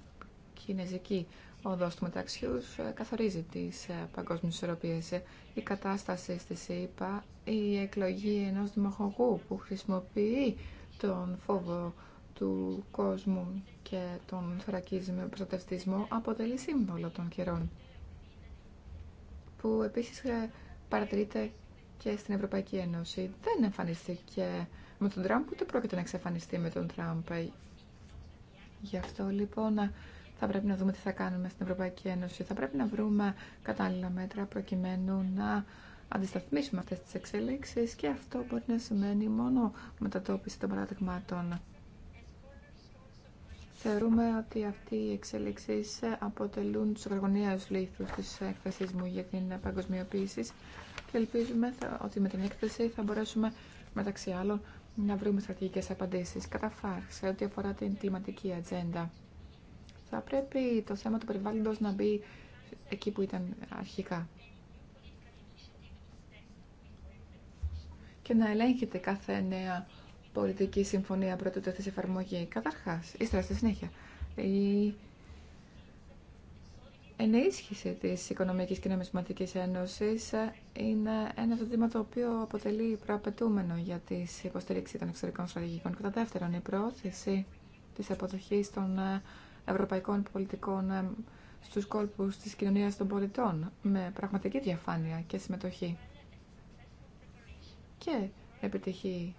κινέζικη οδός του μεταξιού ε, καθορίζει τις ε, παγκόσμιες ισορροπίες. Ε, η κατάσταση στη ΣΥΠΑ, η εκλογή ενός δημοχογού που χρησιμοποιεί τον φόβο του κόσμου και τον θωρακίζει με προστατευτισμό αποτελεί σύμβολο των καιρών που επίσης παρατηρείται και στην Ευρωπαϊκή Ένωση. Δεν εμφανίστηκε με τον Τραμπ, ούτε πρόκειται να εξαφανιστεί με τον Τραμπ. Γι' αυτό λοιπόν θα πρέπει να δούμε τι θα κάνουμε στην Ευρωπαϊκή Ένωση. Θα πρέπει να βρούμε κατάλληλα μέτρα προκειμένου να αντισταθμίσουμε αυτές τις εξελίξεις και αυτό μπορεί να σημαίνει μόνο μετατόπιση των παραδειγμάτων. Θεωρούμε ότι αυτοί οι εξελίξεις αποτελούν τους αγωνίους λήθους της έκθεσής μου για την παγκοσμιοποίηση και ελπίζουμε ότι με την έκθεση θα μπορέσουμε μεταξύ άλλων να βρούμε στρατηγικές απαντήσεις. Καταφάρ, ό,τι αφορά την κλιματική ατζέντα. Θα πρέπει το θέμα του περιβάλλοντος να μπει εκεί που ήταν αρχικά. Και να ελέγχεται κάθε νέα πολιτική συμφωνία πρώτου τέθει εφαρμογή. Καταρχάς, ύστερα στη συνέχεια, η ενίσχυση της Οικονομικής και Νομισματικής Ένωσης είναι ένα ζήτημα το οποίο αποτελεί προαπαιτούμενο για τη υποστήριξη των εξωτερικών στρατηγικών. Κατά δεύτερον, η προώθηση της αποδοχής των ευρωπαϊκών πολιτικών ε, στους κόλπους της κοινωνίας των πολιτών με πραγματική διαφάνεια και συμμετοχή και επιτυχή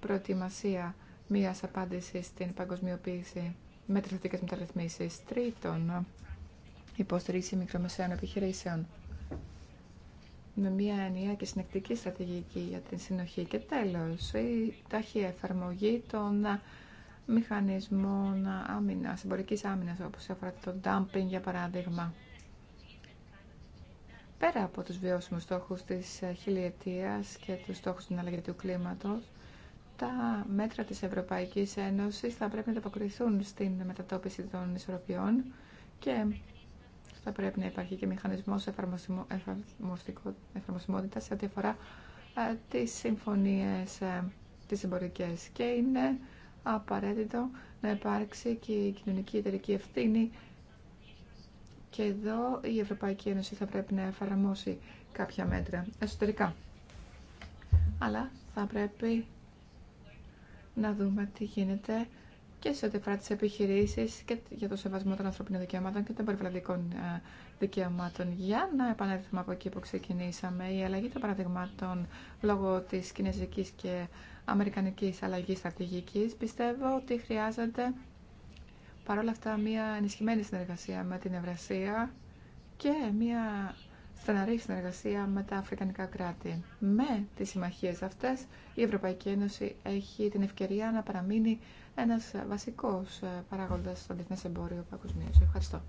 προετοιμασία μίας απάντησης στην παγκοσμιοποίηση με τριθωτικές μεταρρυθμίσεις. Τρίτον, υποστηρίξη μικρομεσαίων επιχειρήσεων με μια ενιαία και συνεκτική στρατηγική για την συνοχή και τέλος η ταχεία εφαρμογή των μηχανισμών άμυνας, εμπορικής άμυνας, όπως αφορά το dumping, για παράδειγμα. Πέρα από τους βιώσιμους στόχους της χιλιετίας και τους στόχους του αλλαγή του κλίματος, τα μέτρα της Ευρωπαϊκής Ένωσης θα πρέπει να αποκριθούν στην μετατόπιση των ισορροπιών και θα πρέπει να υπάρχει και μηχανισμός εφαρμοσιμότητας σε ό,τι αφορά ε, τις συμφωνίες ε, τις εμπορικές και είναι απαραίτητο να υπάρξει και η κοινωνική εταιρική ευθύνη και εδώ η Ευρωπαϊκή Ένωση θα πρέπει να εφαρμόσει κάποια μέτρα εσωτερικά. Αλλά θα πρέπει να δούμε τι γίνεται και σε ό,τι αφορά τι επιχειρήσει και για το σεβασμό των ανθρωπίνων δικαιωμάτων και των περιβαλλοντικών ε, δικαιωμάτων. Για να επανέλθουμε από εκεί που ξεκινήσαμε, η αλλαγή των παραδειγμάτων λόγω τη κινέζικη και αμερικανικής αλλαγής στρατηγικής, πιστεύω ότι χρειάζεται παρόλα αυτά μια ενισχυμένη συνεργασία με την Ευρασία και μια στεναρή συνεργασία με τα αφρικανικά κράτη. Με τις συμμαχίες αυτές η Ευρωπαϊκή Ένωση έχει την ευκαιρία να παραμείνει ένας βασικός ε, παράγοντας στο διεθνές εμπόριο παγκοσμίω. Ευχαριστώ.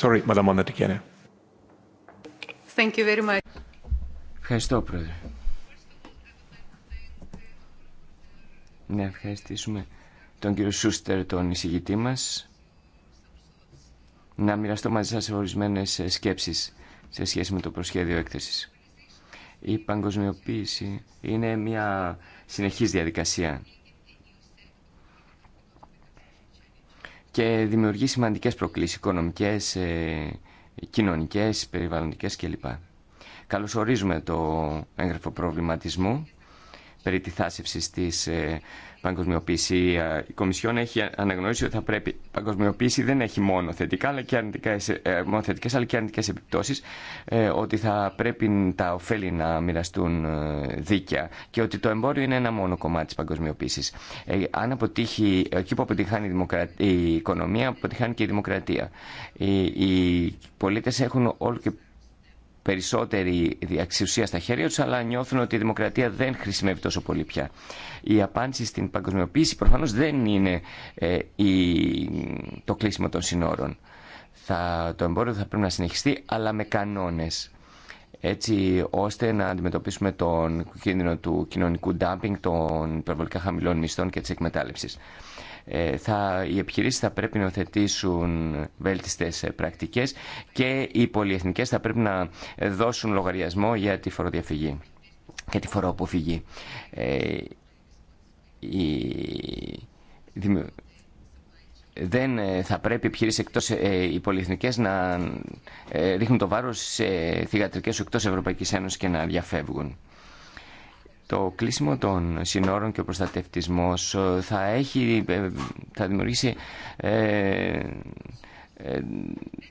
Sorry, Thank you very much. Ευχαριστώ, Πρόεδρε. Να ευχαριστήσουμε τον κύριο Σούστερ, τον εισηγητή μας, να μοιραστώ μαζί σας ορισμένες σκέψεις σε σχέση με το προσχέδιο έκθεσης. Η παγκοσμιοποίηση είναι μια συνεχής διαδικασία και δημιουργεί σημαντικές προκλήσεις οικονομικές, ε, κοινωνικές, περιβαλλοντικές κλπ. Καλωσορίζουμε το έγγραφο προβληματισμού περί τη θάσευσης της ε, παγκοσμιοποίηση. Ε, η Κομισιόν έχει αναγνωρίσει ότι θα πρέπει. Η παγκοσμιοποίηση δεν έχει μόνο, θετικά, αλλά και αρνητικές, ε, μόνο θετικές, αλλά και αρνητικές επιπτώσεις, ότι θα πρέπει τα ωφέλη να μοιραστούν δίκαια και ότι το εμπόριο είναι ένα μόνο κομμάτι της παγκοσμιοποίησης. αν αποτύχει, εκεί που αποτυχάνει η, δημοκρατία, η οικονομία, αποτυχάνει και η δημοκρατία. Οι, οι πολίτες έχουν όλο και περισσότερη αξιουσία στα χέρια τους, αλλά νιώθουν ότι η δημοκρατία δεν χρησιμεύει τόσο πολύ πια. Η απάντηση στην παγκοσμιοποίηση προφανώς δεν είναι ε, η, το κλείσιμο των συνόρων. Θα, το εμπόριο θα πρέπει να συνεχιστεί, αλλά με κανόνες έτσι ώστε να αντιμετωπίσουμε τον κίνδυνο του κοινωνικού ντάμπινγκ, των υπερβολικά χαμηλών μισθών και τη εκμετάλλευση. Ε, θα, οι επιχειρήσεις θα πρέπει να οθετήσουν βέλτιστες ε, πρακτικές και οι πολυεθνικές θα πρέπει να δώσουν λογαριασμό για τη φοροδιαφυγή και τη φοροαποφυγή. Ε, Δεν ε, θα πρέπει οι εκτός οι πολυεθνικές να ε, ρίχνουν το βάρος σε θηγατρικές εκτός Ευρωπαϊκής Ένωσης και να διαφεύγουν. Το κλείσιμο των συνόρων και ο προστατευτισμός ε, θα, έχει, ε, θα δημιουργήσει ε, ε,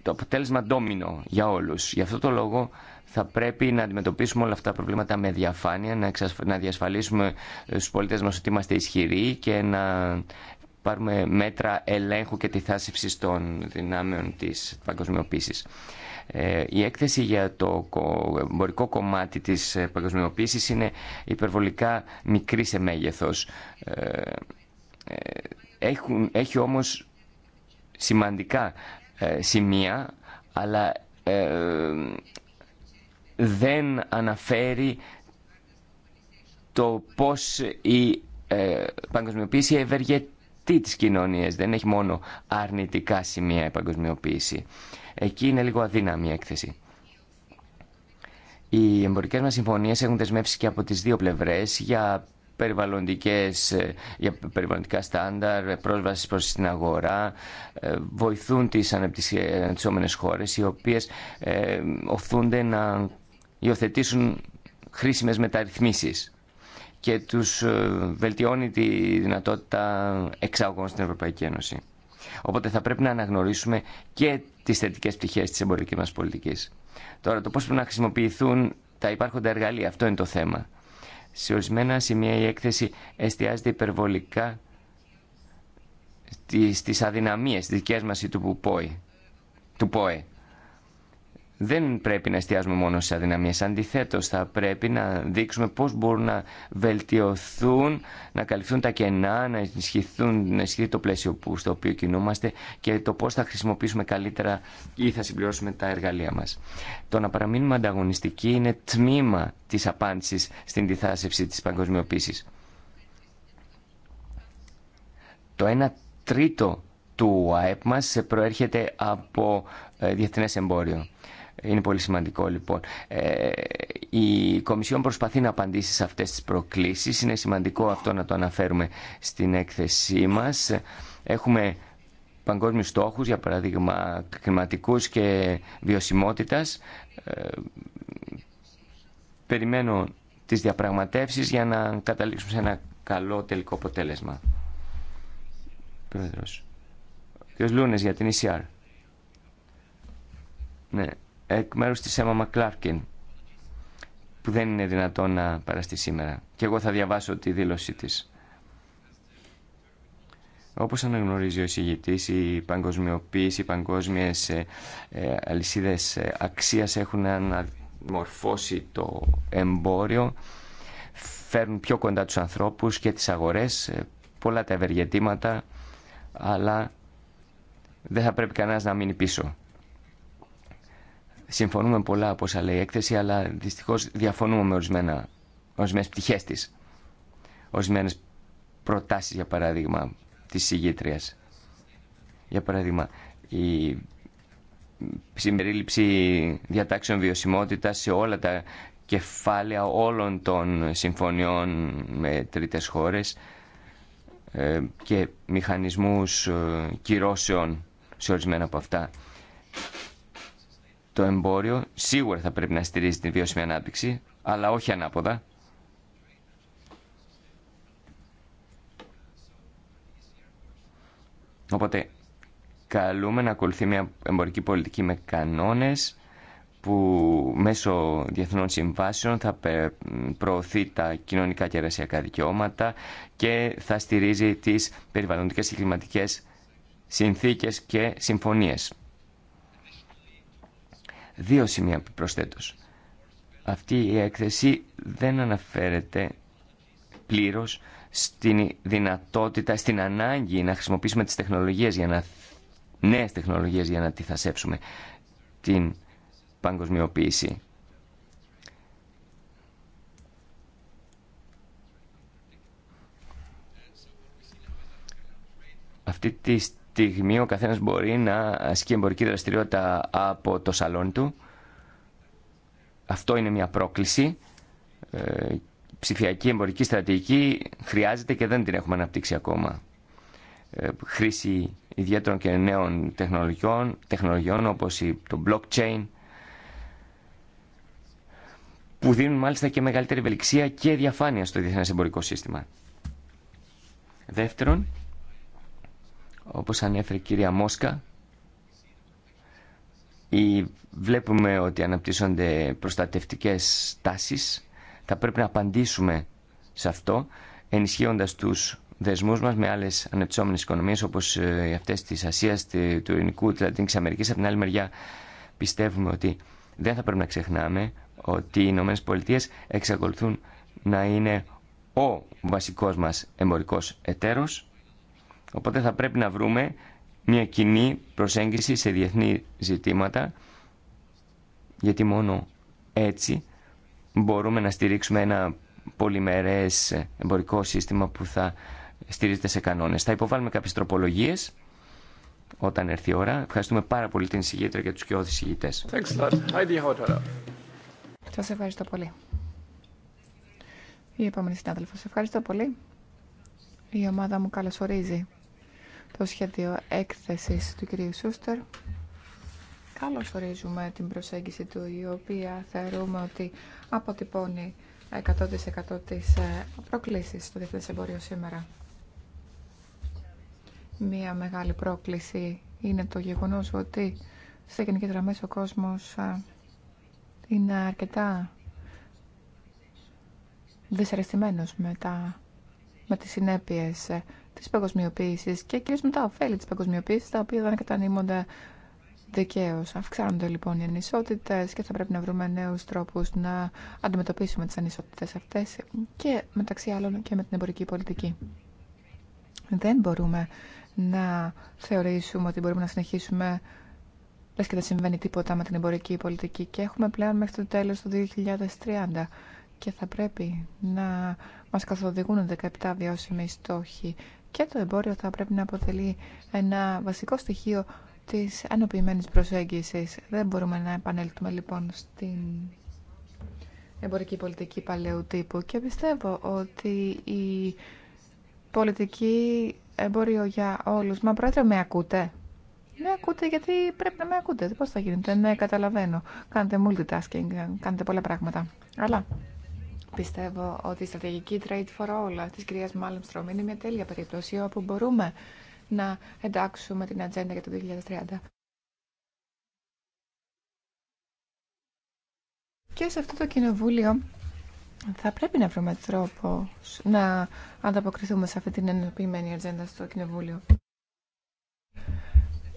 το αποτέλεσμα ντόμινο για όλους. Γι' αυτό το λόγο θα πρέπει να αντιμετωπίσουμε όλα αυτά τα προβλήματα με διαφάνεια, να, να διασφαλίσουμε στους πολίτες μας ότι είμαστε ισχυροί και να πάρουμε μέτρα ελέγχου και τη θάσευση των δυνάμεων της παγκοσμιοποίησης. Ε, η έκθεση για το εμπορικό κομμάτι της ε, παγκοσμιοποίησης είναι υπερβολικά μικρή σε μέγεθος. Ε, έχουν, έχει όμως σημαντικά σημεία, αλλά δεν αναφέρει το πώς η ε, παγκοσμιοποίηση ευεργετεί τις κοινωνίες. Δεν έχει μόνο αρνητικά σημεία η παγκοσμιοποίηση. Εκεί είναι λίγο αδύναμη η έκθεση. Οι εμπορικές μας συμφωνίες έχουν δεσμεύσει και από τις δύο πλευρές για περιβαλλοντικές, ε, για περιβαλλοντικά στάνταρ, πρόσβαση προς την αγορά, ε, βοηθούν τις αναπτυσσόμενες χώρες οι οποίες ε, οθούνται να υιοθετήσουν χρήσιμες μεταρρυθμίσεις και τους ε, βελτιώνει τη δυνατότητα εξάγων στην Ευρωπαϊκή Ένωση. Οπότε θα πρέπει να αναγνωρίσουμε και τι θετικέ πτυχέ τη εμπορική μα πολιτική. Τώρα, το πώ πρέπει να χρησιμοποιηθούν τα υπάρχοντα εργαλεία, αυτό είναι το θέμα. Σε ορισμένα σημεία η έκθεση εστιάζεται υπερβολικά στις αδυναμίες δικές μας ή του, του ΠΟΕ δεν πρέπει να εστιάζουμε μόνο σε αδυναμίες. Αντιθέτως, θα πρέπει να δείξουμε πώς μπορούν να βελτιωθούν, να καλυφθούν τα κενά, να ενισχυθούν, να ενισχυθεί το πλαίσιο που, στο οποίο κινούμαστε και το πώς θα χρησιμοποιήσουμε καλύτερα ή θα συμπληρώσουμε τα εργαλεία μας. Το να παραμείνουμε ανταγωνιστικοί είναι τμήμα της απάντησης στην διθάσευση της παγκοσμιοποίηση. Το 1 τρίτο του ΑΕΠ μας προέρχεται από ε, διεθνές εμπόριο. Είναι πολύ σημαντικό λοιπόν. Ε, η Κομισιόν προσπαθεί να απαντήσει σε αυτές τις προκλήσεις. Είναι σημαντικό αυτό να το αναφέρουμε στην έκθεσή μας. Έχουμε παγκόσμιους στόχους, για παράδειγμα κλιματικούς και βιωσιμότητας. Ε, περιμένω τις διαπραγματεύσεις για να καταλήξουμε σε ένα καλό τελικό αποτέλεσμα. Πρόεδρος. Ποιος Λούνες για την ECR. Ναι εκ μέρους της Emma Μακλάρκιν που δεν είναι δυνατό να παραστεί σήμερα. Και εγώ θα διαβάσω τη δήλωσή της. Όπως αναγνωρίζει ο εισηγητής, οι παγκοσμιοποίηση, οι παγκόσμιες ε, ε, αλυσίδες ε, αξίας έχουν αναμορφώσει το εμπόριο, φέρνουν πιο κοντά τους ανθρώπους και τις αγορές, πολλά τα ευεργετήματα, αλλά δεν θα πρέπει κανένας να μείνει πίσω συμφωνούμε πολλά από όσα λέει η έκθεση, αλλά δυστυχώ διαφωνούμε με ορισμένα, ορισμένες πτυχές της. Ορισμένες προτάσεις, για παράδειγμα, της συγγήτρια. Για παράδειγμα, η συμπερίληψη διατάξεων βιωσιμότητα σε όλα τα κεφάλαια όλων των συμφωνιών με τρίτες χώρες ε, και μηχανισμούς ε, κυρώσεων σε ορισμένα από αυτά το εμπόριο σίγουρα θα πρέπει να στηρίζει την βιώσιμη ανάπτυξη, αλλά όχι ανάποδα. Οπότε, καλούμε να ακολουθεί μια εμπορική πολιτική με κανόνες που μέσω διεθνών συμβάσεων θα προωθεί τα κοινωνικά και εργασιακά δικαιώματα και θα στηρίζει τις περιβαλλοντικές και κλιματικές συνθήκες και συμφωνίες. Δύο σημεία προσθέτως. Αυτή η έκθεση δεν αναφέρεται πλήρως στην δυνατότητα, στην ανάγκη να χρησιμοποιήσουμε τις τεχνολογίες για να νέες τεχνολογίες για να τη την παγκοσμιοποίηση. Αυτή τη στιγμή ο καθένας μπορεί να ασκεί εμπορική δραστηριότητα από το σαλόν του. Αυτό είναι μια πρόκληση. Ε, ψηφιακή εμπορική στρατηγική χρειάζεται και δεν την έχουμε αναπτύξει ακόμα. Ε, χρήση ιδιαίτερων και νέων τεχνολογιών, τεχνολογιών όπως το blockchain, που δίνουν μάλιστα και μεγαλύτερη ευελιξία και διαφάνεια στο διεθνές εμπορικό σύστημα. Δεύτερον, όπως ανέφερε η κυρία Μόσκα, ή βλέπουμε ότι αναπτύσσονται προστατευτικές τάσεις. Θα πρέπει να απαντήσουμε σε αυτό, ενισχύοντας τους δεσμούς μας με άλλες ανεπτυσσόμενες οικονομίες, όπως ε, αυτές της Ασίας, του Ειρηνικού, της Λατινικής Αμερικής. Από την άλλη μεριά πιστεύουμε ότι δεν θα πρέπει να ξεχνάμε ότι οι Ηνωμένε Πολιτείε εξακολουθούν να είναι ο βασικός μας εμπορικός εταίρος Οπότε θα πρέπει να βρούμε μια κοινή προσέγγιση σε διεθνή ζητήματα, γιατί μόνο έτσι μπορούμε να στηρίξουμε ένα πολυμερές εμπορικό σύστημα που θα στηρίζεται σε κανόνες. Θα υποβάλουμε κάποιες τροπολογίες όταν έρθει η ώρα. Ευχαριστούμε πάρα πολύ την συγγήτρια και τους και όδης συγγητές. Σας ευχαριστώ πολύ. Η επόμενη Ευχαριστώ πολύ. Η ομάδα μου καλωσορίζει το σχέδιο έκθεσης του κυρίου Σούστερ. Καλώς ορίζουμε την προσέγγιση του, η οποία θεωρούμε ότι αποτυπώνει 100% της προκλήσης στο διεθνές εμπόριο σήμερα. Μία μεγάλη πρόκληση είναι το γεγονός ότι σε γενικέ γραμμέ ο κόσμος ε, είναι αρκετά δυσαρεστημένος με, τα, με τις συνέπειες ε, Τη παγκοσμιοποίηση και κυρίω με τα ωφέλη τη παγκοσμιοποίηση, τα οποία δεν κατανείμονται δικαίω. Αυξάνονται λοιπόν οι ανισότητε και θα πρέπει να βρούμε νέου τρόπου να αντιμετωπίσουμε τι ανισότητε αυτέ και μεταξύ άλλων και με την εμπορική πολιτική. Δεν μπορούμε να θεωρήσουμε ότι μπορούμε να συνεχίσουμε λες και δεν συμβαίνει τίποτα με την εμπορική πολιτική και έχουμε πλέον μέχρι το τέλος του 2030 και θα πρέπει να μας καθοδηγούν 17 βιώσιμοι στόχοι και το εμπόριο θα πρέπει να αποτελεί ένα βασικό στοιχείο της ανοποιημένης προσέγγισης. Δεν μπορούμε να επανέλθουμε λοιπόν στην εμπορική πολιτική παλαιού τύπου και πιστεύω ότι η πολιτική εμπόριο για όλους. Μα πρόεδρε με ακούτε. Με ακούτε γιατί πρέπει να με ακούτε. Πώς θα γίνεται. Ναι, καταλαβαίνω. Κάνετε multitasking, κάνετε πολλά πράγματα. Αλλά Πιστεύω ότι η στρατηγική trade for all της κυρίας Μάλμστρομ είναι μια τέλεια περίπτωση όπου μπορούμε να εντάξουμε την ατζέντα για το 2030. Και σε αυτό το κοινοβούλιο θα πρέπει να βρούμε τρόπο να ανταποκριθούμε σε αυτή την ενοποιημένη ατζέντα στο κοινοβούλιο.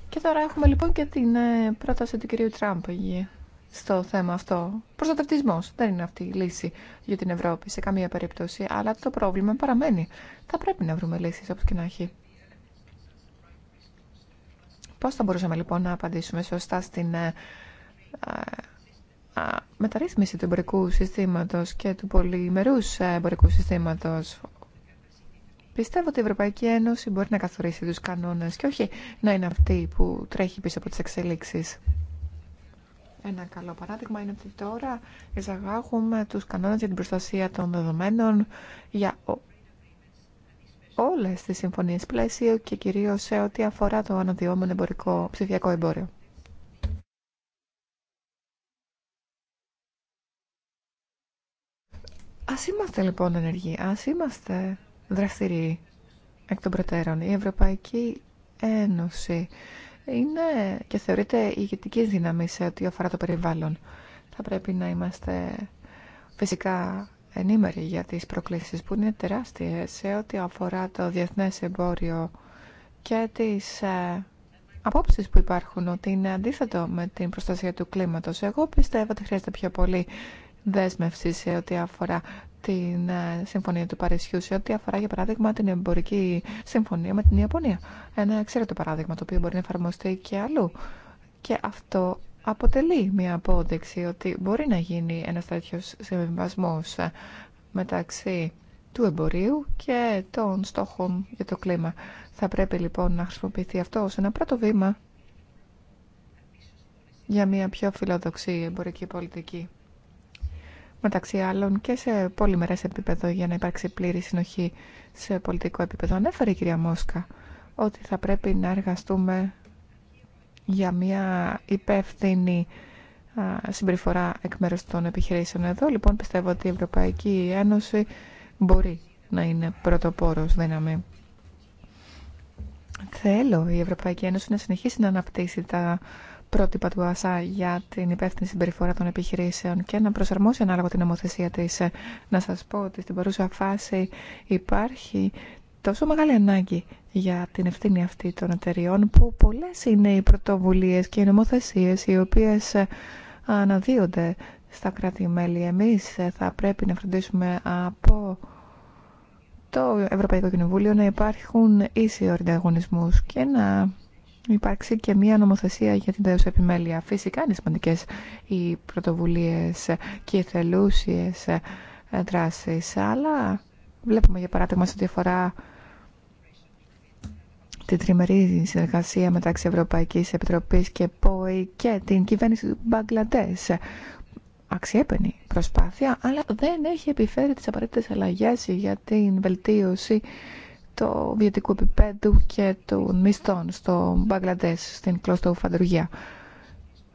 Και τώρα έχουμε λοιπόν και την ε, πρόταση του κυρίου Τραμπ στο θέμα αυτό. Προστατευτισμό δεν είναι αυτή η λύση για την Ευρώπη σε καμία περίπτωση, αλλά το πρόβλημα παραμένει. Θα πρέπει να βρούμε λύσεις όπως και να έχει. Πώς θα μπορούσαμε λοιπόν να απαντήσουμε σωστά στην ε, μεταρρύθμιση του εμπορικού συστήματος και του πολυμερούς ε, εμπορικού συστήματος. Πιστεύω ότι η Ευρωπαϊκή Ένωση μπορεί να καθορίσει τους κανόνες και όχι να είναι αυτή που τρέχει πίσω από τις εξελίξεις. Ένα καλό παράδειγμα είναι ότι τώρα εισαγάγουμε τους κανόνες για την προστασία των δεδομένων για όλες τις συμφωνίες πλαίσιο και κυρίως σε ό,τι αφορά το αναδυόμενο εμπορικό, ψηφιακό εμπόριο. Ας είμαστε λοιπόν ενεργοί, ας είμαστε δραστηροί εκ των προτέρων. Η Ευρωπαϊκή Ένωση είναι και θεωρείται ηγετική δύναμη σε ό,τι αφορά το περιβάλλον. Θα πρέπει να είμαστε φυσικά ενήμεροι για τις προκλήσεις που είναι τεράστιες σε ό,τι αφορά το διεθνές εμπόριο και τις ε, απόψεις που υπάρχουν ότι είναι αντίθετο με την προστασία του κλίματος. Εγώ πιστεύω ότι χρειάζεται πιο πολύ δέσμευση σε ό,τι αφορά την ε, Συμφωνία του Παρισιού σε ό,τι αφορά, για παράδειγμα, την εμπορική συμφωνία με την Ιαπωνία. Ένα εξαιρετικό παράδειγμα το οποίο μπορεί να εφαρμοστεί και αλλού. Και αυτό αποτελεί μια απόδειξη ότι μπορεί να γίνει ένα τέτοιο συμβιβασμό ε, μεταξύ του εμπορίου και των στόχων για το κλίμα. Θα πρέπει λοιπόν να χρησιμοποιηθεί αυτό ως ένα πρώτο βήμα για μια πιο φιλοδοξή εμπορική πολιτική μεταξύ άλλων και σε πολυμερές επίπεδο για να υπάρξει πλήρη συνοχή σε πολιτικό επίπεδο. Ανέφερε η κυρία Μόσκα ότι θα πρέπει να εργαστούμε για μια υπεύθυνη συμπεριφορά εκ μέρους των επιχειρήσεων. Εδώ λοιπόν πιστεύω ότι η Ευρωπαϊκή Ένωση μπορεί να είναι πρωτοπόρος δύναμη. Θέλω η Ευρωπαϊκή Ένωση να συνεχίσει να αναπτύσσει τα πρότυπα του ΑΣΑ για την υπεύθυνη συμπεριφορά των επιχειρήσεων και να προσαρμόσει ανάλογα την νομοθεσία τη Να σα πω ότι στην παρούσα φάση υπάρχει τόσο μεγάλη ανάγκη για την ευθύνη αυτή των εταιριών που πολλές είναι οι πρωτοβουλίες και οι νομοθεσίες οι οποίες ε, αναδύονται στα κράτη-μέλη. Εμείς ε, θα πρέπει να φροντίσουμε από το Ευρωπαϊκό Κοινοβούλιο να υπάρχουν ίσοι ανταγωνισμού και να υπάρξει και μια νομοθεσία για την τέτοια επιμέλεια. Φυσικά είναι σημαντικέ οι πρωτοβουλίε και οι θελούσιε ε, δράσει, αλλά βλέπουμε για παράδειγμα σε ό,τι αφορά την τριμερή συνεργασία μεταξύ Ευρωπαϊκή Επιτροπή και ΠΟΗ και την κυβέρνηση του Μπαγκλαντέ. Αξιέπαινη προσπάθεια, αλλά δεν έχει επιφέρει τις απαραίτητε αλλαγέ για την βελτίωση το βιωτικού επίπεδου και των μισθών στο Μπαγκλαντές, στην Φαντουργία.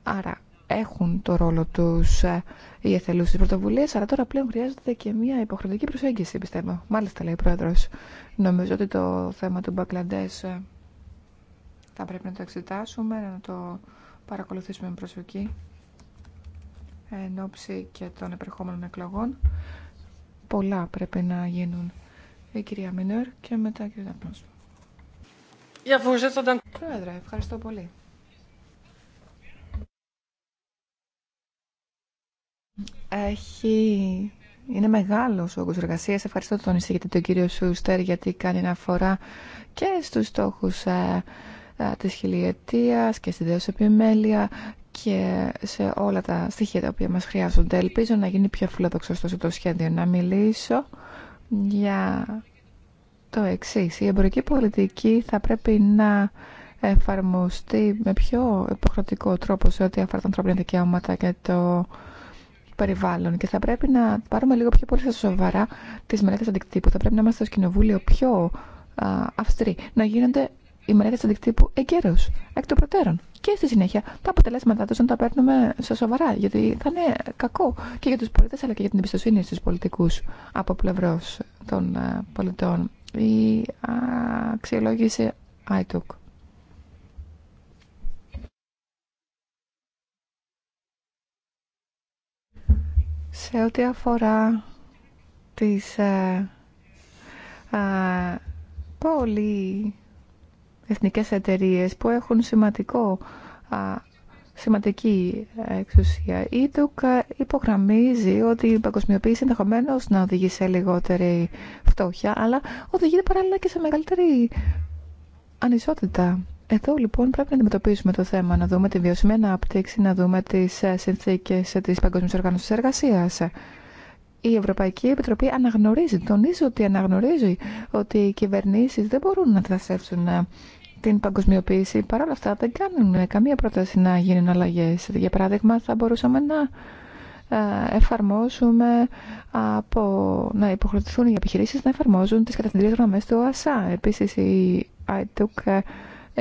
Άρα έχουν το ρόλο τους ε, οι εθελούς της πρωτοβουλίας, αλλά τώρα πλέον χρειάζεται και μια υποχρεωτική προσέγγιση, πιστεύω. Μάλιστα, λέει ο Πρόεδρος, νομίζω ότι το θέμα του Μπαγκλαντές ε, θα πρέπει να το εξετάσουμε, να το παρακολουθήσουμε με προσοχή εν ώψη και των επερχόμενων εκλογών. Πολλά πρέπει να γίνουν η κυρία Μινέρ και μετά η κυρία Πρόσφα. Πρόεδρε, ευχαριστώ πολύ. Έχει... Είναι μεγάλος ο όγκος εργασίας. Ευχαριστώ τον εισηγητή τον κύριο Σούστερ γιατί κάνει αναφορά και στους στόχους ε, ε, της χιλιετίας και στη δέωση επιμέλεια και σε όλα τα στοιχεία τα οποία μας χρειάζονται. Ελπίζω να γίνει πιο φιλοδοξό το σχέδιο να μιλήσω για το εξή. Η εμπορική πολιτική θα πρέπει να εφαρμοστεί με πιο υποχρεωτικό τρόπο σε ό,τι αφορά τα ανθρώπινα δικαιώματα και το περιβάλλον και θα πρέπει να πάρουμε λίγο πιο πολύ στα σοβαρά τις μελέτε αντικτύπου. Θα πρέπει να είμαστε στο κοινοβούλιο πιο αυστηροί, να γίνονται μελέτη μελέτε αντικτύπου εγκαίρω, εκ των προτέρων. Και στη συνέχεια τα αποτελέσματά του να τα παίρνουμε σε σοβαρά, γιατί θα είναι κακό και για του πολίτε αλλά και για την εμπιστοσύνη στου πολιτικού από πλευρό των ε, πολιτών. Η αξιολόγηση ITOC. Σε ό,τι αφορά τις ε, ε, πολύ εθνικές εταιρείες που έχουν σημαντικό, α, σημαντική εξουσία. Η ΤΟΚ υπογραμμίζει ότι η παγκοσμιοποίηση ενδεχομένω να οδηγεί σε λιγότερη φτώχεια, αλλά οδηγείται παράλληλα και σε μεγαλύτερη ανισότητα. Εδώ λοιπόν πρέπει να αντιμετωπίσουμε το θέμα, να δούμε τη βιώσιμη ανάπτυξη, να δούμε τις ε, συνθήκε της Παγκόσμιας Οργάνωση εργασία. Η Ευρωπαϊκή Επιτροπή αναγνωρίζει, τονίζει ότι αναγνωρίζει ότι οι κυβερνήσει δεν μπορούν να δρασέψουν ε, την παγκοσμιοποίηση, παρόλα αυτά δεν κάνουν ε, καμία πρόταση να γίνουν αλλαγέ. Για παράδειγμα, θα μπορούσαμε να ε, εφαρμόσουμε από, να υποχρεωθούν οι επιχειρήσεις να εφαρμόζουν τις κατευθυντήριες γραμμέ του ΟΑΣΑ. Επίσης, η ITUC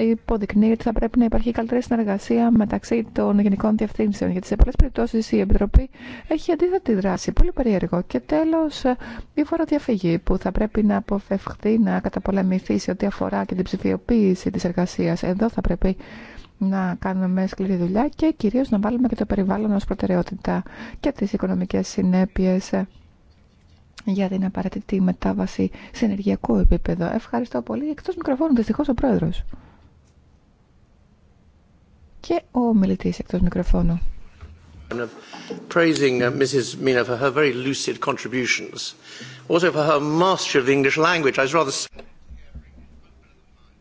υποδεικνύει ότι θα πρέπει να υπάρχει καλύτερη συνεργασία μεταξύ των γενικών διευθύνσεων. Γιατί σε πολλέ περιπτώσει η Επιτροπή έχει αντίθετη δράση. Πολύ περίεργο. Και τέλο, η φοροδιαφυγή που θα πρέπει να αποφευχθεί, να καταπολεμηθεί σε ό,τι αφορά και την ψηφιοποίηση τη εργασία. Εδώ θα πρέπει να κάνουμε σκληρή δουλειά και κυρίως να βάλουμε και το περιβάλλον ως προτεραιότητα και τις οικονομικές συνέπειες για την απαραίτητη μετάβαση σε ενεργειακό επίπεδο. Ευχαριστώ πολύ. Εκτός μικροφώνου, δυστυχώς ο Πρόεδρος και ο μιλητής εκτός μικροφώνου. Praising uh, Mrs. Mina for her very lucid contributions, also for her mastery of the English language. I was rather.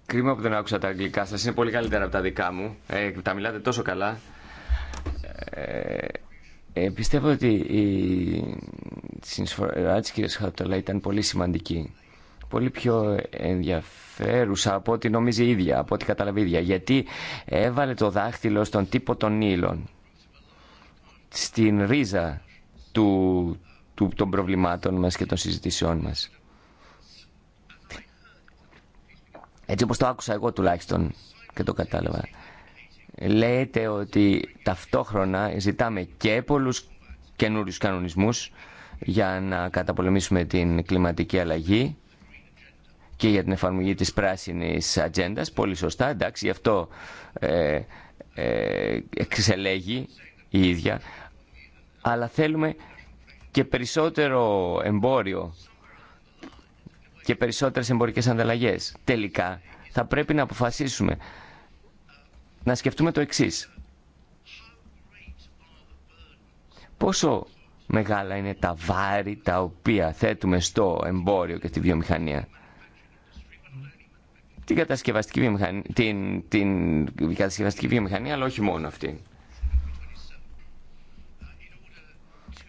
Κρίμα που δεν άκουσα τα αγγλικά σας. Είναι πολύ καλύτερα από τα δικά μου. Ε, τα μιλάτε τόσο καλά. Ε, ε, πιστεύω ότι η συνεισφορά της κυρίας Χατολά ήταν πολύ σημαντική πολύ πιο ενδιαφέρουσα από ό,τι νομίζει ίδια, από ό,τι καταλαβεί ίδια. Γιατί έβαλε το δάχτυλο στον τύπο των ήλων, στην ρίζα του, των προβλημάτων μας και των συζητήσεών μας. Έτσι όπως το άκουσα εγώ τουλάχιστον και το κατάλαβα. Λέτε ότι ταυτόχρονα ζητάμε και πολλούς καινούριου κανονισμούς για να καταπολεμήσουμε την κλιματική αλλαγή και για την εφαρμογή της πράσινης ατζέντα. Πολύ σωστά, εντάξει, γι' αυτό ε, ε, εξελέγει η ίδια. Αλλά θέλουμε και περισσότερο εμπόριο και περισσότερες εμπορικές ανταλλαγές. Τελικά θα πρέπει να αποφασίσουμε να σκεφτούμε το εξής. Πόσο μεγάλα είναι τα βάρη τα οποία θέτουμε στο εμπόριο και στη βιομηχανία την κατασκευαστική βιομηχανία, την, κατασκευαστική βιομηχανία αλλά όχι μόνο αυτή.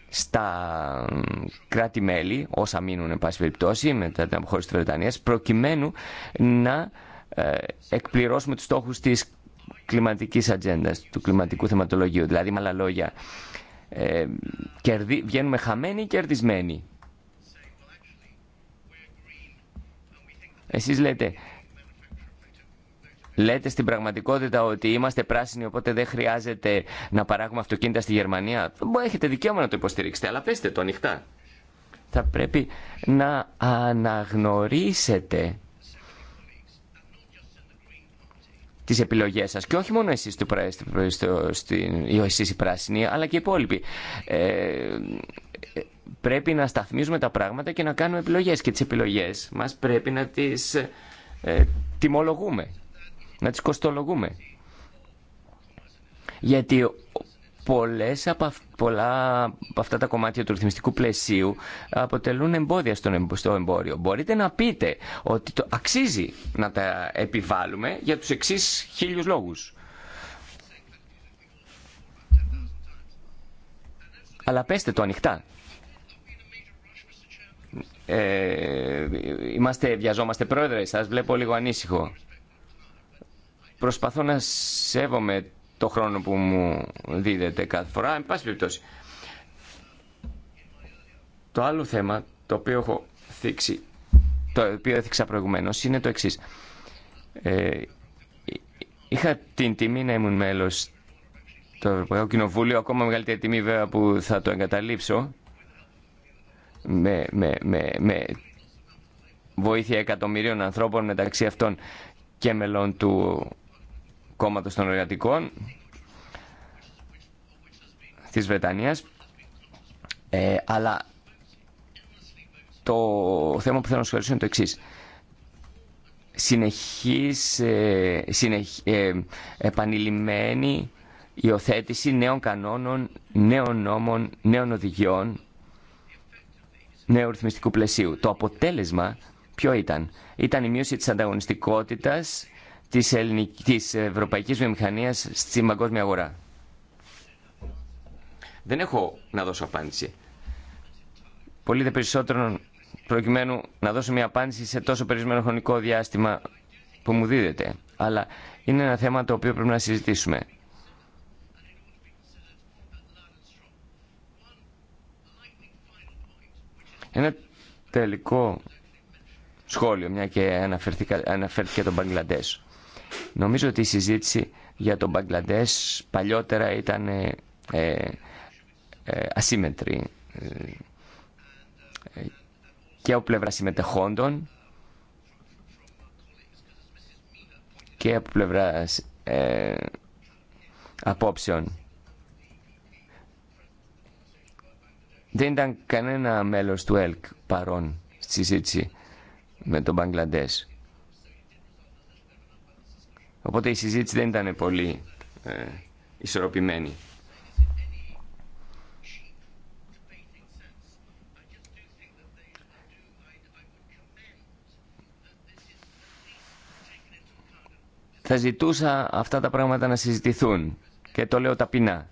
Στα κράτη-μέλη, όσα μείνουν εν πάση περιπτώσει μετά την αποχώρηση της Βρετανίας, προκειμένου να ε, εκπληρώσουμε τους στόχους της κλιματικής ατζέντα, του κλιματικού θεματολογίου. Δηλαδή, με άλλα λόγια, ε, βγαίνουμε χαμένοι ή κερδισμένοι. Εσείς λέτε, Λέτε στην πραγματικότητα ότι είμαστε πράσινοι, οπότε δεν χρειάζεται να παράγουμε αυτοκίνητα στη Γερμανία. Έχετε δικαίωμα να το υποστηρίξετε, αλλά πέστε το ανοιχτά. Θα πρέπει να αναγνωρίσετε τις επιλογές σας και όχι μόνο εσείς, του, στο, οι πράσινοι αλλά και οι υπόλοιποι ε, πρέπει να σταθμίζουμε τα πράγματα και να κάνουμε επιλογές και τις επιλογές μας πρέπει να τις ε, τιμολογούμε να τις κοστολογούμε. Γιατί πολλές από, πολλά από αυτά τα κομμάτια του ρυθμιστικού πλαισίου αποτελούν εμπόδια στο εμπόριο. Μπορείτε να πείτε ότι το αξίζει να τα επιβάλλουμε για τους εξής χίλιους λόγους. Αλλά πέστε το ανοιχτά. Ε, είμαστε, βιαζόμαστε πρόεδρε, σας βλέπω λίγο ανήσυχο. Προσπαθώ να σέβομαι το χρόνο που μου δίδεται κάθε φορά, εν πάση Το άλλο θέμα το οποίο έχω θίξει, το οποίο έθιξα είναι το εξής. Ε, είχα την τιμή να ήμουν μέλο του Ευρωπαϊκό Κοινοβούλιο, ακόμα μεγαλύτερη τιμή βέβαια που θα το εγκαταλείψω, με, με, με, με βοήθεια εκατομμυρίων ανθρώπων μεταξύ αυτών και μελών του Κόμματο των εργατικών της Βρετανίας ε, αλλά το θέμα που θέλω να σχολιάσω είναι το εξής συνεχής ε, συνεχ, ε, επανειλημμένη υιοθέτηση νέων κανόνων, νέων νόμων, νέων οδηγιών νέου ρυθμιστικού πλαισίου. Το αποτέλεσμα ποιο ήταν. Ήταν η μείωση της ανταγωνιστικότητας της, ελληνικής, της ευρωπαϊκής βιομηχανίας στην παγκόσμια αγορά. Δεν έχω να δώσω απάντηση. Πολύ δε περισσότερο προκειμένου να δώσω μια απάντηση σε τόσο περισμένο χρονικό διάστημα που μου δίδεται. Αλλά είναι ένα θέμα το οποίο πρέπει να συζητήσουμε. Ένα τελικό σχόλιο, μια και αναφέρθηκε, αναφέρθηκε τον Μπαγκλαντές. Νομίζω ότι η συζήτηση για τον Μπαγκλαντές παλιότερα ήταν ε, ε, ε ασύμετρη ε, και από πλευρά συμμετεχόντων και από πλευρά απόψεων. Δεν ήταν κανένα μέλος του ΕΛΚ παρόν στη συζήτηση με τον Μπαγκλαντές. Οπότε η συζήτηση δεν ήταν πολύ ε, ισορροπημένη. Θα ζητούσα αυτά τα πράγματα να συζητηθούν και το λέω ταπεινά.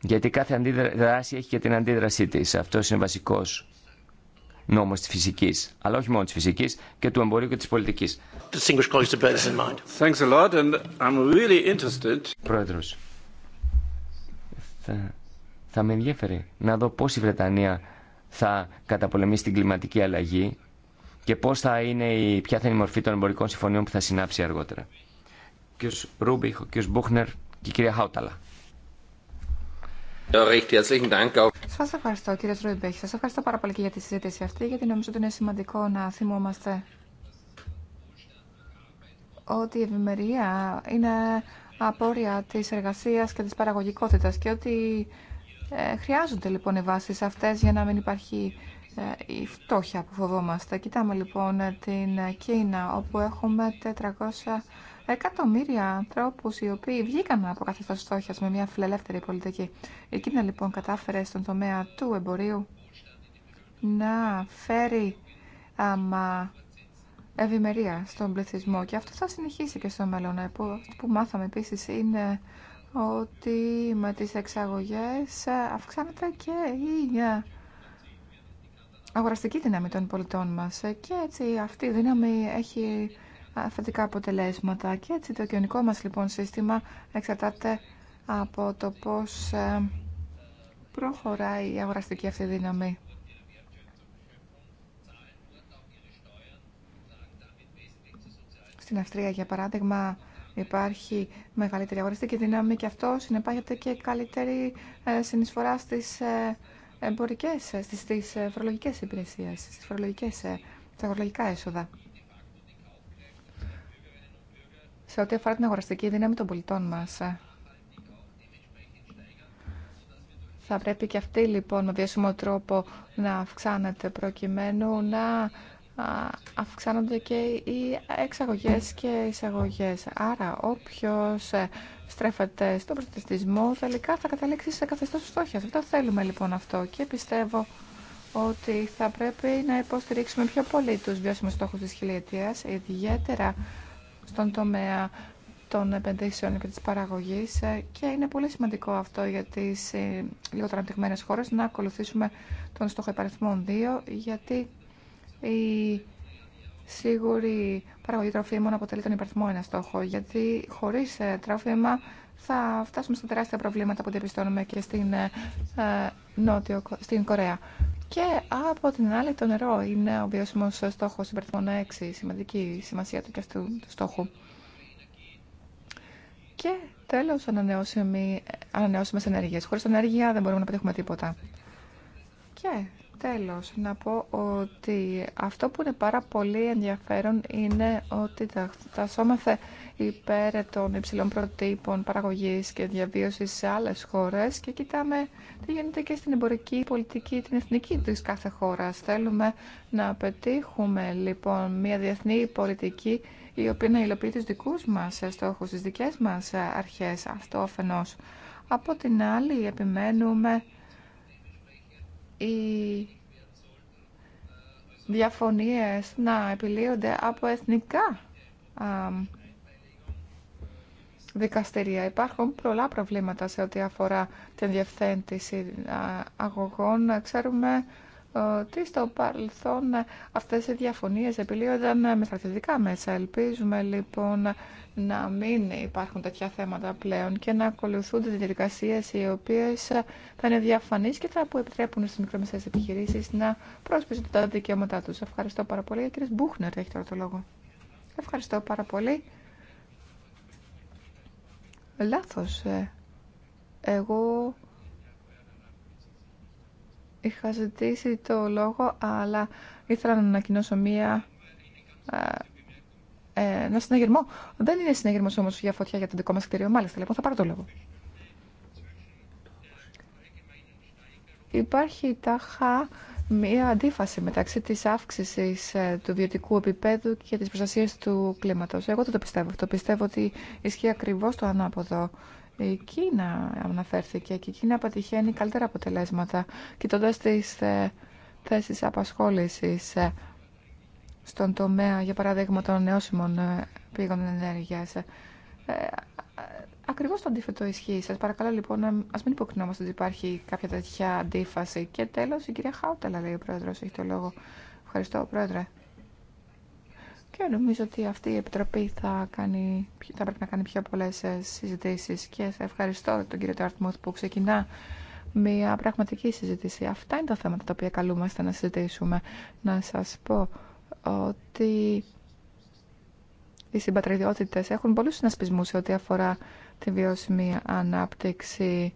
Γιατί κάθε αντίδραση έχει και την αντίδρασή της. Αυτό είναι βασικός νόμος της φυσικής, αλλά όχι μόνο της φυσικής και του εμπορίου και της πολιτικής. Πρόεδρος, θα, θα με ενδιαφέρει να δω πώς η Βρετανία θα καταπολεμήσει την κλιματική αλλαγή και πώς θα είναι η, ποια θα είναι η μορφή των εμπορικών συμφωνιών που θα συνάψει αργότερα. Κύριος Ρούμπιχ, ο κύριος Μπούχνερ και η κυρία Χάουταλα. Σα ευχαριστώ κύριε Ρούιμπεχ. Σα ευχαριστώ πάρα πολύ και για τη συζήτηση αυτή, γιατί νομίζω ότι είναι σημαντικό να θυμόμαστε ότι η ευημερία είναι απόρρια της εργασίας και της παραγωγικότητας και ότι ε, χρειάζονται λοιπόν οι βάσεις αυτές για να μην υπάρχει ε, η φτώχεια που φοβόμαστε. Κοιτάμε λοιπόν την Κίνα όπου έχουμε 400 εκατομμύρια ανθρώπους οι οποίοι βγήκαν από καθεστώς στόχιας με μια φιλελεύθερη πολιτική. Η Κίνα λοιπόν κατάφερε στον τομέα του εμπορίου να φέρει αμα, ευημερία στον πληθυσμό και αυτό θα συνεχίσει και στο μέλλον. Αυτό που μάθαμε επίσης είναι ότι με τις εξαγωγές αυξάνεται και η ε, αγοραστική δύναμη των πολιτών μας και έτσι αυτή η δύναμη έχει θετικά αποτελέσματα. Και έτσι το κοινωνικό μας λοιπόν σύστημα εξαρτάται από το πώς ε, προχωράει η αγοραστική αυτή δύναμη. Στην Αυστρία, για παράδειγμα, υπάρχει μεγαλύτερη αγοραστική δύναμη και αυτό συνεπάγεται και καλύτερη ε, συνεισφορά στις ε, εμπορικές, στις, στις φορολογικές υπηρεσίες, στις, φορολογικές, στα έσοδα. σε ό,τι αφορά την αγοραστική δύναμη των πολιτών μας. Θα πρέπει και αυτή λοιπόν με βιώσιμο τρόπο να αυξάνεται προκειμένου να αυξάνονται και οι εξαγωγές και οι εισαγωγές. Άρα όποιος ε, στρέφεται στον προστατευτισμό τελικά θα καταλήξει σε καθεστώς φτώχειας. Αυτό θέλουμε λοιπόν αυτό και πιστεύω ότι θα πρέπει να υποστηρίξουμε πιο πολύ τους βιώσιμους στόχους της χιλιετίας, ιδιαίτερα στον τομέα των επενδύσεων και της παραγωγής ε, και είναι πολύ σημαντικό αυτό για τις ε, λιγότερο αναπτυγμένες χώρες να ακολουθήσουμε τον στόχο υπαριθμών 2 γιατί η σίγουρη παραγωγή τροφίμων αποτελεί τον υπαριθμό ένα στόχο γιατί χωρίς ε, τρόφιμα θα φτάσουμε στα τεράστια προβλήματα που διαπιστώνουμε και στην, νότιο, στην Κορέα. Και από την άλλη το νερό είναι ο βιώσιμος στόχος υπερθμών 6, σημαντική σημασία του και αυτού του στόχου. Και τέλος ανανεώσιμες ενέργειες. Χωρίς ενέργεια δεν μπορούμε να πετύχουμε τίποτα. Και Τέλος, να πω ότι αυτό που είναι πάρα πολύ ενδιαφέρον είναι ότι τα, τα σώμαθε υπέρ των υψηλών προτύπων παραγωγής και διαβίωσης σε άλλες χώρες και κοιτάμε τι γίνεται και στην εμπορική πολιτική, την εθνική της κάθε χώρας. Θέλουμε να πετύχουμε λοιπόν μια διεθνή πολιτική η οποία να υλοποιεί τους δικούς μας στόχους, τις δικές μας αρχές, αυτό Από την άλλη επιμένουμε οι διαφωνίες να επιλύονται από εθνικά δικαστηρία. Υπάρχουν πολλά προβλήματα σε ό,τι αφορά την διευθέντηση αγωγών. Ξέρουμε ε, ότι στο παρελθόν αυτές οι διαφωνίες επιλύονταν με στρατιωτικά μέσα. Ελπίζουμε λοιπόν να μην υπάρχουν τέτοια θέματα πλέον και να ακολουθούνται διαδικασίε οι οποίε θα είναι διαφανεί και θα που επιτρέπουν στι μικρομεσαίε επιχειρήσει να πρόσπιζουν τα δικαιώματά του. Ευχαριστώ πάρα πολύ. Κύριε Μπούχνερ, έχει τώρα το λόγο. Ευχαριστώ πάρα πολύ. Λάθος. Ε. Εγώ είχα ζητήσει το λόγο, αλλά ήθελα να ανακοινώσω μία ε, ένα ε, συναγερμό. Δεν είναι συναγερμό όμω για φωτιά για το δικό μα κτίριο. Μάλιστα, λοιπόν, θα πάρω το λόγο. Υπάρχει τάχα μία αντίφαση μεταξύ τη αύξηση ε, του βιωτικού επίπεδου και τη προστασία του κλίματο. Εγώ δεν το πιστεύω Το Πιστεύω ότι ισχύει ακριβώ το ανάποδο. Η Κίνα αναφέρθηκε και η Κίνα πετυχαίνει καλύτερα αποτελέσματα κοιτώντα τι ε, θέσει απασχόληση στον τομέα, για παράδειγμα, των νεώσιμων ε, πήγων ενέργειας. Ε, ε, ακριβώς το αντίθετο ισχύει. σα παρακαλώ λοιπόν α μην υποκρινόμαστε ότι υπάρχει κάποια τέτοια αντίφαση. Και τέλο, η κυρία Χάουτελα λέει ο πρόεδρο, έχει το λόγο. Ευχαριστώ πρόεδρε. Και νομίζω ότι αυτή η επιτροπή θα, κάνει, θα πρέπει να κάνει πιο πολλέ συζητήσει. και σε ευχαριστώ τον κύριο Τάρτμουθ που ξεκινά μια πραγματική συζήτηση. Αυτά είναι τα θέματα τα οποία καλούμαστε να συζητήσουμε. Να σας πω ότι οι συμπατριδιότητες έχουν πολλούς συνασπισμούς σε ό,τι αφορά τη βιώσιμη ανάπτυξη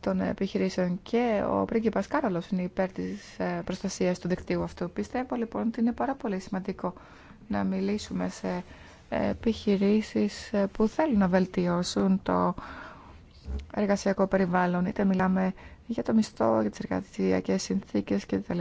των επιχειρήσεων και ο πρίγκιπας Κάραλος είναι υπέρ της ε, προστασίας του δικτύου αυτού. Πιστεύω λοιπόν ότι είναι πάρα πολύ σημαντικό να μιλήσουμε σε επιχειρήσεις ε, που θέλουν να βελτιώσουν το εργασιακό περιβάλλον, είτε μιλάμε για το μισθό, για τις εργασιακές συνθήκες κτλ.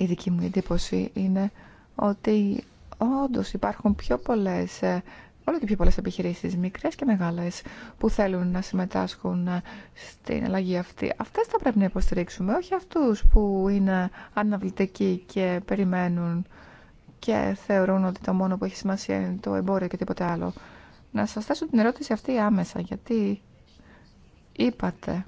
Η δική μου εντύπωση είναι ότι όντω υπάρχουν πιο πολλές, ε, όλο και πιο πολλές επιχειρήσεις, μικρές και μεγάλες, που θέλουν να συμμετάσχουν ε, στην αλλαγή αυτή. Αυτές θα πρέπει να υποστηρίξουμε, όχι αυτούς που είναι αναβλητικοί και περιμένουν και θεωρούν ότι το μόνο που έχει σημασία είναι το εμπόριο και τίποτε άλλο. Να σας θέσω την ερώτηση αυτή άμεσα, γιατί είπατε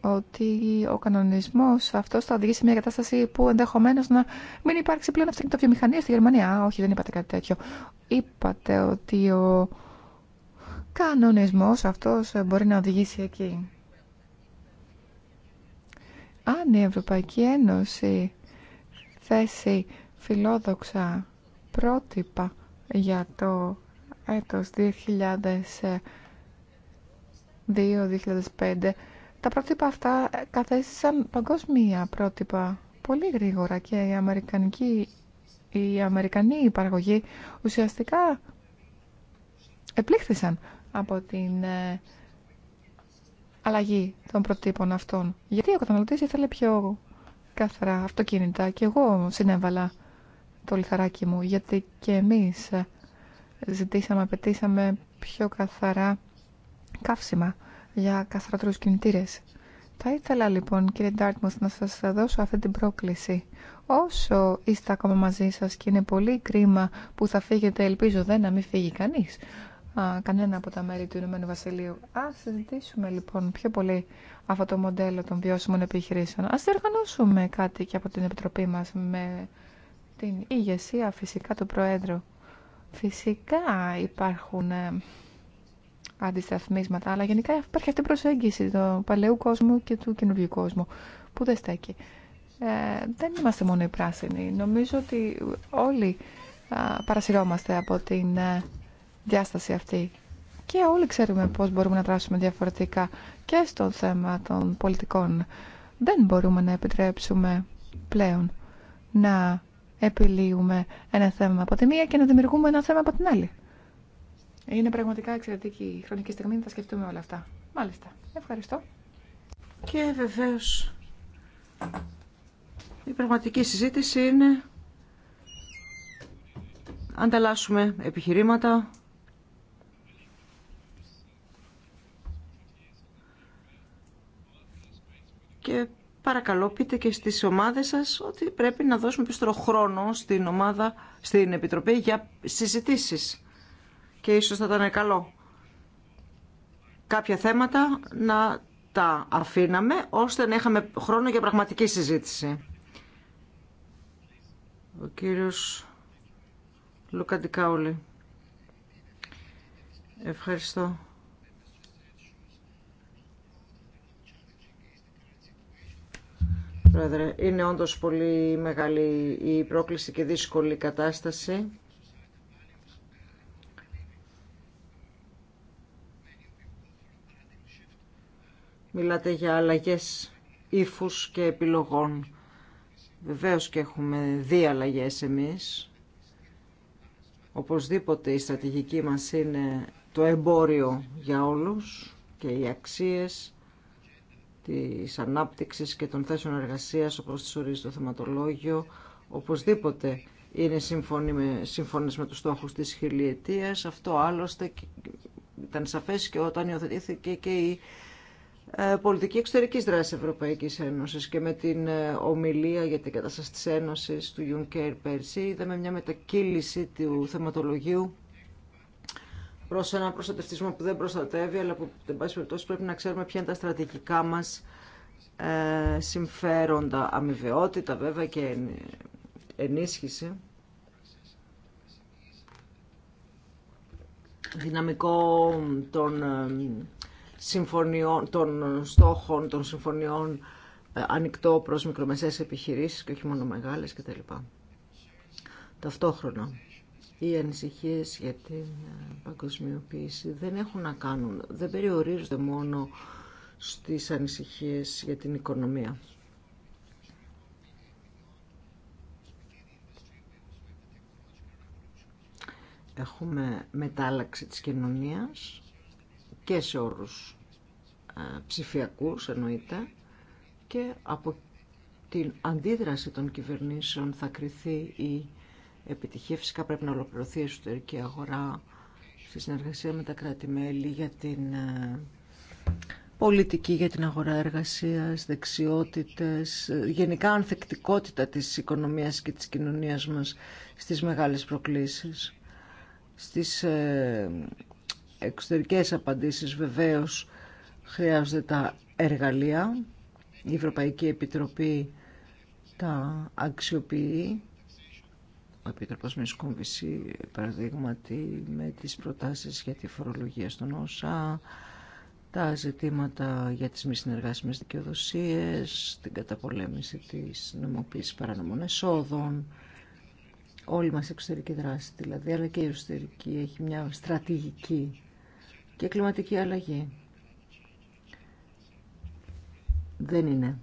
ότι ο κανονισμός αυτός θα οδηγήσει σε μια κατάσταση που ενδεχομένω να μην υπάρξει πλέον βιομηχανία στη Γερμανία. Α, όχι, δεν είπατε κάτι τέτοιο. Είπατε ότι ο κανονισμός αυτός μπορεί να οδηγήσει εκεί. Αν η Ευρωπαϊκή Ένωση θέσει φιλόδοξα πρότυπα για το έτος 2002-2005 τα πρότυπα αυτά καθέστησαν παγκόσμια πρότυπα πολύ γρήγορα και η αμερικανική, η αμερικανή παραγωγή ουσιαστικά επλήχθησαν από την ε, αλλαγή των προτύπων αυτών. Γιατί ο καταναλωτής ήθελε πιο καθαρά αυτοκίνητα και εγώ συνέβαλα το λιθαράκι μου γιατί και εμείς ε, ζητήσαμε, απαιτήσαμε πιο καθαρά καύσιμα για καθαρατρούς κινητήρες. Θα ήθελα λοιπόν κύριε Ντάρτμουθ να σας δώσω αυτή την πρόκληση. Όσο είστε ακόμα μαζί σας και είναι πολύ κρίμα που θα φύγετε, ελπίζω δεν να μην φύγει κανείς, κανένα από τα μέρη του Ηνωμένου Βασιλείου. Ας συζητήσουμε λοιπόν πιο πολύ αυτό το μοντέλο των βιώσιμων επιχειρήσεων. Ας διοργανώσουμε κάτι και από την Επιτροπή μας με την ηγεσία φυσικά του Προέδρου. Φυσικά υπάρχουν ε, αντισταθμίσματα, αλλά γενικά υπάρχει αυτή η προσέγγιση του παλαιού κόσμου και του καινούργιου κόσμου που δεν στέκει. Ε, δεν είμαστε μόνο οι πράσινοι. Νομίζω ότι όλοι α, παρασυρώμαστε από την ε, διάσταση αυτή και όλοι ξέρουμε πώς μπορούμε να δράσουμε διαφορετικά και στο θέμα των πολιτικών. Δεν μπορούμε να επιτρέψουμε πλέον να επιλύουμε ένα θέμα από τη μία και να δημιουργούμε ένα θέμα από την άλλη. Είναι πραγματικά εξαιρετική η χρονική στιγμή να τα σκεφτούμε όλα αυτά. Μάλιστα. Ευχαριστώ. Και βεβαίω η πραγματική συζήτηση είναι ανταλλάσσουμε επιχειρήματα, και παρακαλώ πείτε και στις ομάδες σας ότι πρέπει να δώσουμε πιστρό χρόνο στην ομάδα, στην Επιτροπή για συζητήσεις και ίσως θα ήταν καλό κάποια θέματα να τα αφήναμε ώστε να είχαμε χρόνο για πραγματική συζήτηση. Ο κύριος Λουκαντικάουλη. Ευχαριστώ. Πρόεδρε, είναι όντως πολύ μεγάλη η πρόκληση και δύσκολη κατάσταση Μιλάτε για αλλαγές ύφους και επιλογών. Βεβαίως και έχουμε δύο αλλαγές εμείς. Οπωσδήποτε η στρατηγική μας είναι το εμπόριο για όλους και οι αξίες της ανάπτυξης και των θέσεων εργασίας όπως τις ορίζει το θεματολόγιο. Οπωσδήποτε είναι σύμφωνοι με, σύμφωνες με τους στόχους της χιλιετίας. Αυτό άλλωστε ήταν σαφές και όταν υιοθετήθηκε και η ε, πολιτική εξωτερικής δράσης Ευρωπαϊκή Ένωση και με την ε, ομιλία για την κατάσταση τη Ένωση του Juncker πέρσι είδαμε μια μετακύληση του θεματολογίου προς ένα προστατευτισμό που δεν προστατεύει αλλά που εν πάση περιπτώσει πρέπει να ξέρουμε ποια είναι τα στρατηγικά μας ε, συμφέροντα αμοιβαιότητα βέβαια και ενίσχυση δυναμικό των συμφωνιών, των στόχων των συμφωνιών ε, ανοιχτό προς μικρομεσαίες επιχειρήσεις και όχι μόνο μεγάλες κτλ. Ταυτόχρονα, οι ανησυχίε για την ε, παγκοσμιοποίηση δεν έχουν να κάνουν, δεν περιορίζονται μόνο στις ανησυχίες για την οικονομία. Έχουμε μετάλλαξη της κοινωνίας, και σε όρους ψηφιακού εννοείται και από την αντίδραση των κυβερνήσεων θα κριθεί η επιτυχία. Φυσικά πρέπει να ολοκληρωθεί η εσωτερική αγορά στη συνεργασία με τα κράτη-μέλη για την πολιτική για την αγορά εργασίας, δεξιότητες, γενικά ανθεκτικότητα της οικονομίας και της κοινωνίας μας στις μεγάλες προκλήσεις, στις ε, εξωτερικές απαντήσεις βεβαίως χρειάζονται τα εργαλεία. Η Ευρωπαϊκή Επιτροπή τα αξιοποιεί. Ο Επίτροπος σκόμβηση παραδείγματι, με τις προτάσεις για τη φορολογία στον ΩΣΑ, τα ζητήματα για τις μη συνεργάσιμες δικαιοδοσίες, την καταπολέμηση της νομοποίησης παρανομών εσόδων, όλη μας η εξωτερική δράση δηλαδή, αλλά και η εξωτερική έχει μια στρατηγική και κλιματική αλλαγή. Δεν είναι.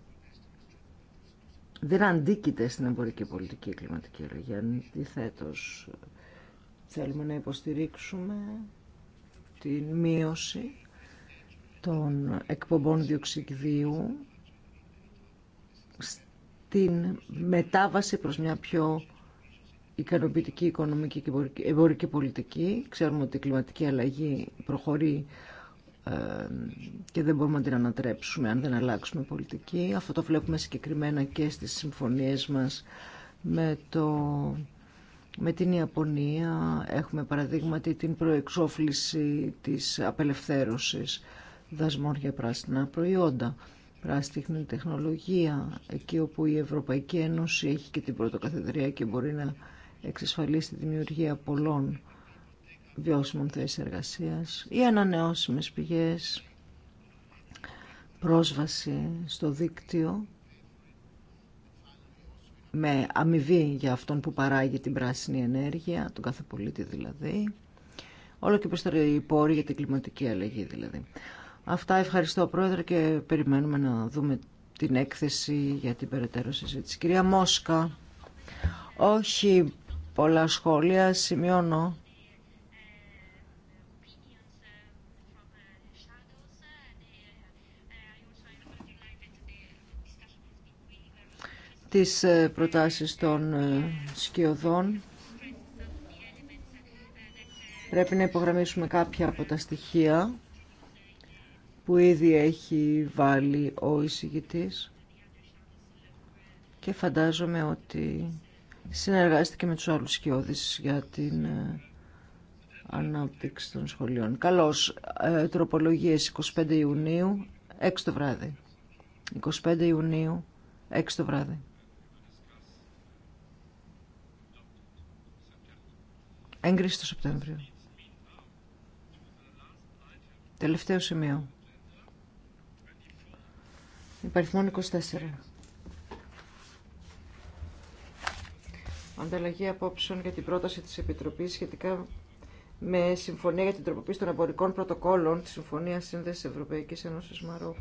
Δεν αντίκειται στην εμπορική πολιτική κλιματική αλλαγή. Αντιθέτω, θέλουμε να υποστηρίξουμε την μείωση των εκπομπών διοξυκδίου στην μετάβαση προς μια πιο ικανοποιητική οικονομική και εμπορική πολιτική. Ξέρουμε ότι η κλιματική αλλαγή προχωρεί ε, και δεν μπορούμε να την ανατρέψουμε αν δεν αλλάξουμε πολιτική. Αυτό το βλέπουμε συγκεκριμένα και στις συμφωνίες μας με, το, με την Ιαπωνία. Έχουμε παραδείγματι την προεξόφληση της απελευθέρωσης δασμών για πράσινα προϊόντα, πράσινη τεχνολογία, εκεί όπου η Ευρωπαϊκή Ένωση έχει και την πρωτοκαθεδρία και μπορεί να εξασφαλίσει τη δημιουργία πολλών βιώσιμων θέσεων εργασίας ή ανανεώσιμες πηγές, πρόσβαση στο δίκτυο με αμοιβή για αυτόν που παράγει την πράσινη ενέργεια, τον κάθε πολίτη δηλαδή. Όλο και περισσότερο οι πόροι για την κλιματική αλλαγή δηλαδή. Αυτά ευχαριστώ Πρόεδρε και περιμένουμε να δούμε την έκθεση για την περαιτέρω συζήτηση. Κυρία Μόσκα, όχι πολλά σχόλια. Σημειώνω τις ε, προτάσεις των ε, σκιωδών. Πρέπει να υπογραμμίσουμε κάποια από τα στοιχεία που ήδη έχει βάλει ο εισηγητής και φαντάζομαι ότι συνεργάζεται και με τους άλλους σκιώδεις για την ε, ανάπτυξη των σχολείων. Καλώς, ε, τροπολογίες 25 Ιουνίου, 6 το βράδυ. 25 Ιουνίου, 6 το βράδυ. Έγκριση το Σεπτέμβριο. Τελευταίο σημείο. Υπαριθμόν 24. ανταλλαγή απόψεων για την πρόταση της Επιτροπής σχετικά με συμφωνία για την τροποποίηση των εμπορικών πρωτοκόλων τη συμφωνία Σύνδεσης Ευρωπαϊκής Ένωσης Μαρόκου.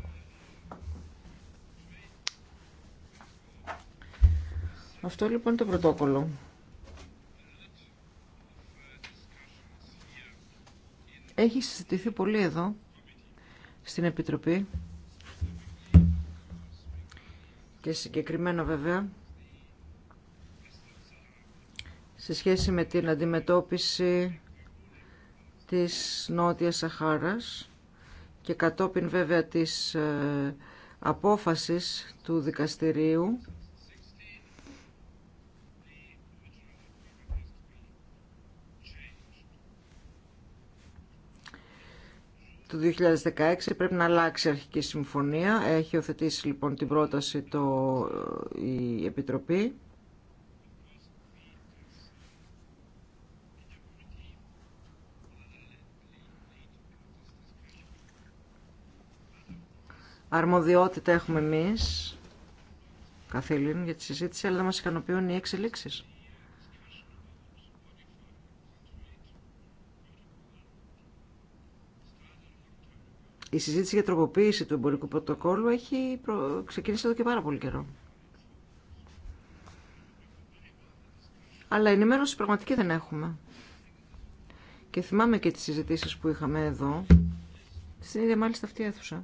Αυτό λοιπόν το πρωτόκολλο. Έχει συζητηθεί πολύ εδώ, στην Επιτροπή και συγκεκριμένα βέβαια σε σχέση με την αντιμετώπιση της Νότιας Σαχάρας και κατόπιν βέβαια της ε, απόφασης του δικαστηρίου το 2016 πρέπει να αλλάξει η αρχική συμφωνία. Έχει οθετήσει λοιπόν την πρόταση το, η Επιτροπή. αρμοδιότητα έχουμε εμείς καθήλυν για τη συζήτηση, αλλά δεν μας ικανοποιούν οι εξελίξεις. Η συζήτηση για τροποποίηση του εμπορικού πρωτοκόλλου έχει προ... ξεκινήσει εδώ και πάρα πολύ καιρό. Αλλά ενημέρωση πραγματική δεν έχουμε. Και θυμάμαι και τις συζητήσεις που είχαμε εδώ, στην ίδια μάλιστα αυτή αίθουσα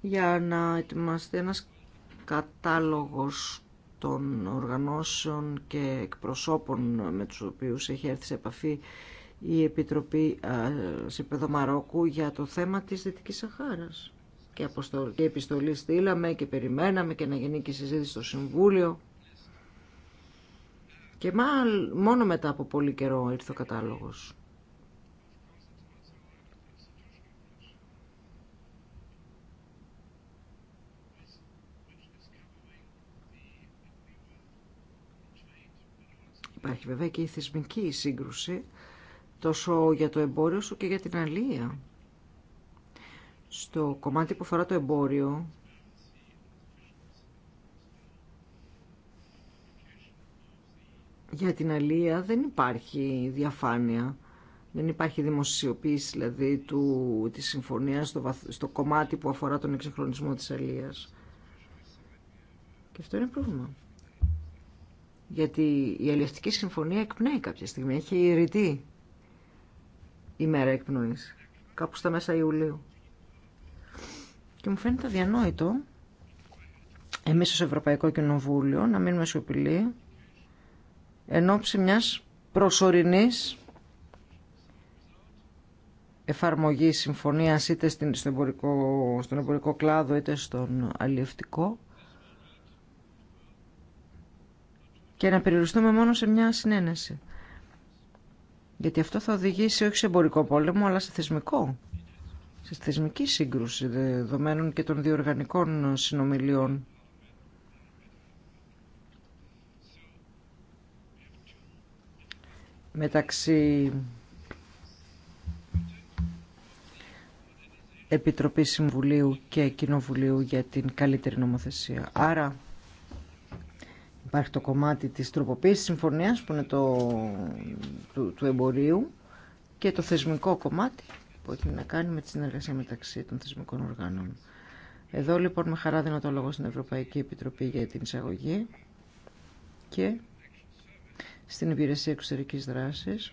για να ετοιμαστεί ένας κατάλογος των οργανώσεων και εκπροσώπων με τους οποίους έχει έρθει σε επαφή η Επιτροπή σε Μαρόκου για το θέμα της Δυτικής Σαχάρας. Και, αποστολ, και επιστολή στείλαμε και περιμέναμε και να γίνει και συζήτηση στο Συμβούλιο. Και μόνο μετά από πολύ καιρό ήρθε ο κατάλογος. Υπάρχει βέβαια και η θεσμική σύγκρουση τόσο για το εμπόριο σου και για την αλεία. Στο κομμάτι που αφορά το εμπόριο, για την αλεία δεν υπάρχει διαφάνεια. Δεν υπάρχει δημοσιοποίηση δηλαδή του, της συμφωνίας στο, κομμάτι που αφορά τον εξεχρονισμό της αλληλείας. Και αυτό είναι πρόβλημα. Γιατί η αλληλευτική συμφωνία εκπνέει κάποια στιγμή. Έχει ρητή η μέρα εκπνοής. Κάπου στα μέσα Ιουλίου. Και μου φαίνεται αδιανόητο εμείς ως Ευρωπαϊκό Κοινοβούλιο να μείνουμε σιωπηλοί εν ώψη μιας προσωρινής εφαρμογή συμφωνίας είτε στην, στον, εμπορικό, στον εμπορικό κλάδο είτε στον αλληλευτικό και να περιοριστούμε μόνο σε μια συνένεση. Γιατί αυτό θα οδηγήσει όχι σε εμπορικό πόλεμο, αλλά σε θεσμικό. Σε θεσμική σύγκρουση δεδομένων και των διοργανικών συνομιλιών. Μεταξύ Επιτροπή Συμβουλίου και Κοινοβουλίου για την καλύτερη νομοθεσία. Άρα Υπάρχει το κομμάτι της τροποποίησης συμφωνίας που είναι το, του, του εμπορίου και το θεσμικό κομμάτι που έχει να κάνει με τη συνεργασία μεταξύ των θεσμικών οργάνων. Εδώ λοιπόν με χαρά δίνω το λόγο στην Ευρωπαϊκή Επιτροπή για την εισαγωγή και στην Υπηρεσία Εξωτερικής Δράσης.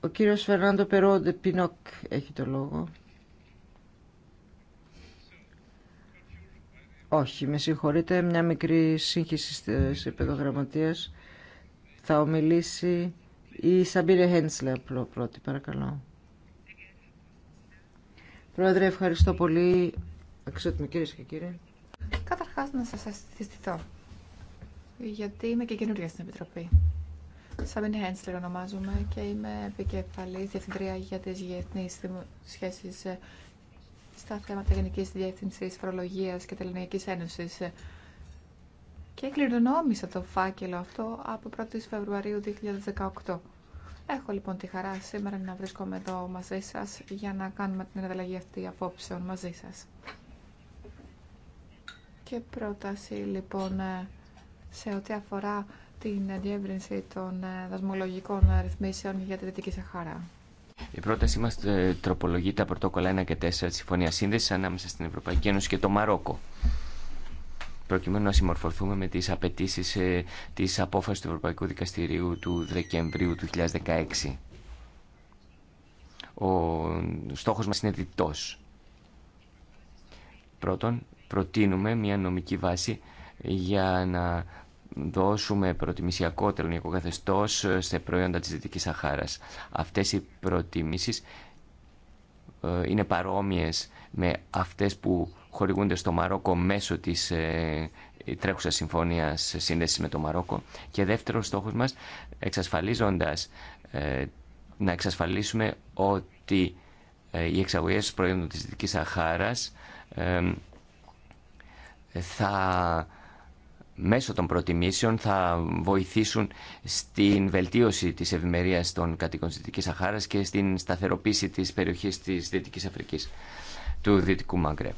Ο κύριος Φερνάντο Περόντε Πινόκ έχει το λόγο. Όχι, με συγχωρείτε, μια μικρή σύγχυση στις επιδογραμματίες. Θα ομιλήσει η Σαμπίρια Χέντσλε πρώτη, παρακαλώ. Πρόεδρε, ευχαριστώ πολύ. Αξιότιμοι κύριε και κύριοι. Καταρχάς να σας συστηθώ, γιατί είμαι και καινούργια στην Επιτροπή. Σαμπίρε Χένσλερ ονομάζομαι και είμαι επικεφαλής διευθυντρία για τις διεθνείς σχέσεις στα θέματα Γενικής Διεύθυνσης Φορολογίας και Τελωνιακής Ένωσης. Και κληρονόμησα το φάκελο αυτό από 1η Φεβρουαρίου 2018. Έχω λοιπόν τη χαρά σήμερα να βρίσκομαι εδώ μαζί σας για να κάνουμε την ανταλλαγή αυτή απόψεων μαζί σας. Και πρόταση λοιπόν σε ό,τι αφορά την διεύρυνση των ε, δασμολογικών ρυθμίσεων για τη Δυτική Σαχάρα. Η πρότασή μα ε, τροπολογεί τα πρωτόκολλα 1 και 4 τη Συμφωνία Σύνδεση ανάμεσα στην Ευρωπαϊκή Ένωση και το Μαρόκο. Προκειμένου να συμμορφωθούμε με τι απαιτήσει ε, της τη απόφαση του Ευρωπαϊκού Δικαστηρίου του Δεκεμβρίου του 2016. Ο στόχος μας είναι διπτό. Πρώτον, προτείνουμε μια νομική βάση για να δώσουμε προτιμησιακό τελωνιακό καθεστώ ε, σε προϊόντα της Δυτικής Σαχάρα. Αυτές οι προτιμήσεις ε, είναι παρόμοιες με αυτές που χορηγούνται στο Μαρόκο μέσω της ε, τρέχουσας συμφωνίας σύνδεσης με το Μαρόκο και δεύτερος στόχος μας εξασφαλίζοντας να εξασφαλίσουμε ότι οι εξαγωγές προϊόντων της Δυτικής Σαχάρας θα μέσω των προτιμήσεων θα βοηθήσουν στην βελτίωση της ευημερία των κατοίκων της Δυτικής Σαχάρας και στην σταθεροποίηση της περιοχής της Δυτικής Αφρικής, του Δυτικού Μαγκρέπ.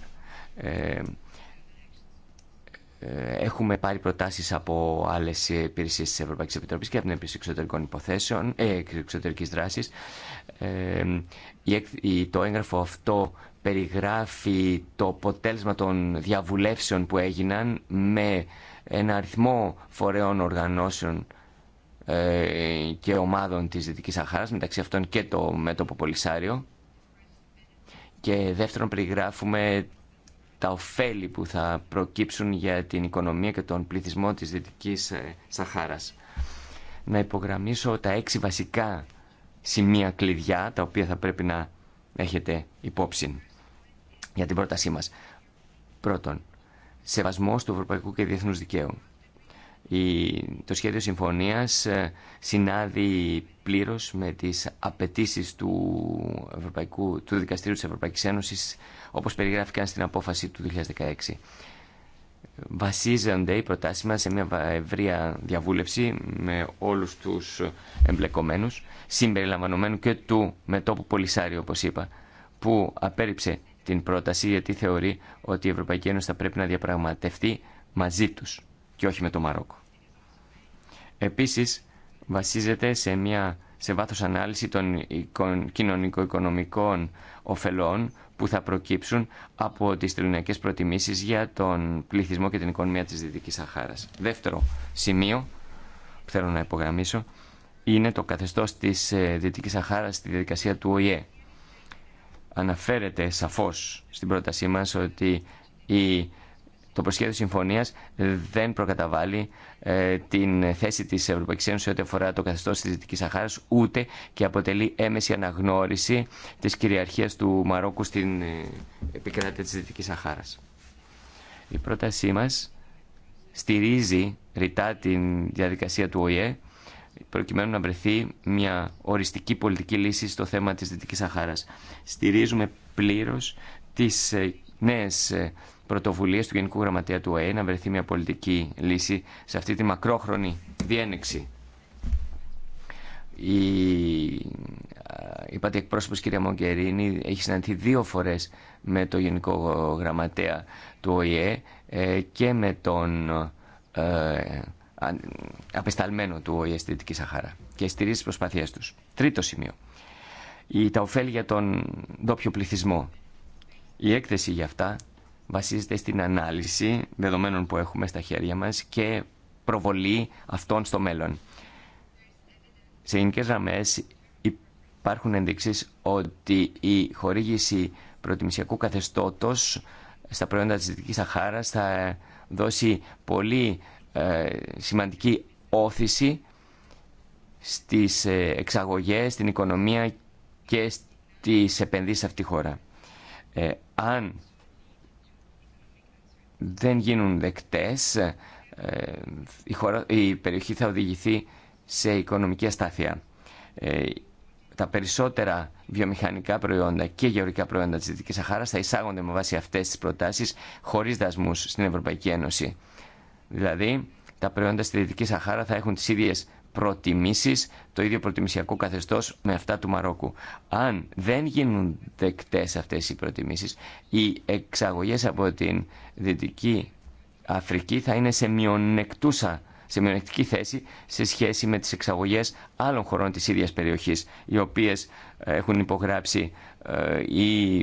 Ε, ε έχουμε πάρει προτάσεις από άλλες υπηρεσίες της Ευρωπαϊκής Επιτροπής και από την Επίσης Εξωτερικών Υποθέσεων, ε, Εξωτερικής Δράσης. Ε, το έγγραφο αυτό περιγράφει το αποτέλεσμα των διαβουλεύσεων που έγιναν με ένα αριθμό φορέων οργανώσεων ε, και ομάδων της Δυτικής Σαχάρας, μεταξύ αυτών και το μέτωπο Πολυσάριο. Και δεύτερον, περιγράφουμε τα ωφέλη που θα προκύψουν για την οικονομία και τον πληθυσμό της Δυτικής ε, Σαχάρας. Να υπογραμμίσω τα έξι βασικά σημεία κλειδιά, τα οποία θα πρέπει να έχετε υπόψη για την πρότασή μας. Πρώτον, σεβασμός του ευρωπαϊκού και διεθνούς δικαίου. το σχέδιο συμφωνίας ε, συνάδει πλήρως με τις απαιτήσεις του, ευρωπαϊκού, του Δικαστήριου της Ευρωπαϊκής Ένωσης όπως περιγράφηκαν στην απόφαση του 2016. Βασίζονται οι προτάσει μα σε μια ευρεία διαβούλευση με όλους τους εμπλεκομένους, συμπεριλαμβανομένου και του μετόπου Πολυσάριου, όπω είπα, που απέρριψε την πρόταση γιατί θεωρεί ότι η Ευρωπαϊκή Ένωση θα πρέπει να διαπραγματευτεί μαζί τους και όχι με το Μαρόκο. Επίσης, βασίζεται σε, μια, σε βάθος ανάλυση των κοινωνικο-οικονομικών ωφελών που θα προκύψουν από τις τελωνιακές προτιμήσεις για τον πληθυσμό και την οικονομία της Δυτικής Σαχάρας. Δεύτερο σημείο που θέλω να υπογραμμίσω είναι το καθεστώς της ε, Δυτικής Σαχάρας στη διαδικασία του ΟΗΕ αναφέρεται σαφώς στην πρότασή μας ότι η, το προσχέδιο συμφωνίας δεν προκαταβάλει ε, την θέση της Ευρωπαϊκής Ένωσης ό,τι αφορά το καθεστώς της Δυτικής Σαχάρας, ούτε και αποτελεί έμεση αναγνώριση της κυριαρχίας του Μαρόκου στην ε, επικράτεια της Δυτικής Σαχάρας. Η πρότασή μας στηρίζει ρητά την διαδικασία του ΟΗΕ προκειμένου να βρεθεί μια οριστική πολιτική λύση στο θέμα της Δυτικής Σαχάρας. Στηρίζουμε πλήρως τις ε, νέες ε, πρωτοβουλίες του Γενικού Γραμματέα του ΟΕΕ να βρεθεί μια πολιτική λύση σε αυτή τη μακρόχρονη διένεξη. Η, ε, είπατε εκπρόσωπος κυρία Μογκερίνη έχει συναντηθεί δύο φορές με το Γενικό Γραμματέα του ΟΗΕ και με τον απεσταλμένο του ΟΗΕ στη Δυτική Σαχάρα και στηρίζει τι προσπαθίε του. Τρίτο σημείο. Η, τα ωφέλη για τον ντόπιο πληθυσμό. Η έκθεση για αυτά βασίζεται στην ανάλυση δεδομένων που έχουμε στα χέρια μας και προβολή αυτών στο μέλλον. Σε γενικέ γραμμέ υπάρχουν ενδείξεις ότι η χορήγηση προτιμησιακού καθεστώτος στα προϊόντα της Δυτικής Σαχάρας θα δώσει πολύ ε, σημαντική όθηση στις ε, εξαγωγές, στην οικονομία και στις επενδύσεις σε αυτή τη χώρα. Ε, αν δεν γίνουν δεκτές, ε, η, χώρα, η περιοχή θα οδηγηθεί σε οικονομική αστάθεια. Ε, τα περισσότερα βιομηχανικά προϊόντα και γεωρικά προϊόντα της Δυτικής Σαχάρας θα εισάγονται με βάση αυτές τις προτάσεις χωρίς δασμούς στην Ευρωπαϊκή Ένωση. Δηλαδή, τα προϊόντα στη Δυτική Σαχάρα θα έχουν τι ίδιε προτιμήσει, το ίδιο προτιμησιακό καθεστώ με αυτά του Μαρόκου. Αν δεν γίνουν δεκτέ αυτέ οι προτιμήσει, οι εξαγωγέ από την Δυτική Αφρική θα είναι σε μειονεκτούσα σε μειονεκτική θέση σε σχέση με τις εξαγωγές άλλων χωρών της ίδιας περιοχής, οι οποίες έχουν υπογράψει ε, ή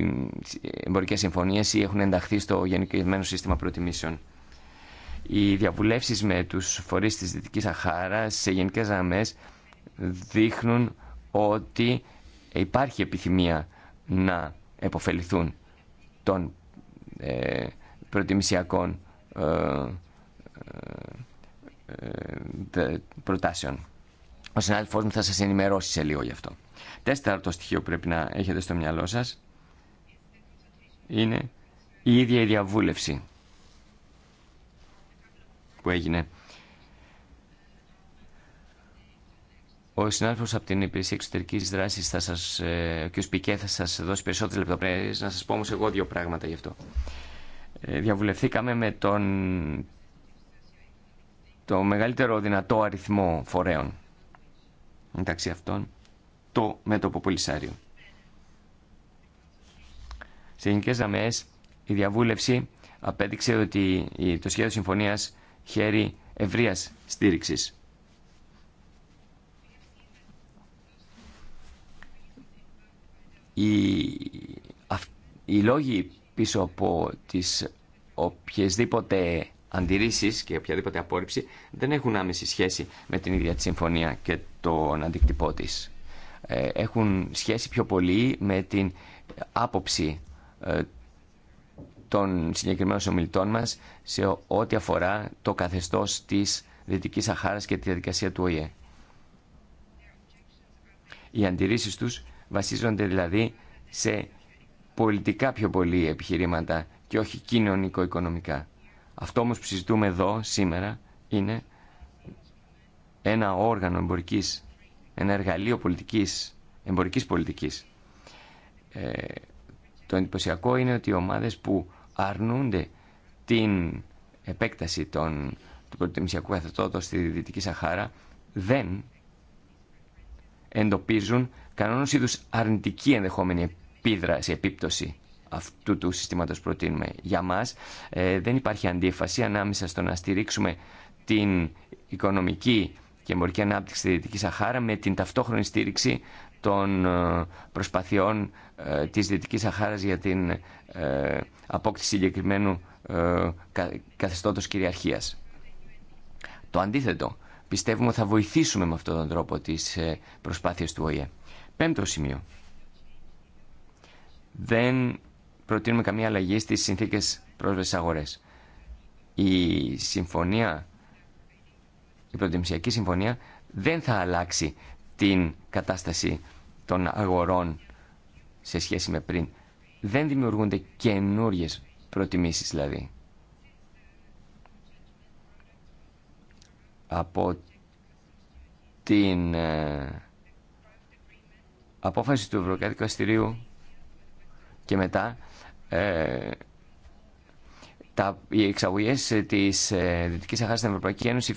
εμπορικές συμφωνίες ή έχουν ενταχθεί στο γενικευμένο σύστημα προτιμήσεων. Οι διαβουλεύσει με τους φορείς της Δυτικής Αχάρας σε γενικές γραμμέ, δείχνουν ότι υπάρχει επιθυμία να επωφεληθούν των ε, προτιμησιακών ε, ε, ε, προτάσεων. Ο συνάδελφός μου θα σας ενημερώσει σε λίγο γι' αυτό. Τέσταρτο στοιχείο που πρέπει να έχετε στο μυαλό σας είναι η ίδια η διαβούλευση που έγινε. Ο συνάδελφο από την Υπηρεσία Εξωτερική Δράση, ε, ο κ. Πικέ, θα σα δώσει περισσότερε λεπτομέρειε. Να σα πω όμω εγώ δύο πράγματα γι' αυτό. Ε, διαβουλευθήκαμε με τον το μεγαλύτερο δυνατό αριθμό φορέων. Μεταξύ αυτών, το μέτωπο Πολυσάριο. Σε γενικέ γραμμέ, η διαβούλευση απέδειξε ότι το σχέδιο συμφωνίας χέρι ευρεία στήριξης. Οι, οι λόγοι πίσω από τις οποιασδήποτε αντιρρήσεις και οποιαδήποτε απόρριψη δεν έχουν άμεση σχέση με την ίδια τη συμφωνία και τον αντικτυπό της. Ε, έχουν σχέση πιο πολύ με την άποψη ε, των συγκεκριμένων ομιλητών μα σε ό,τι αφορά το καθεστώς της Δυτικής Σαχάρα και τη διαδικασία του ΟΗΕ. Οι αντιρρήσει τους βασίζονται δηλαδή σε πολιτικά πιο πολύ επιχειρήματα και όχι κοινωνικο-οικονομικά. Αυτό όμως που συζητούμε εδώ σήμερα είναι ένα όργανο εμπορικής, ένα εργαλείο πολιτικής, εμπορικής πολιτικής. Ε, το εντυπωσιακό είναι ότι οι ομάδες που αρνούνται την επέκταση των, του προτιμησιακού καθεστώτος στη Δυτική Σαχάρα δεν εντοπίζουν κανόνας είδου αρνητική ενδεχόμενη επίδραση, επίπτωση αυτού του συστήματος που προτείνουμε. Για μας ε, δεν υπάρχει αντίφαση ανάμεσα στο να στηρίξουμε την οικονομική και εμπορική ανάπτυξη στη Δυτική Σαχάρα με την ταυτόχρονη στήριξη των ε, προσπαθειών ε, της Δυτικής Σαχάρας για την ε, απόκτηση συγκεκριμένου καθεστώτος κυριαρχίας. Το αντίθετο, πιστεύουμε ότι θα βοηθήσουμε με αυτόν τον τρόπο τις προσπάθειες του ΟΗΕ. Πέμπτο σημείο. Δεν προτείνουμε καμία αλλαγή στις συνθήκες πρόσβασης αγορές. Η συμφωνία, η προτιμησιακή συμφωνία δεν θα αλλάξει την κατάσταση των αγορών σε σχέση με πριν. Δεν δημιουργούνται καινούριε προτιμήσεις δηλαδή. Από την ε, απόφαση του Ευρωπαϊκού Αστηρίου και μετά ε, τα, οι εξαγωγέ τη ε, Δυτική Αχάρη στην Ευρωπαϊκή Ένωση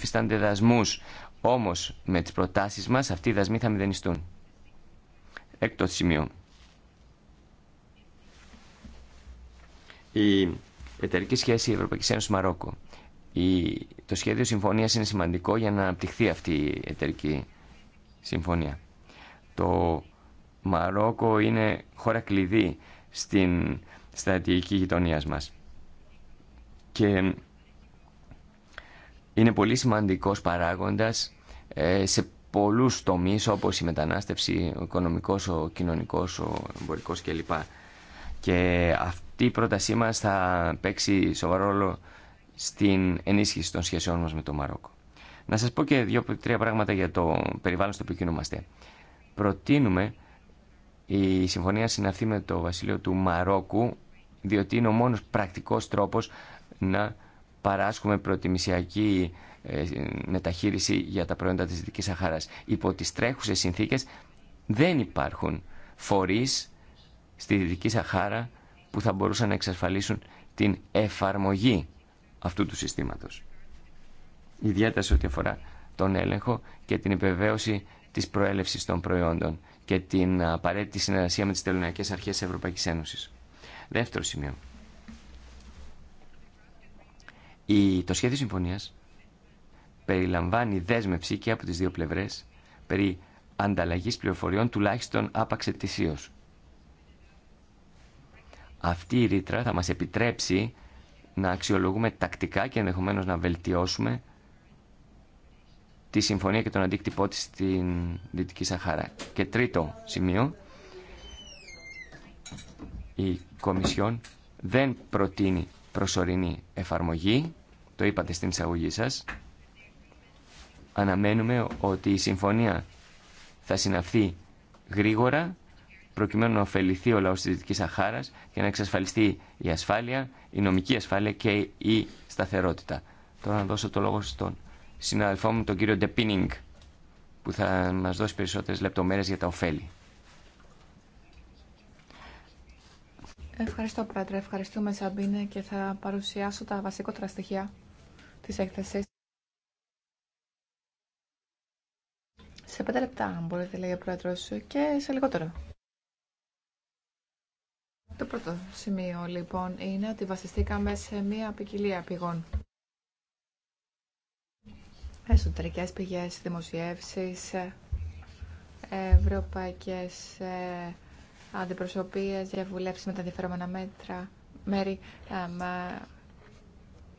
Όμω με τι προτάσει μα αυτοί οι δασμοί θα μηδενιστούν. Έκτο σημείο. Η εταιρική σχέση Ευρωπαϊκή Ένωση Μαρόκο. Η... Το σχέδιο συμφωνία είναι σημαντικό για να αναπτυχθεί αυτή η εταιρική συμφωνία. Το Μαρόκο είναι χώρα κλειδί στην στρατηγική γειτονία μας. Και είναι πολύ σημαντικός παράγοντας ε, σε πολλούς τομεί όπως η μετανάστευση, ο οικονομικός, ο κοινωνικός, ο εμπορικό κλπ. Και αυτή η πρότασή μα θα παίξει σοβαρό ρόλο στην ενίσχυση των σχέσεών μας με το Μαρόκο. Να σας πω και δύο-τρία πράγματα για το περιβάλλον στο οποίο κινούμαστε. Προτείνουμε η συμφωνία συναυθεί με το βασίλειο του Μαρόκου, διότι είναι ο μόνος πρακτικός τρόπος να παράσχουμε προτιμησιακή ε, μεταχείριση για τα προϊόντα της Δυτικής Σαχάρας. Υπό τις τρέχουσες συνθήκες δεν υπάρχουν φορείς στη Δυτική Σαχάρα που θα μπορούσαν να εξασφαλίσουν την εφαρμογή αυτού του συστήματος. Ιδιαίτερα σε ό,τι αφορά τον έλεγχο και την επιβεβαίωση της προέλευσης των προϊόντων και την απαραίτητη συνεργασία με τις τελωνιακές αρχές της Ευρωπαϊκής Ένωσης. Δεύτερο σημείο. Η, το σχέδιο συμφωνίας περιλαμβάνει δέσμευση και από τις δύο πλευρές περί ανταλλαγής πληροφοριών τουλάχιστον άπαξ ετησίως. Αυτή η ρήτρα θα μας επιτρέψει να αξιολογούμε τακτικά και ενδεχομένως να βελτιώσουμε τη συμφωνία και τον αντίκτυπό της στην Δυτική Σαχάρα. Και τρίτο σημείο, η Κομισιόν δεν προτείνει προσωρινή εφαρμογή, το είπατε στην εισαγωγή σας, αναμένουμε ότι η συμφωνία θα συναυθεί γρήγορα προκειμένου να ωφεληθεί ο λαός της Δυτικής Σαχάρας και να εξασφαλιστεί η ασφάλεια, η νομική ασφάλεια και η σταθερότητα. Τώρα να δώσω το λόγο στον συναδελφό μου τον κύριο Ντεπίνινγκ που θα μας δώσει περισσότερες λεπτομέρειες για τα ωφέλη. Ευχαριστώ Πρόεδρε, ευχαριστούμε Σαμπίνε και θα παρουσιάσω τα βασικότερα στοιχεία της έκθεσης. Σε πέντε λεπτά, αν μπορείτε, λέει ο και σε λιγότερο. Το πρώτο σημείο, λοιπόν, είναι ότι βασιστήκαμε σε μία ποικιλία πηγών. Εσωτερικές πηγές, δημοσιεύσεις, ευρωπαϊκές ε, αντιπροσωπείες, διαβουλεύσεις με τα ενδιαφέρομενα μέτρα, μέρη, ε,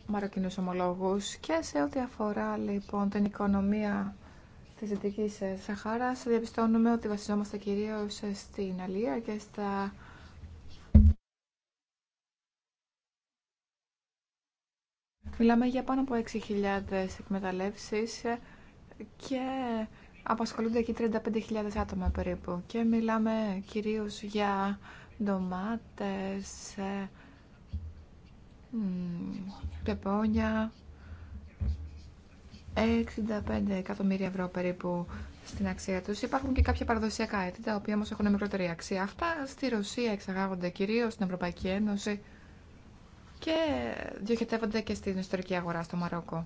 μαροκινούς ομολόγους και σε ό,τι αφορά λοιπόν την οικονομία της Δυτικής ε, Σαχάρας διαπιστώνουμε ότι βασιζόμαστε κυρίως ε, στην Αλία και στα Μιλάμε για πάνω από 6.000 εκμεταλλεύσεις ε, και απασχολούνται εκεί 35.000 άτομα περίπου. Και μιλάμε κυρίως για ντομάτες, πεπόνια, 65 εκατομμύρια ευρώ περίπου στην αξία τους. Υπάρχουν και κάποια παραδοσιακά έτη, τα οποία όμως έχουν μικρότερη αξία. Αυτά στη Ρωσία εξαγάγονται κυρίως στην Ευρωπαϊκή Ένωση και διοχετεύονται και στην ιστορική αγορά στο Μαρόκο.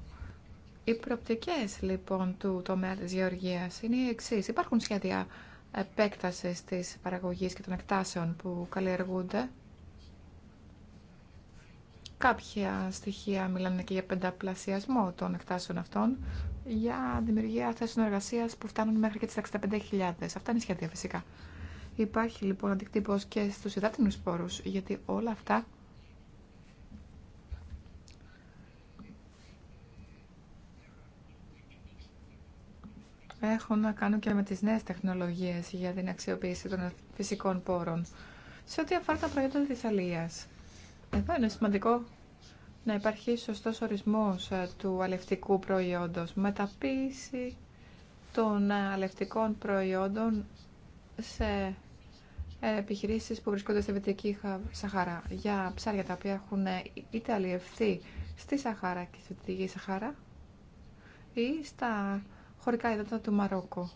Οι προοπτικές λοιπόν του τομέα της γεωργίας είναι οι εξή. Υπάρχουν σχέδια επέκτασης της παραγωγής και των εκτάσεων που καλλιεργούνται Κάποια στοιχεία μιλάνε και για πενταπλασιασμό των εκτάσεων αυτών για δημιουργία θέσεων εργασία που φτάνουν μέχρι και τι 65.000. Αυτά είναι σχέδια φυσικά. Υπάρχει λοιπόν αντικτύπω και στου υδάτινου πόρου, γιατί όλα αυτά έχουν να κάνουν και με τις νέες τεχνολογίες για την αξιοποίηση των φυσικών πόρων σε ό,τι αφορά τα προϊόντα της αλίας. Εδώ είναι σημαντικό να υπάρχει σωστός ορισμός ε, του αλευτικού προϊόντος. Μεταποίηση των ε, αλευτικών προϊόντων σε ε, επιχειρήσεις που βρισκόνται στη Βετική Σαχαρά για ψάρια τα οποία έχουν είτε αλλιευθεί στη Σαχάρα και στη Βετική Σαχάρα ή στα χωρικά υδατά του Μαρόκο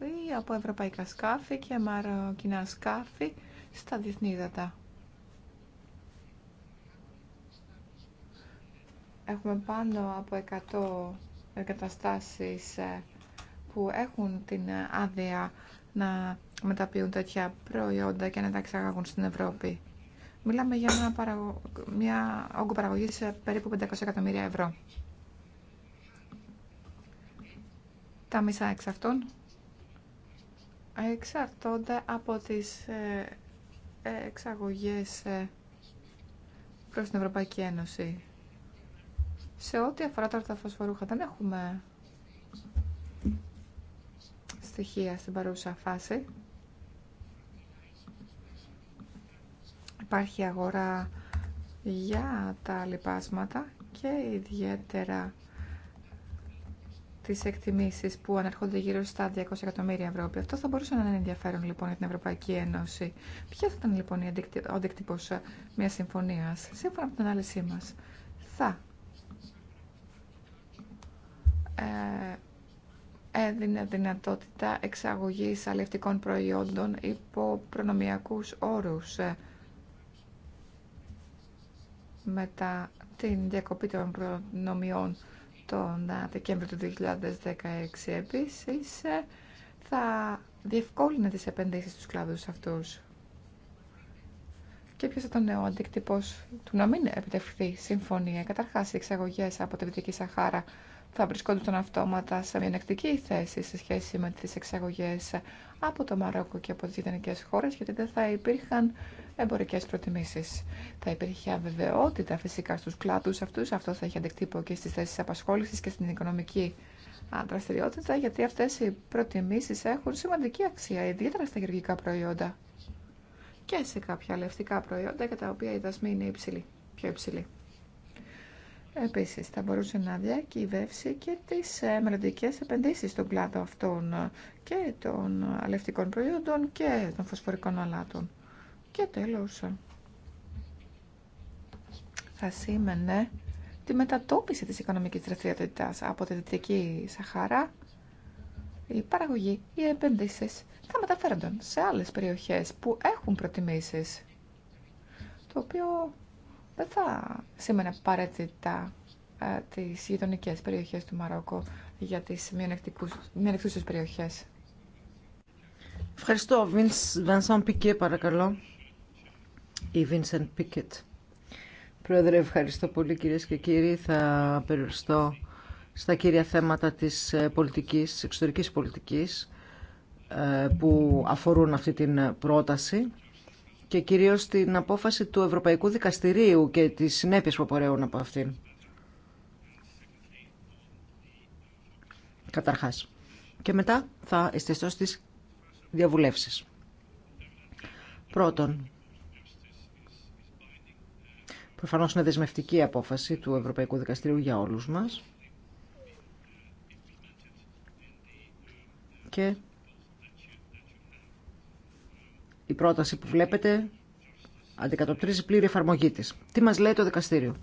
ή από ευρωπαϊκά σκάφη και μαροκινά σκάφη στα διεθνή υδατά. Έχουμε πάνω από 100 εγκαταστάσεις ε, που έχουν την ε, άδεια να μεταποιούν τέτοια προϊόντα και να τα εξαγάγουν στην Ευρώπη. Μιλάμε για μια όγκο παραγωγή σε περίπου 500 εκατομμύρια ευρώ. Τα μισά εξ αυτών εξαρτώνται από τις ε, εξαγωγές προς την Ευρωπαϊκή Ένωση. Σε ό,τι αφορά τώρα τα φωσφορούχα, δεν έχουμε στοιχεία στην παρούσα φάση. Υπάρχει αγορά για τα λοιπάσματα και ιδιαίτερα τις εκτιμήσεις που ανέρχονται γύρω στα 200 εκατομμύρια ευρώ. Αυτό θα μπορούσε να είναι ενδιαφέρον λοιπόν για την Ευρωπαϊκή Ένωση. Ποια θα ήταν λοιπόν η αντίκτυπος μιας συμφωνίας, σύμφωνα με την ανάλυση μας. Θα ε, έδινε δυνατότητα εξαγωγής αλληλευτικών προϊόντων υπό προνομιακούς όρους ε, μετά την διακοπή των προνομιών τον ε, Δεκέμβριο του 2016. Επίσης, θα διευκόλυνε τις επενδύσεις στους κλάδους αυτούς. Και ποιος ήταν ο αντίκτυπος του να μην επιτευχθεί συμφωνία. Καταρχάς, οι εξαγωγές από τη Βυτική Σαχάρα θα βρισκόντουσαν αυτόματα σε μειονεκτική θέση σε σχέση με τις εξαγωγές από το Μαρόκο και από τις γειτονικές χώρες, γιατί δεν θα υπήρχαν εμπορικές προτιμήσεις. Θα υπήρχε αβεβαιότητα φυσικά στους κλάδους αυτούς, αυτό θα είχε αντικτύπω και στις θέσεις απασχόλησης και στην οικονομική δραστηριότητα, γιατί αυτές οι προτιμήσεις έχουν σημαντική αξία, ιδιαίτερα στα γεωργικά προϊόντα και σε κάποια λευτικά προϊόντα για τα οποία οι δασμοί είναι υψηλή, πιο υψηλοί. Επίσης, θα μπορούσε να διακυβεύσει και τις ε, μελλοντικέ επενδύσεις στον κλάδο αυτών και των αλευτικών προϊόντων και των φωσφορικών αλάτων. Και τέλος, θα σήμαινε τη μετατόπιση της οικονομικής δραστηριότητας από τη Δυτική Σαχάρα, η παραγωγή, οι επενδύσεις θα μεταφέρονταν σε άλλες περιοχές που έχουν προτιμήσεις, το οποίο δεν θα σήμαινε απαραίτητα ε, τις γειτονικέ περιοχές του Μαρόκο για τις μειονεκτούσες περιοχές. Ευχαριστώ. Βινσάν Πικέ, παρακαλώ. Ή Βίνσεν Πίκετ. Πρόεδρε, ευχαριστώ πολύ κυρίες και κύριοι. Θα περιοριστώ στα κύρια θέματα της ε, πολιτικής, της εξωτερικής πολιτικής ε, που αφορούν αυτή την πρόταση και κυρίως την απόφαση του Ευρωπαϊκού Δικαστηρίου και τις συνέπειες που απορρέουν από αυτήν. Καταρχάς. Και μετά θα εστιαστώ στις διαβουλεύσεις. Πρώτον, προφανώς είναι δεσμευτική απόφαση του Ευρωπαϊκού Δικαστηρίου για όλους μας και η πρόταση που βλέπετε αντικατοπτρίζει πλήρη εφαρμογή της. Τι μας λέει το δικαστήριο.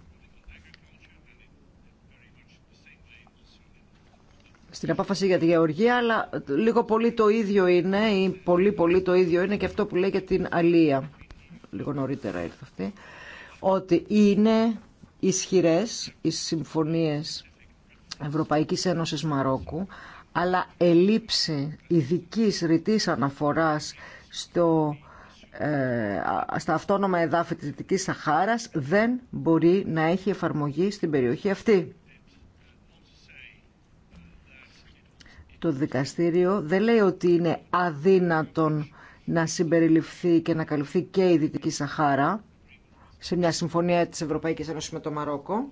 Στην απόφαση για τη γεωργία, αλλά λίγο πολύ το ίδιο είναι ή πολύ πολύ το ίδιο είναι και αυτό που λέει για την αλία. Λίγο νωρίτερα ήρθε αυτή. Ότι είναι ισχυρές οι συμφωνίες Ευρωπαϊκής Ένωσης Μαρόκου αλλά ελείψει ειδική ρητής αναφοράς στο, ε, στα αυτόνομα εδάφη της Δυτικής Σαχάρας δεν μπορεί να έχει εφαρμογή στην περιοχή αυτή. Το δικαστήριο δεν λέει ότι είναι αδύνατον να συμπεριληφθεί και να καλυφθεί και η Δυτική Σαχάρα σε μια συμφωνία της Ευρωπαϊκής Ένωσης με το Μαρόκο.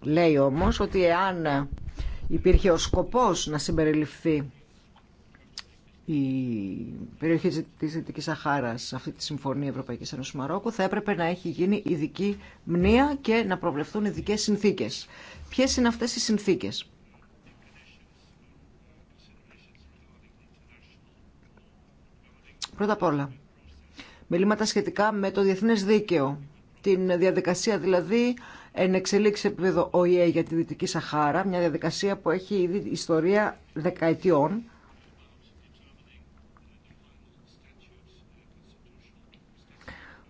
Λέει όμως ότι εάν υπήρχε ο σκοπός να συμπεριληφθεί η περιοχή της Δυτικής Σαχάρας σε αυτή τη Συμφωνία Ευρωπαϊκής Ένωσης Μαρόκου θα έπρεπε να έχει γίνει ειδική μνήα και να προβλεφθούν ειδικέ συνθήκες. Ποιε είναι αυτές οι συνθήκες. Πρώτα απ' όλα, μιλήματα σχετικά με το διεθνές δίκαιο. Την διαδικασία δηλαδή εν εξελίξει επίπεδο ΟΗΕ για τη Δυτική Σαχάρα, μια διαδικασία που έχει ήδη ιστορία δεκαετιών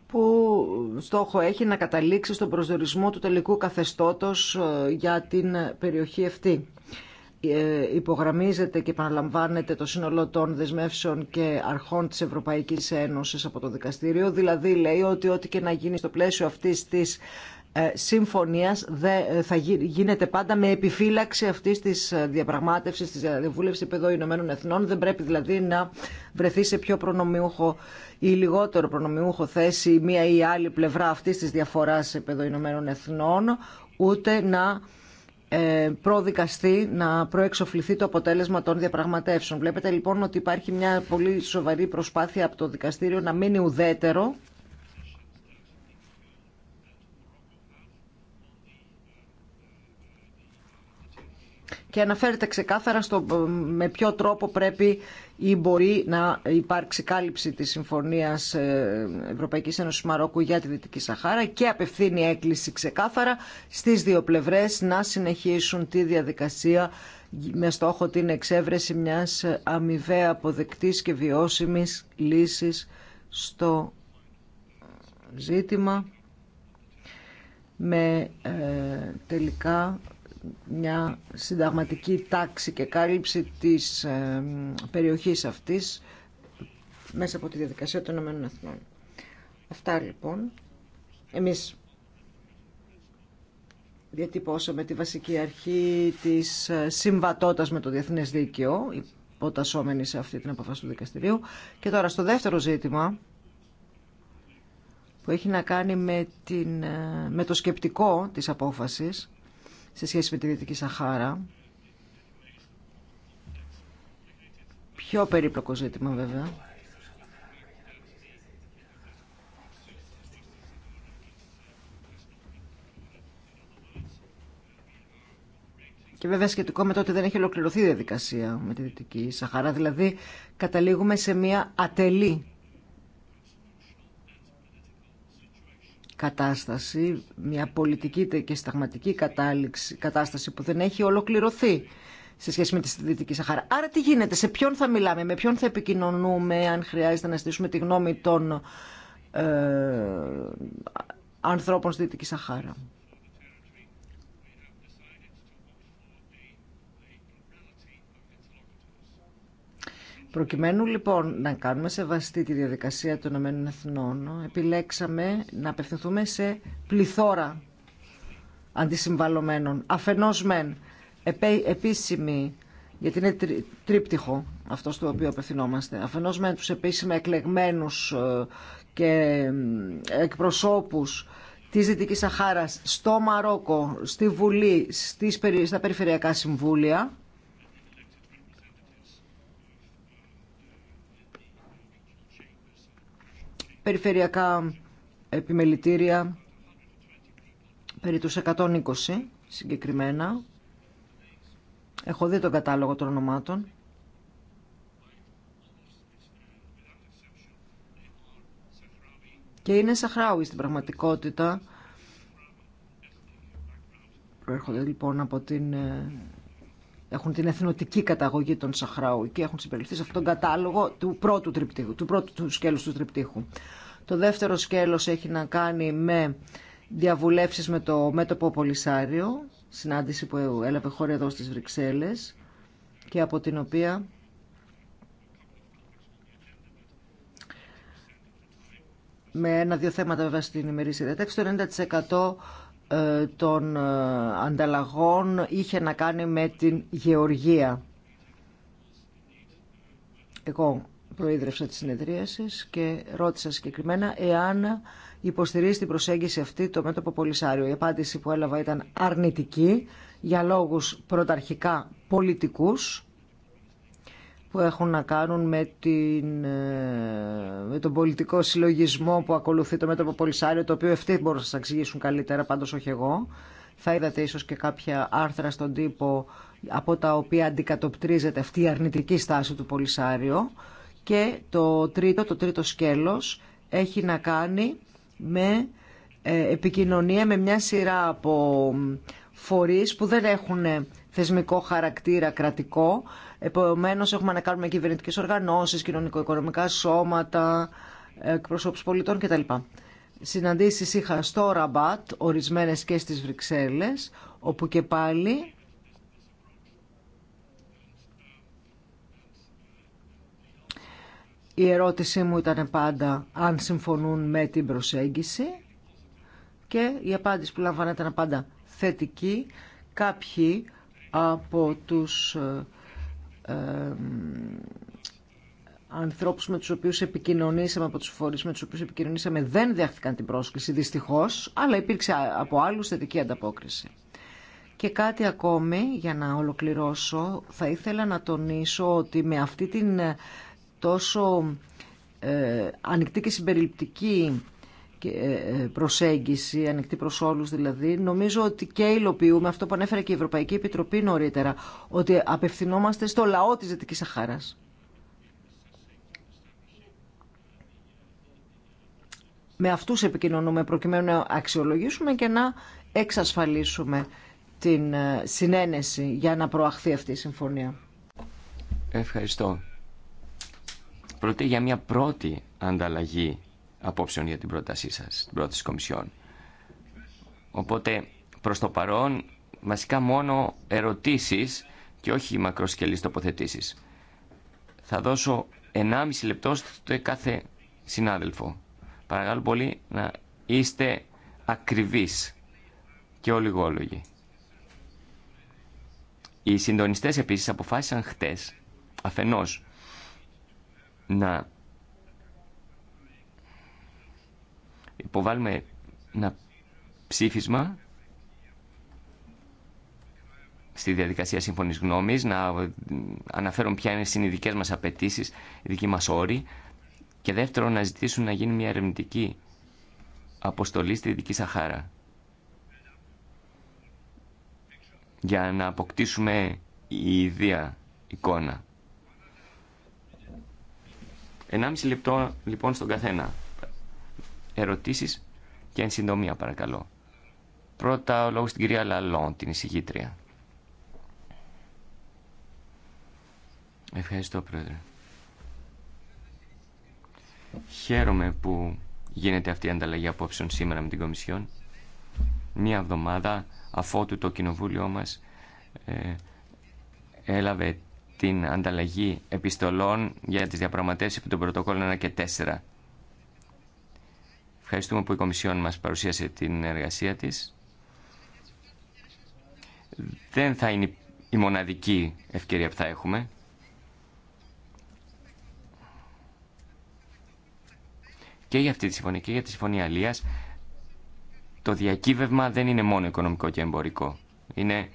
που στόχο έχει να καταλήξει στον προσδιορισμό του τελικού καθεστώτος ε, για την περιοχή αυτή. Ε, υπογραμμίζεται και επαναλαμβάνεται το σύνολο των δεσμεύσεων και αρχών της Ευρωπαϊκής Ένωσης από το δικαστήριο. Δηλαδή λέει ότι ό,τι και να γίνει στο πλαίσιο αυτής της ε, συμφωνίας ε, θα γίνεται πάντα με επιφύλαξη αυτής της ε, διαπραγμάτευσης, της διαβούλευσης επίπεδο Ηνωμένων Εθνών. Δεν πρέπει δηλαδή να βρεθεί σε πιο προνομιούχο ή λιγότερο προνομιούχο θέση η μία ή μια πολύ σοβαρή προσπάθεια από το δικαστήριο να μείνει ουδέτερο και αναφέρεται ξεκάθαρα στο ε, με ποιο τρόπο πρέπει ή μπορεί να υπάρξει κάλυψη της Συμφωνίας ε, Ευρωπαϊκής Ένωσης Μαρόκου για τη Δυτική Σαχάρα και απευθύνει έκκληση ξεκάθαρα στις δύο πλευρές να συνεχίσουν τη διαδικασία με στόχο την εξέβρεση μιας αμοιβαία αποδεκτής και βιώσιμης λύσης στο ζήτημα με ε, τελικά μια συνταγματική τάξη και κάλυψη της ε, περιοχής αυτής μέσα από τη διαδικασία των Ηνωμένων Αυτά λοιπόν. Εμείς διατυπώσαμε τη βασική αρχή της ε, συμβατότητας με το Διεθνές Δίκαιο, υποτασσόμενη σε αυτή την αποφάση του δικαστηρίου. Και τώρα στο δεύτερο ζήτημα, που έχει να κάνει με, την, ε, με το σκεπτικό της απόφασης, σε σχέση με τη Δυτική Σαχάρα. Πιο περίπλοκο ζήτημα βέβαια. Και βέβαια σχετικό με το ότι δεν έχει ολοκληρωθεί η διαδικασία με τη Δυτική Σαχάρα. Δηλαδή καταλήγουμε σε μια ατελή κατάσταση, μια πολιτική και σταγματική κατάληξη, κατάσταση που δεν έχει ολοκληρωθεί σε σχέση με τη Δυτική Σαχάρα. Άρα τι γίνεται, σε ποιον θα μιλάμε, με ποιον θα επικοινωνούμε, αν χρειάζεται να στήσουμε τη γνώμη των ε, ανθρώπων στη Δυτική Σαχάρα. Προκειμένου λοιπόν να κάνουμε σεβαστή τη διαδικασία των ΗΠΑ επιλέξαμε να απευθυνθούμε σε πληθώρα αντισυμβαλωμένων. Αφενός μεν επίσημη, γιατί είναι τρί, τρίπτυχο αυτό στο οποίο απευθυνόμαστε, αφενός μεν τους επίσημα εκλεγμένους ε, και εκπροσώπους της Δυτικής Σαχάρας στο Μαρόκο, στη Βουλή, στις, στα περιφερειακά συμβούλια, περιφερειακά επιμελητήρια περί τους 120 συγκεκριμένα. Έχω δει τον κατάλογο των ονομάτων. Και είναι Σαχράουι στην πραγματικότητα. Προέρχονται λοιπόν από την ε, έχουν την εθνοτική καταγωγή των Σαχράου και έχουν συμπεριληφθεί σε αυτόν τον κατάλογο του πρώτου, τριπτύχου, του πρώτου του σκέλους του τριπτύχου. Το δεύτερο σκέλος έχει να κάνει με διαβουλεύσεις με το μέτωπο Πολυσάριο, συνάντηση που έλαβε χώρα εδώ στις Βρυξέλλες και από την οποία με ένα-δύο θέματα βέβαια στην ημερήσια διατάξη, το 90% ε, των ε, ανταλλαγών είχε να κάνει με την γεωργία. Εγώ προείδρευσα τη συνεδρίαση και ρώτησα συγκεκριμένα εάν υποστηρίζει την προσέγγιση αυτή το μέτωπο Πολυσάριο. Η απάντηση που έλαβα ήταν αρνητική για λόγους πρωταρχικά πολιτικούς που έχουν να κάνουν με, την, ε, με τον πολιτικό συλλογισμό που ακολουθεί το μέτωπο Πολυσάριο, το οποίο ευθύ μπορούν να σα εξηγήσουν καλύτερα, πάντως όχι εγώ. Θα είδατε ίσως και κάποια άρθρα στον τύπο από τα οποία αντικατοπτρίζεται αυτή η αρνητική στάση του Πολυσάριο. Και το τρίτο, το τρίτο σκέλος έχει να κάνει με ε, επικοινωνία με μια σειρά από φορείς που δεν έχουν ε, θεσμικό χαρακτήρα κρατικό Επομένω, έχουμε να κάνουμε κυβερνητικέ οργανώσει, κοινωνικο-οικονομικά σώματα, εκπροσώπου πολιτών κτλ. Συναντήσεις είχα στο Ραμπάτ, ορισμένες και στις Βρυξέλλες, όπου και πάλι η ερώτησή μου ήταν πάντα αν συμφωνούν με την προσέγγιση και η απάντηση που ήταν πάντα θετική. Κάποιοι από τους ε, ανθρώπους με τους οποίους επικοινωνήσαμε, από τους φορείς με τους οποίους επικοινωνήσαμε, δεν δέχτηκαν την πρόσκληση, δυστυχώς, αλλά υπήρξε από άλλους θετική ανταπόκριση. Και κάτι ακόμη, για να ολοκληρώσω, θα ήθελα να τονίσω ότι με αυτή την τόσο ε, ανοιχτή και συμπεριληπτική ε, ε, προσέγγιση, ανοιχτή προς όλους δηλαδή, νομίζω ότι και υλοποιούμε αυτό που ανέφερε και η Ευρωπαϊκή Επιτροπή νωρίτερα, ότι απευθυνόμαστε στο λαό της Δυτικής Σαχάρας. Με αυτούς επικοινωνούμε προκειμένου να αξιολογήσουμε και να εξασφαλίσουμε την ε, συνένεση για να προαχθεί αυτή η συμφωνία. Ευχαριστώ. Πρώτη για μια πρώτη ανταλλαγή απόψεων για την πρότασή σα την πρόταση Κομισιόν. Οπότε, προς το παρόν, βασικά μόνο ερωτήσεις και όχι μακροσκελείς τοποθετήσει. Θα δώσω 1,5 λεπτό στο κάθε συνάδελφο. Παρακαλώ πολύ να είστε ακριβείς και ολιγόλογοι. Οι συντονιστές επίσης αποφάσισαν χτες αφενός να υποβάλουμε ένα ψήφισμα στη διαδικασία σύμφωνη γνώμη, να αναφέρουν ποια είναι οι δικέ μα απαιτήσει, οι δικοί μα όροι. Και δεύτερον, να ζητήσουν να γίνει μια ερευνητική αποστολή στη Δυτική Σαχάρα. Για να αποκτήσουμε η ίδια εικόνα. 1,5 λεπτό λοιπόν στον καθένα ερωτήσεις και εν συντομία παρακαλώ. Πρώτα ο λόγος στην κυρία Λαλόν, την εισηγήτρια. Ευχαριστώ πρόεδρε. Χαίρομαι που γίνεται αυτή η ανταλλαγή απόψεων σήμερα με την Κομισιόν. Μία εβδομάδα αφότου το κοινοβούλιο μας ε, έλαβε την ανταλλαγή επιστολών για τις διαπραγματεύσεις από τον πρωτοκόλλο 1 και 4 Ευχαριστούμε που η Κομισιόν μας παρουσίασε την εργασία της. Δεν θα είναι η μοναδική ευκαιρία που θα έχουμε. Και για αυτή τη συμφωνία και για τη συμφωνία Αλίας, το διακύβευμα δεν είναι μόνο οικονομικό και εμπορικό. Είναι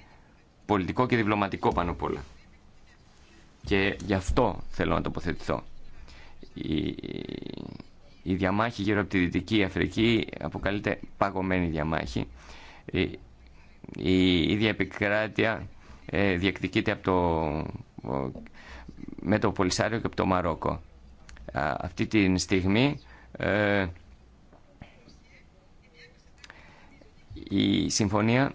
πολιτικό και διπλωματικό πάνω απ' όλα. Και γι' αυτό θέλω να τοποθετηθώ. Η η διαμάχη γύρω από τη Δυτική Αφρική αποκαλείται παγωμένη διαμάχη. Η ίδια επικράτεια ε, διεκδικείται από το, με το Πολυσάριο και από το Μαρόκο. Αυτή τη στιγμή ε, η συμφωνία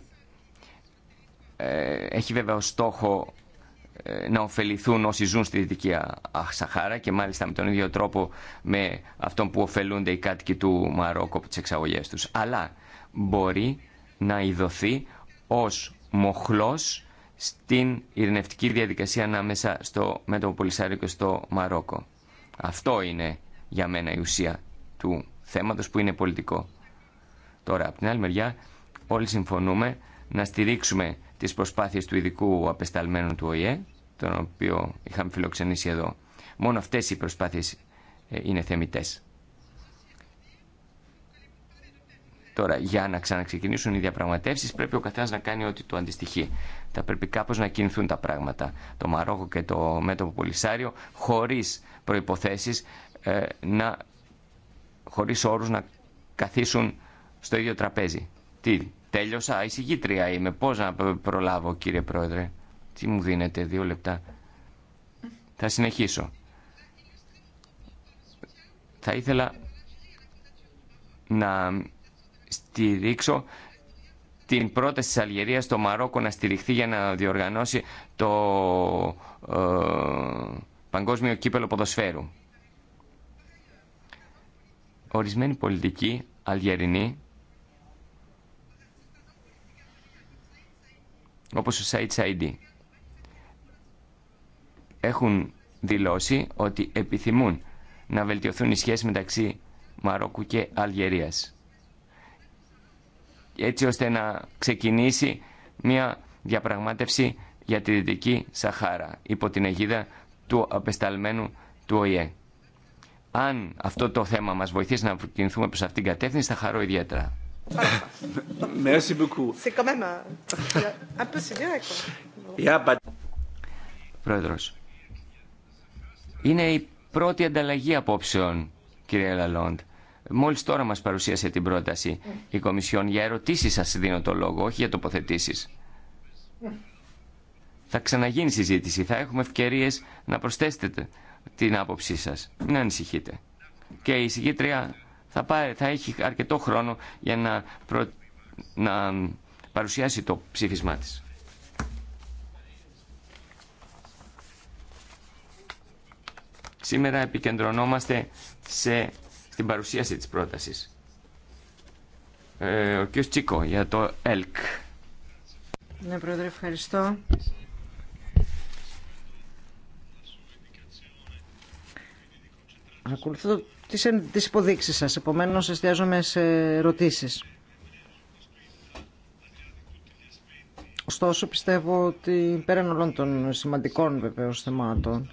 ε, έχει βέβαια ως στόχο ε, να ωφεληθούν όσοι ζουν στη Δυτική Σαχάρα και μάλιστα με τον ίδιο τρόπο με αυτόν που ωφελούνται οι κάτοικοι του Μαρόκο από τις εξαγωγές τους. Αλλά μπορεί να ειδωθεί ως μοχλός στην ειρηνευτική διαδικασία ανάμεσα στο μέτωπο Πολυσάριο και στο Μαρόκο. Αυτό είναι για μένα η ουσία του θέματος που είναι πολιτικό. Τώρα, από την άλλη μεριά, όλοι συμφωνούμε να στηρίξουμε τις προσπάθειες του ειδικού απεσταλμένου του ΟΗΕ, τον οποίο είχαμε φιλοξενήσει εδώ. Μόνο αυτές οι προσπάθειες ε, είναι θεμητές. Τώρα, για να ξαναξεκινήσουν οι διαπραγματεύσεις, πρέπει ο καθένας να κάνει ό,τι του αντιστοιχεί. Θα πρέπει κάπως να κινηθούν τα πράγματα. Το Μαρόκο και το μέτωπο Πολυσάριο, χωρί προϋποθέσεις, ε, χωρί όρου να καθίσουν στο ίδιο τραπέζι. Τέλειωσα, εισηγήτρια είμαι. πώ να προλάβω κύριε Πρόεδρε. Τι μου δίνετε, δύο λεπτά. Θα συνεχίσω. Θα ήθελα να στηρίξω την πρόταση της Αλγερίας στο Μαρόκο να στηριχθεί για να διοργανώσει το ε, Παγκόσμιο Κύπελο Ποδοσφαίρου. Ορισμένοι πολιτικοί Αλγερινοί όπως ο Σαϊτ Σαϊντή έχουν δηλώσει ότι επιθυμούν να βελτιωθούν οι σχέσεις μεταξύ Μαρόκου και Αλγερίας έτσι ώστε να ξεκινήσει μια διαπραγμάτευση για τη Δυτική Σαχάρα υπό την αιγίδα του απεσταλμένου του ΟΗΕ. Αν αυτό το θέμα μας βοηθήσει να κινηθούμε προς αυτήν την κατεύθυνση θα χαρώ ιδιαίτερα. Merci beaucoup. C'est quand même un peu sévère. Yeah, but... Πρόεδρος. Είναι η πρώτη ανταλλαγή απόψεων, κύριε Λαλόντ. Μόλις τώρα μας παρουσίασε την πρόταση η Κομισιόν. Για ερωτήσεις σας δίνω το λόγο, όχι για τοποθετήσεις. Θα ξαναγίνει συζήτηση. Θα έχουμε ευκαιρίες να προσθέσετε την άποψή σας. Μην ανησυχείτε. Και η συγκήτρια θα, πάει, θα έχει αρκετό χρόνο για να, παρουσιάσει το ψήφισμά της. Σήμερα επικεντρωνόμαστε σε, στην παρουσίαση της πρότασης. Ε, ο κ. Τσίκο για το ΕΛΚ. Ναι, Πρόεδρε, ευχαριστώ. Ακολουθώ τις, τις υποδείξεις σας. Επομένως, εστιάζομαι σε ερωτήσεις. Ωστόσο, πιστεύω ότι πέραν όλων των σημαντικών βεβαίω θεμάτων,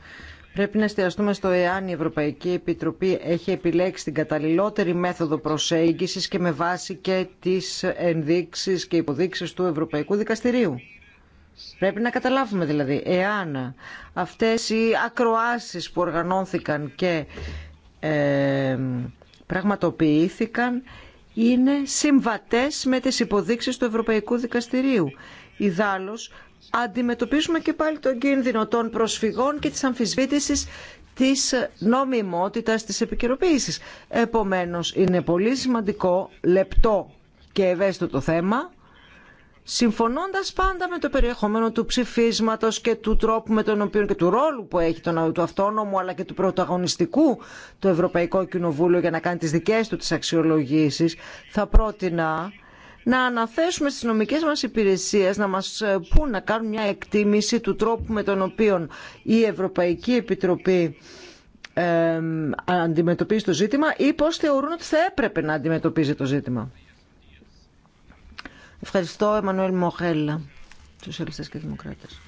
πρέπει να εστιαστούμε στο εάν η Ευρωπαϊκή Επιτροπή έχει επιλέξει την καταλληλότερη μέθοδο προσέγγισης και με βάση και τις ενδείξεις και υποδείξεις του Ευρωπαϊκού Δικαστηρίου. Πρέπει να καταλάβουμε δηλαδή εάν αυτές οι ακροάσεις που οργανώθηκαν και ε, πραγματοποιήθηκαν είναι συμβατές με τις υποδείξεις του Ευρωπαϊκού Δικαστηρίου. Ιδάλλως, αντιμετωπίζουμε και πάλι τον κίνδυνο των προσφυγών και της αμφισβήτησης της νομιμότητας της επικαιροποίησης. Επομένως, είναι πολύ σημαντικό, λεπτό και ευαίσθητο το θέμα συμφωνώντας πάντα με το περιεχόμενο του ψηφίσματος και του τρόπου με τον οποίο και του ρόλου που έχει τον, του αυτόνομου αλλά και του πρωταγωνιστικού το Ευρωπαϊκό Κοινοβούλιο για να κάνει τις δικές του τις αξιολογήσεις, θα πρότεινα να αναθέσουμε στις νομικές μας υπηρεσίες να μας πούν να κάνουν μια εκτίμηση του τρόπου με τον οποίο η Ευρωπαϊκή Επιτροπή αντιμετωπίζει το ζήτημα ή πώς θεωρούν ότι θα έπρεπε να αντιμετωπίζει το ζήτημα. Ευχαριστώ, Εμμανουέλ Μοχέλα, Σοσιαλιστές και Δημοκράτες.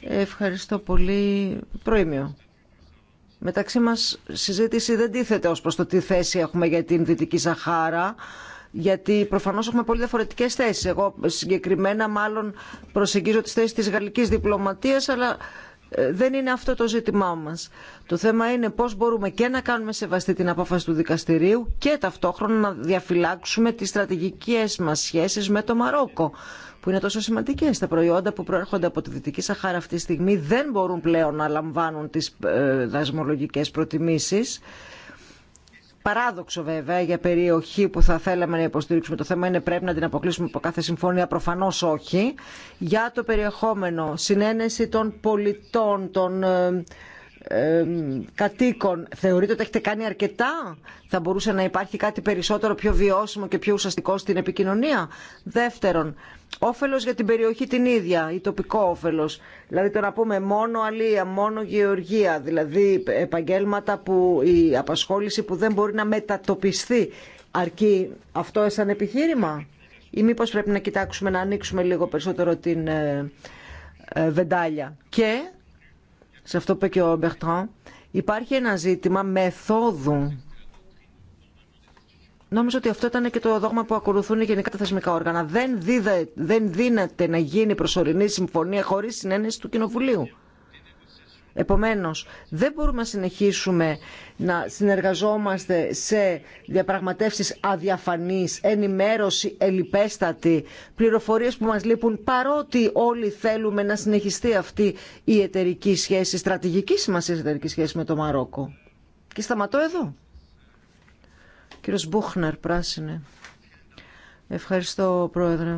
Ευχαριστώ πολύ. Προήμιο. Μεταξύ μας συζήτηση δεν τίθεται ως προς το τι θέση έχουμε για την Δυτική Σαχάρα, γιατί προφανώς έχουμε πολύ διαφορετικές θέσεις. Εγώ συγκεκριμένα μάλλον προσεγγίζω τις θέσεις της γαλλικής διπλωματίας, αλλά δεν είναι αυτό το ζήτημά μας. Το θέμα είναι πώς μπορούμε και να κάνουμε σεβαστή την απόφαση του δικαστηρίου και ταυτόχρονα να διαφυλάξουμε τις στρατηγικές μας σχέσεις με το Μαρόκο που είναι τόσο σημαντικέ. Τα προϊόντα που προέρχονται από τη Δυτική Σαχάρα αυτή τη στιγμή δεν μπορούν πλέον να λαμβάνουν τι ε, δασμολογικέ προτιμήσει. Παράδοξο βέβαια για περιοχή που θα θέλαμε να υποστηρίξουμε το θέμα είναι πρέπει να την αποκλείσουμε από κάθε συμφωνία, προφανώ όχι. Για το περιεχόμενο, συνένεση των πολιτών, των ε, κατοίκων θεωρείτε ότι έχετε κάνει αρκετά θα μπορούσε να υπάρχει κάτι περισσότερο πιο βιώσιμο και πιο ουσιαστικό στην επικοινωνία δεύτερον όφελος για την περιοχή την ίδια ή τοπικό όφελος δηλαδή το να πούμε μόνο αλία μόνο γεωργία δηλαδή επαγγέλματα που η απασχόληση που δεν μπορεί να μετατοπιστεί αρκεί αυτό σαν επιχείρημα ή μήπως πρέπει να κοιτάξουμε να ανοίξουμε λίγο περισσότερο την ε, ε, βεντάλια και σε αυτό που είπε και ο Μπερτράν, υπάρχει ένα ζήτημα μεθόδου. Νόμιζα ότι αυτό ήταν και το δόγμα που ακολουθούν οι γενικά τα θεσμικά όργανα. Δεν, δίνεται δεν δίνεται να γίνει προσωρινή συμφωνία χωρίς συνένεση του Κοινοβουλίου. Επομένως, δεν μπορούμε να συνεχίσουμε να συνεργαζόμαστε σε διαπραγματεύσεις αδιαφανείς, ενημέρωση ελιπέστατη, πληροφορίες που μας λείπουν, παρότι όλοι θέλουμε να συνεχιστεί αυτή η εταιρική σχέση, στρατηγική σημασία εταιρική σχέση με το Μαρόκο. Και σταματώ εδώ. Κύριος Μπούχνερ, πράσινε. Ευχαριστώ, Πρόεδρε.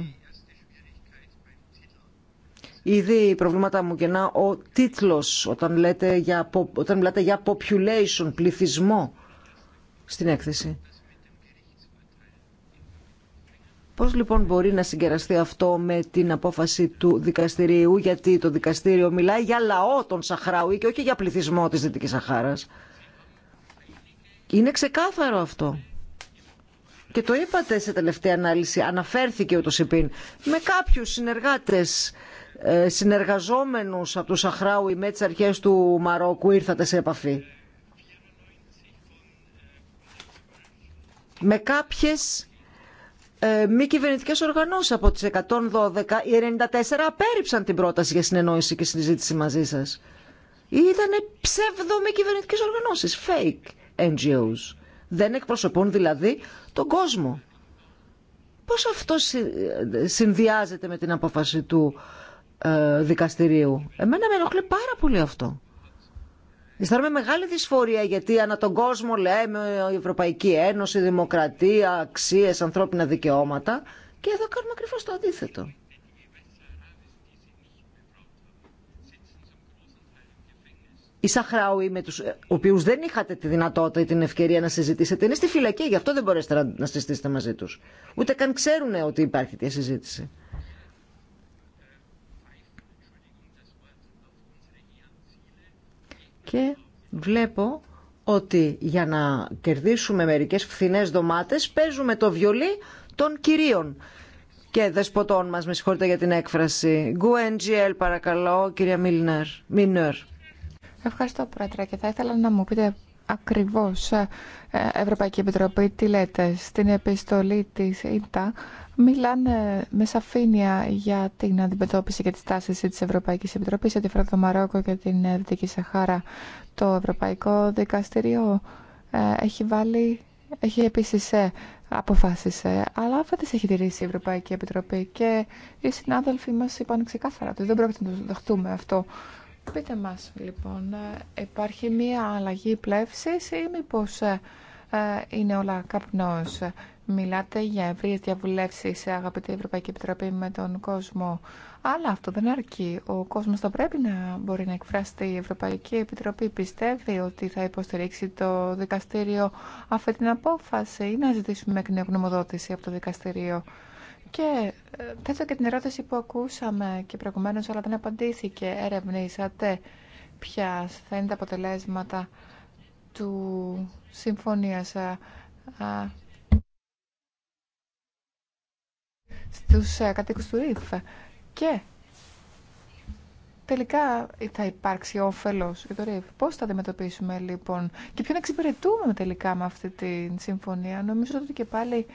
Ήδη προβλήματα μου γεννά ο τίτλος όταν, λέτε για, όταν μιλάτε για population, πληθυσμό στην έκθεση. Πώς λοιπόν μπορεί να συγκεραστεί αυτό με την απόφαση του δικαστηρίου, γιατί το δικαστήριο μιλάει για λαό των Σαχράουι και όχι για πληθυσμό της Δυτικής Σαχάρας. Είναι ξεκάθαρο αυτό. Και το είπατε σε τελευταία ανάλυση, αναφέρθηκε ο υπήν, με κάποιους συνεργάτες ε, συνεργαζόμενους από τους Σαχράουι με τις αρχές του Μαρόκου ήρθατε σε επαφή. Με κάποιες ε, μη κυβερνητικέ οργανώσεις από τις 112, οι 94 απέρριψαν την πρόταση για συνεννόηση και συζήτηση μαζί σας. Ήταν ψεύδο μη κυβερνητικέ οργανώσεις, fake NGOs. Δεν εκπροσωπούν δηλαδή τον κόσμο. Πώς αυτό ε, συνδυάζεται με την απόφαση του ε, δικαστηρίου. Εμένα με ενοχλεί πάρα πολύ αυτό. Αισθάνομαι μεγάλη δυσφορία γιατί ανά τον κόσμο λέμε η Ευρωπαϊκή Ένωση, δημοκρατία, αξίες, ανθρώπινα δικαιώματα και εδώ κάνουμε ακριβώ το αντίθετο. Οι Σαχράουι με τους ε, οποίους δεν είχατε τη δυνατότητα ή την ευκαιρία να συζητήσετε είναι στη φυλακή, γι' αυτό δεν μπορέσετε να συζητήσετε μαζί τους. Ούτε καν ξέρουν ότι υπάρχει τη συζήτηση. και βλέπω ότι για να κερδίσουμε μερικές φθηνές δωμάτες παίζουμε το βιολί των κυρίων και δεσποτών μας, με συγχωρείτε για την έκφραση. Γκουέντζιελ παρακαλώ, κυρία Μίνερ. Ευχαριστώ πρόεδρε και θα ήθελα να μου πείτε ακριβώς ε, ε, Ευρωπαϊκή Επιτροπή τι λέτε στην επιστολή της ΙΤΑ μιλάνε με σαφήνεια για την αντιμετώπιση και τη στάση τη Ευρωπαϊκή Επιτροπή, ότι αφορά το Μαρόκο και την Δυτική Σαχάρα. Το Ευρωπαϊκό Δικαστήριο ε, έχει βάλει, έχει επίσης ε, αποφάσισε, αλλά αυτά τι έχει τηρήσει η Ευρωπαϊκή Επιτροπή και οι συνάδελφοί μα είπαν ξεκάθαρα ότι δεν πρόκειται να το δεχτούμε αυτό. Πείτε μα, λοιπόν, ε, υπάρχει μία αλλαγή πλεύσης ή μήπως είναι όλα καπνός. Μιλάτε για ευρείε διαβουλεύσει, αγαπητή Ευρωπαϊκή Επιτροπή, με τον κόσμο. Αλλά αυτό δεν αρκεί. Ο κόσμο θα πρέπει να μπορεί να εκφράσει Η Ευρωπαϊκή Επιτροπή πιστεύει ότι θα υποστηρίξει το δικαστήριο αυτή την απόφαση ή να ζητήσουμε εκ νέου γνωμοδότηση από το δικαστήριο. Και ε, θέτω και την ερώτηση που ακούσαμε και προηγουμένω, αλλά δεν απαντήθηκε. Ερευνήσατε ποια θα είναι τα αποτελέσματα του συμφωνία ε, ε, στους ε, κατοίκους του ΡΙΦ. Και τελικά θα υπάρξει όφελος για το ΡΙΦ. Πώς θα αντιμετωπίσουμε λοιπόν και ποιον εξυπηρετούμε τελικά με αυτή τη συμφωνία. Νομίζω ότι και πάλι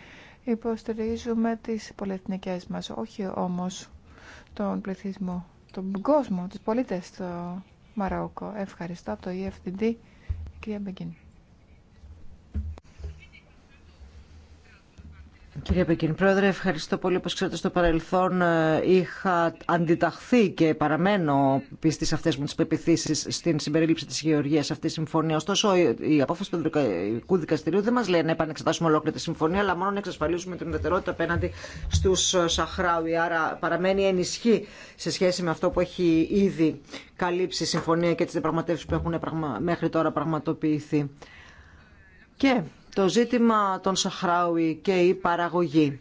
υποστηρίζουμε τις πολυεθνικές μας, όχι όμως τον πληθυσμό, τον κόσμο, τους πολίτες στο Μαρόκο. Ευχαριστώ από το EFTD, κυρία Μπεγκίνη. Κύριε Πεκίνη, Πρόεδρε, ευχαριστώ πολύ. Όπως ξέρετε, στο παρελθόν ε, είχα αντιταχθεί και παραμένω πίστη σε αυτές μου τις πεπιθήσεις στην συμπερίληψη της γεωργίας αυτή τη συμφωνία. Ωστόσο, η απόφαση του Ευρωπαϊκού Δικαστηρίου δεν μας λέει να επανεξετάσουμε ολόκληρη τη συμφωνία, αλλά μόνο να εξασφαλίσουμε την ουδετερότητα απέναντι στους ε, Σαχράουι. Άρα παραμένει ενισχύ σε σχέση με αυτό που έχει ήδη καλύψει η συμφωνία και τις διαπραγματεύσεις που έχουν μέχρι τώρα πραγματοποιηθεί. Και το ζήτημα των Σαχράουι και η παραγωγή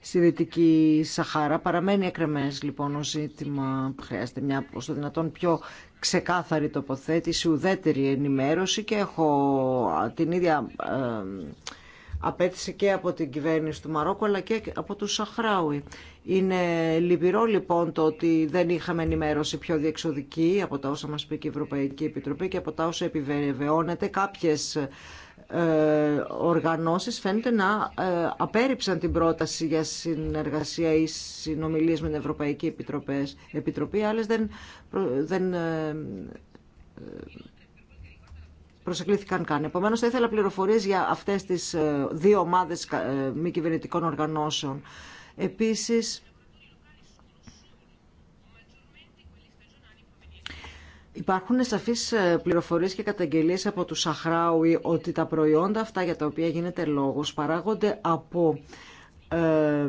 στη Δυτική Σαχάρα παραμένει εκρεμές λοιπόν ο ζήτημα χρειάζεται μια προς δυνατόν πιο ξεκάθαρη τοποθέτηση, ουδέτερη ενημέρωση και έχω την ίδια ε, απέτηση και από την κυβέρνηση του Μαρόκου αλλά και από του Σαχράουι. Είναι λυπηρό λοιπόν το ότι δεν είχαμε ενημέρωση πιο διεξοδική από τα όσα μας πει η Ευρωπαϊκή Επιτροπή και από τα όσα επιβεβαιώνεται κάποιες ε, οργανώσεις φαίνεται να ε, απέρριψαν την πρόταση για συνεργασία ή συνομιλίες με την Ευρωπαϊκή Επιτροπές. Επιτροπή, άλλες δεν, δεν ε, προσεκλήθηκαν καν. Επομένως, θα ήθελα πληροφορίες για αυτές τις δύο ομάδες μη κυβερνητικών οργανώσεων. Επίσης, Υπάρχουν σαφείς ε, πληροφορίες και καταγγελίες από τους Σαχράουι ότι τα προϊόντα αυτά για τα οποία γίνεται λόγος παράγονται από ε,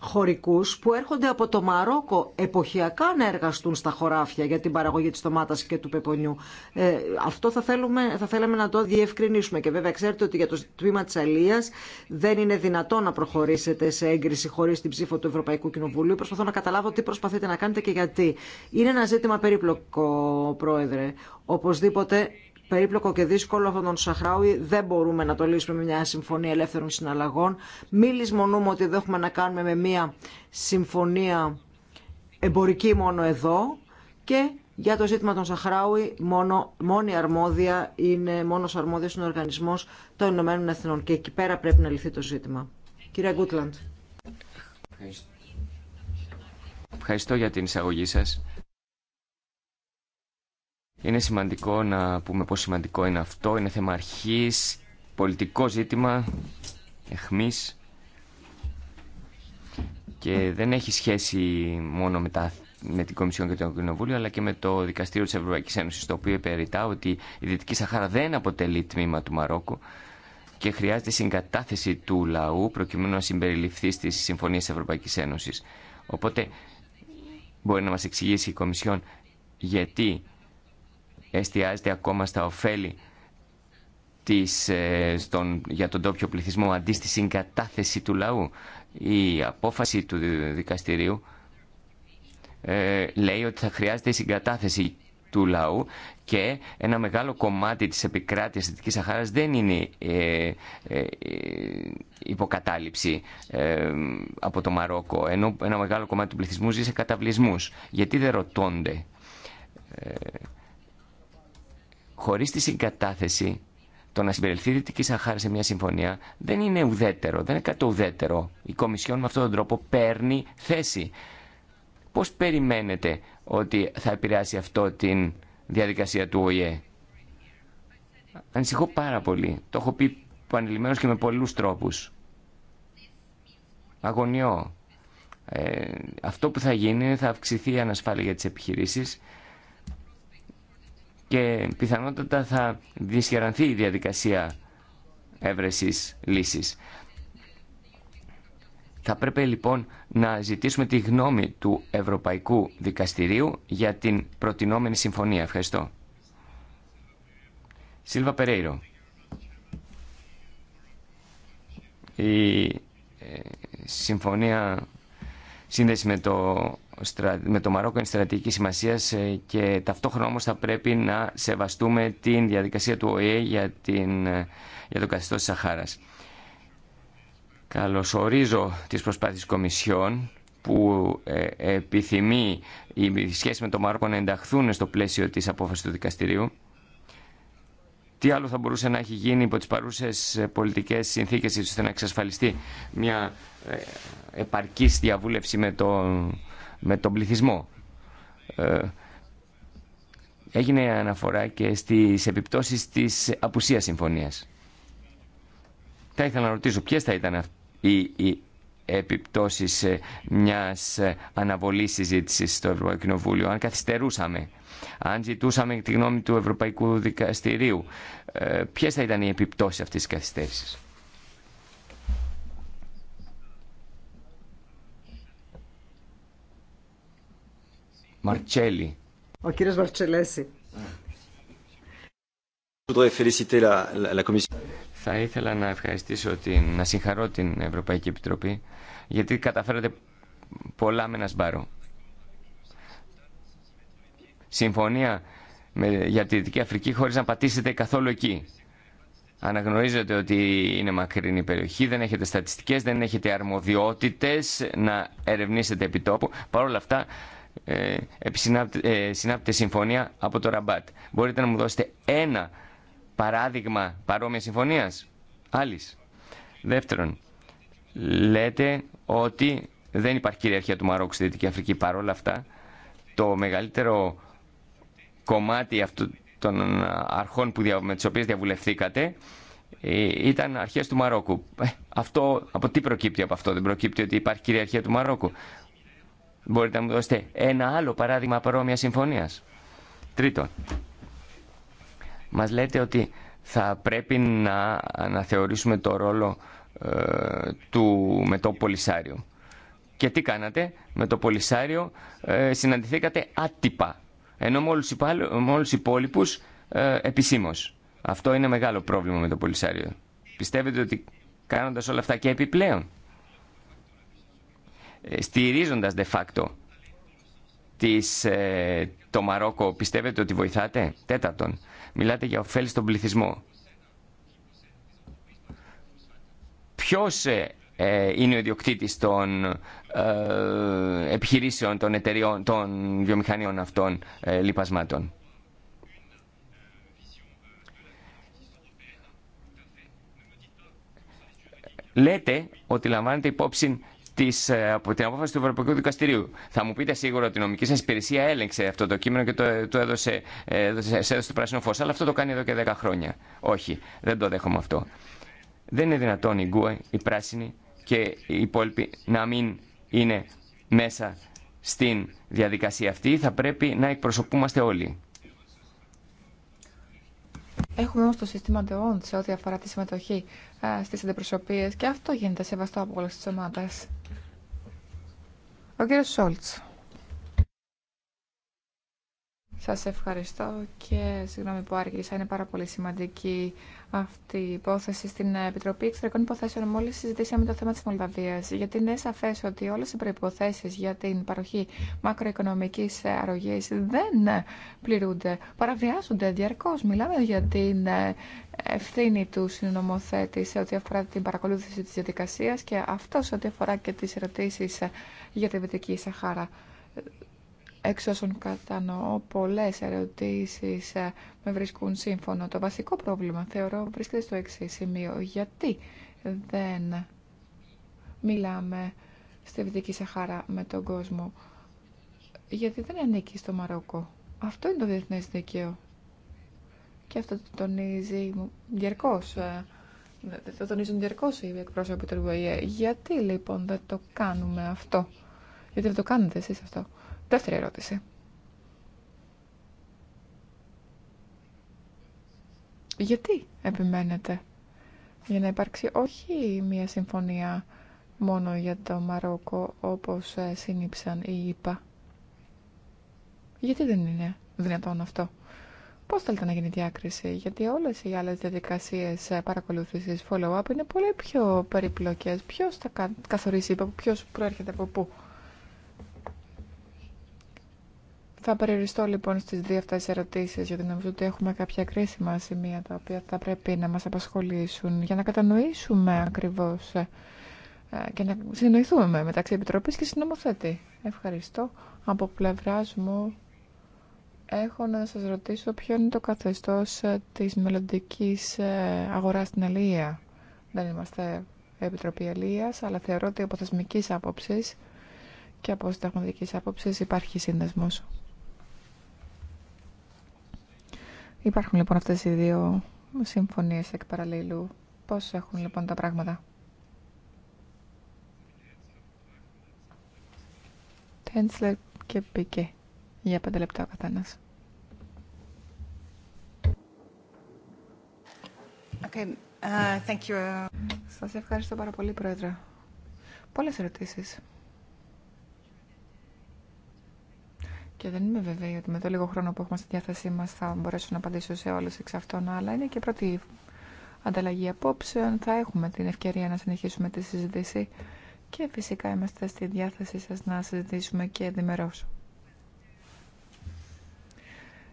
χωρικούς που έρχονται από το Μαρόκο εποχιακά να εργαστούν στα χωράφια για την παραγωγή της τομάτας και του πεπονιού. Ε, αυτό θα, θέλουμε, θα θέλαμε να το διευκρινίσουμε και βέβαια ξέρετε ότι για το τμήμα της Αλίας δεν είναι δυνατό να προχωρήσετε σε έγκριση χωρίς την ψήφο του Ευρωπαϊκού Κοινοβουλίου. Προσπαθώ να καταλάβω τι προσπαθείτε να κάνετε και γιατί. Είναι ένα ζήτημα περίπλοκο, Πρόεδρε. Οπωσδήποτε περίπλοκο και δύσκολο αυτόν τον Σαχράουι δεν μπορούμε να το λύσουμε με μια συμφωνία ελεύθερων συναλλαγών. Μη λησμονούμε ότι δεν έχουμε να κάνουμε με μια συμφωνία εμπορική μόνο εδώ και για το ζήτημα των Σαχράουι μόνο, μόνη αρμόδια είναι, μόνος αρμόδιος είναι ο των Ηνωμένων Εθνών και εκεί πέρα πρέπει να λυθεί το ζήτημα. Κύριε Γκούτλαντ. Ευχαριστώ για την εισαγωγή σας. Είναι σημαντικό να πούμε πόσο σημαντικό είναι αυτό. Είναι θέμα αρχής, πολιτικό ζήτημα, εχμής και δεν έχει σχέση μόνο με, τα, με την Κομισιόν και το Κοινοβούλιο αλλά και με το Δικαστήριο της Ευρωπαϊκής Ένωσης το οποίο υπερητά ότι η Δυτική Σαχάρα δεν αποτελεί τμήμα του Μαρόκου και χρειάζεται συγκατάθεση του λαού προκειμένου να συμπεριληφθεί στις συμφωνίες της Ευρωπαϊκής Ένωσης. Οπότε μπορεί να μας εξηγήσει η Κομισιόν γιατί εστιάζεται ακόμα στα ωφέλη της, ε, στον, για τον τόπιο πληθυσμό αντί στη συγκατάθεση του λαού. Η απόφαση του δικαστηρίου ε, λέει ότι θα χρειάζεται η συγκατάθεση του λαού και ένα μεγάλο κομμάτι της επικράτειας της Δυτικής Σαχάρας δεν είναι ε, ε υποκατάληψη ε, από το Μαρόκο ενώ ένα μεγάλο κομμάτι του πληθυσμού ζει σε καταβλισμούς. Γιατί δεν ρωτώνται χωρίς τη συγκατάθεση το να συμπεριληφθεί η Δυτική Σαχάρα σε μια συμφωνία δεν είναι ουδέτερο, δεν είναι κάτι ουδέτερο. Η Κομισιόν με αυτόν τον τρόπο παίρνει θέση. Πώς περιμένετε ότι θα επηρεάσει αυτό την διαδικασία του ΟΗΕ. Ανησυχώ πάρα πολύ. Το έχω πει πανελειμμένω και με πολλούς τρόπους. Αγωνιώ. Ε, αυτό που θα γίνει θα αυξηθεί η ανασφάλεια για τις επιχειρήσεις και πιθανότατα θα δυσχερανθεί η διαδικασία έβρεσης λύσης. Θα πρέπει λοιπόν να ζητήσουμε τη γνώμη του Ευρωπαϊκού Δικαστηρίου για την προτινόμενη συμφωνία. Ευχαριστώ. Σίλβα Περέιρο. Η ε, συμφωνία σύνδεση με το με το Μαρόκο είναι στρατηγική σημασία ε, και ταυτόχρονα όμω θα πρέπει να σεβαστούμε την διαδικασία του ΟΗΕ για, την, ε, για το καθεστώ της Σαχάρας. Καλωσορίζω τις προσπάθειες Κομισιόν που ε, επιθυμεί οι σχέσει με το Μαρόκο να ενταχθούν στο πλαίσιο της απόφασης του δικαστηρίου. Τι άλλο θα μπορούσε να έχει γίνει υπό τις παρούσες πολιτικές συνθήκες ώστε να εξασφαλιστεί μια επαρκής διαβούλευση με τον με τον πληθυσμό. Ε, έγινε αναφορά και στις επιπτώσεις της απουσίας συμφωνίας. Θα ήθελα να ρωτήσω ποιες θα ήταν οι επιπτώσεις ε, μιας ε, αναβολής συζήτηση στο Ευρωπαϊκό Κοινοβούλιο, αν καθυστερούσαμε, αν ζητούσαμε τη γνώμη του Ευρωπαϊκού Δικαστηρίου. Ποιες θα ήταν οι επιπτώσεις αυτής της καθυστέρησης. Ο κύριος Μαρτσελέση. Θα ήθελα να ευχαριστήσω, την, να συγχαρώ την Ευρωπαϊκή Επιτροπή γιατί καταφέρατε πολλά με ένα σπάρο. Συμφωνία με, για τη Δυτική Αφρική χωρίς να πατήσετε καθόλου εκεί. Αναγνωρίζετε ότι είναι μακρινή περιοχή, δεν έχετε στατιστικές, δεν έχετε αρμοδιότητες να ερευνήσετε επιτόπου. Παρ' όλα αυτά ε, ε συμφωνία από το Ραμπάτ. Μπορείτε να μου δώσετε ένα παράδειγμα παρόμοια συμφωνίας Άλλη. Δεύτερον, λέτε ότι δεν υπάρχει κυριαρχία του Μαρόκου στη Δυτική Αφρική. Παρόλα αυτά, το μεγαλύτερο κομμάτι αυτού των αρχών που, με τις οποίες διαβουλευθήκατε ε, ήταν αρχές του Μαρόκου. Ε, αυτό, από τι προκύπτει από αυτό, δεν προκύπτει ότι υπάρχει κυριαρχία του Μαρόκου. Μπορείτε να μου δώσετε ένα άλλο παράδειγμα παρόμοια συμφωνία. Τρίτον, μας λέτε ότι θα πρέπει να αναθεωρήσουμε το ρόλο ε, του με το Πολυσάριο. Και τι κάνατε με το Πολυσάριο, ε, συναντηθήκατε άτυπα, ενώ με όλους, υπάλου, με όλους υπόλοιπους ε, επισήμως. Αυτό είναι μεγάλο πρόβλημα με το Πολυσάριο. Πιστεύετε ότι κάνοντας όλα αυτά και επιπλέον ε, στηρίζοντας de facto της, ε, το Μαρόκο, πιστεύετε ότι βοηθάτε. Τέταρτον, μιλάτε για ωφέλη στον πληθυσμό. Ποιος ε, είναι ο ιδιοκτήτης των επιχειρήσεων, των εταιριών, των βιομηχανιών αυτών ε, λοιπασμάτων. Λέτε ότι λαμβάνετε υπόψη της, ε, από την απόφαση του Ευρωπαϊκού Δικαστηρίου. Θα μου πείτε σίγουρα ότι η νομική σα υπηρεσία έλεγξε αυτό το κείμενο και το, ε, έδωσε, ε, έδωσε, σε έδωσε το πράσινο φω. Αλλά αυτό το κάνει εδώ και 10 χρόνια. Όχι, δεν το δέχομαι αυτό. Δεν είναι δυνατόν η Γκουε, η πράσινη και οι υπόλοιποι να μην είναι μέσα στην διαδικασία αυτή. Θα πρέπει να εκπροσωπούμαστε όλοι. Έχουμε όμω το σύστημα ΔΕΟΝ σε ό,τι αφορά τη συμμετοχή ε, στι αντιπροσωπείε και αυτό γίνεται σεβαστό από όλε τι ομάδε. Ο κύριο Σόλτ. Σας ευχαριστώ και συγγνώμη που άργησα. Είναι πάρα πολύ σημαντική αυτή η υπόθεση στην Επιτροπή Εξωτερικών Υποθέσεων. Μόλις συζητήσαμε το θέμα της Μολδαβία. γιατί είναι σαφές ότι όλες οι προϋποθέσεις για την παροχή μακροοικονομικής αρρωγής δεν πληρούνται, παραβιάζονται διαρκώς. Μιλάμε για την ευθύνη του συνομοθέτη σε ό,τι αφορά την παρακολούθηση της διαδικασίας και αυτό σε ό,τι αφορά και τις ερωτήσεις για τη Βετική Σαχάρα. Εξ όσων κατανοώ, πολλές ερωτήσεις ε, με βρίσκουν σύμφωνο. Το βασικό πρόβλημα θεωρώ βρίσκεται στο εξή σημείο. Γιατί δεν μιλάμε στη Βυτική Σαχάρα με τον κόσμο. Γιατί δεν ανήκει στο Μαρόκο. Αυτό είναι το διεθνέ δίκαιο. Και αυτό το τονίζει διαρκώς. Ε, το τονίζουν διαρκώς οι εκπρόσωποι του ΟΗΕ. Γιατί λοιπόν δεν το κάνουμε αυτό. Γιατί δεν το κάνετε εσείς αυτό. Δεύτερη ερώτηση. Γιατί επιμένετε για να υπάρξει όχι μία συμφωνία μόνο για το Μαρόκο όπως ε, συνήψαν οι ΙΠΑ. Γιατί δεν είναι δυνατόν αυτό. Πώς θέλετε να γίνει διάκριση, γιατί όλες οι άλλες διαδικασίες ε, παρακολούθησης follow-up είναι πολύ πιο περιπλοκές. Ποιος θα καθορίσει, ποιος προέρχεται από πού. Θα περιοριστώ λοιπόν στι δύο αυτέ ερωτήσει, γιατί νομίζω ότι έχουμε κάποια κρίσιμα σημεία τα οποία θα πρέπει να μα απασχολήσουν για να κατανοήσουμε ακριβώ ε, και να συνοηθούμε μεταξύ επιτροπή και Συνομοθέτη. Ευχαριστώ. Από πλευρά μου έχω να σα ρωτήσω ποιο είναι το καθεστώ ε, τη μελλοντική ε, αγορά στην Αλία. Δεν είμαστε Επιτροπή Ελία, αλλά θεωρώ ότι από θεσμική άποψη και από συνταγματική άποψη υπάρχει σύνδεσμο. Υπάρχουν λοιπόν αυτές οι δύο συμφωνίες εκ παραλληλού. Πώς έχουν λοιπόν τα πράγματα. Τέντσλερ και Πικέ. Για πέντε λεπτά ο καθένας. Okay. Uh, Σας ευχαριστώ πάρα πολύ, Πρόεδρε. Πολλές ερωτήσεις. και δεν είμαι βέβαιη ότι με το λίγο χρόνο που έχουμε στη διάθεσή μας θα μπορέσω να απαντήσω σε όλε εξ αυτών, αλλά είναι και πρώτη ανταλλαγή απόψεων. Θα έχουμε την ευκαιρία να συνεχίσουμε τη συζήτηση και φυσικά είμαστε στη διάθεσή σας να συζητήσουμε και διμερώς.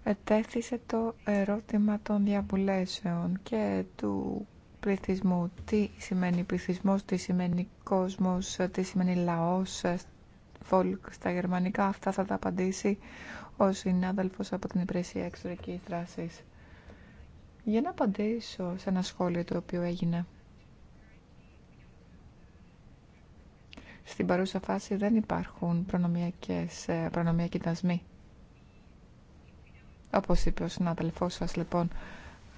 Ετέθησε το ερώτημα των διαβουλέσεων και του πληθυσμού. Τι σημαίνει πληθυσμός, τι σημαίνει κόσμος, τι σημαίνει λαός Volk στα γερμανικά. Αυτά θα τα απαντήσει ο συνάδελφο από την Υπηρεσία Εξωτερικής Δράσης. Για να απαντήσω σε ένα σχόλιο το οποίο έγινε. Στην παρούσα φάση δεν υπάρχουν προνομιακές, ε, προνομιακοί δασμοί. Όπως είπε ο συνάδελφός σας λοιπόν,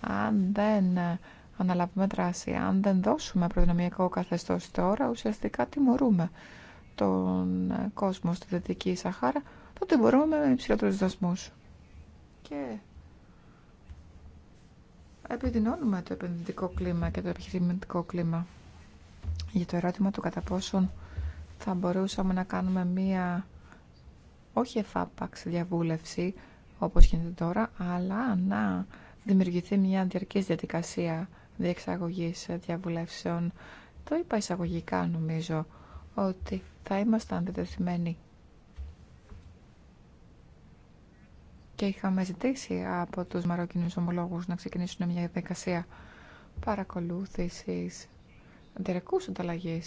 αν δεν ε, αναλάβουμε δράση, αν δεν δώσουμε προνομιακό καθεστώς τώρα, ουσιαστικά τιμωρούμε τον κόσμο στη Δυτική Σαχάρα, τότε μπορούμε με υψηλότερους δασμούς. Και επιδεινώνουμε το επενδυτικό κλίμα και το επιχειρηματικό κλίμα. Για το ερώτημα του κατά πόσον θα μπορούσαμε να κάνουμε μία όχι εφάπαξ διαβούλευση όπως γίνεται τώρα, αλλά να δημιουργηθεί μια διαρκής διαδικασία διεξαγωγής διαβουλεύσεων. Το είπα εισαγωγικά νομίζω ότι θα ήμασταν δεδομένοι και είχαμε ζητήσει από τους μαροκινούς ομολόγους να ξεκινήσουν μια διαδικασία παρακολούθησης διαρκούς ανταλλαγή.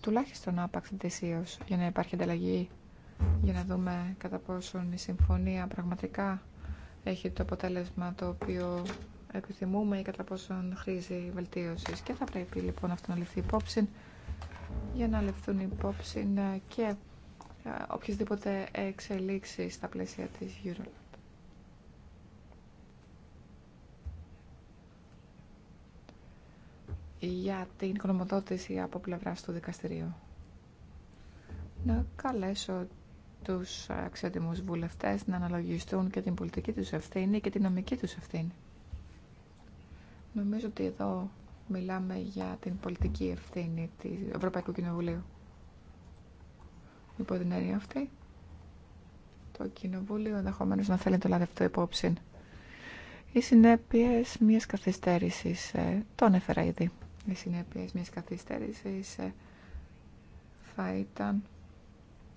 τουλάχιστον άπαξ ετησίως για να υπάρχει ανταλλαγή για να δούμε κατά πόσον η συμφωνία πραγματικά έχει το αποτέλεσμα το οποίο επιθυμούμε ή κατά πόσον χρήζει βελτίωσης και θα πρέπει λοιπόν αυτό να ληφθεί υπόψη για να ληφθούν υπόψη ναι, και ε, οποιασδήποτε εξελίξει στα πλαίσια της Eurolab. Για την γνωμοδότηση από πλευράς του δικαστηρίου. Να καλέσω τους αξιότιμους βουλευτές να αναλογιστούν και την πολιτική τους ευθύνη και την νομική τους ευθύνη. Νομίζω ότι εδώ μιλάμε για την πολιτική ευθύνη της Ευρωπαϊκού Κοινοβουλίου. Υπό την έννοια αυτή, το Κοινοβούλιο ενδεχομένω να θέλει το λάδι αυτό υπόψη. Οι συνέπειε μια καθυστέρηση, ε, το ανέφερα ήδη. Οι συνέπειε μια καθυστέρηση ε, θα ήταν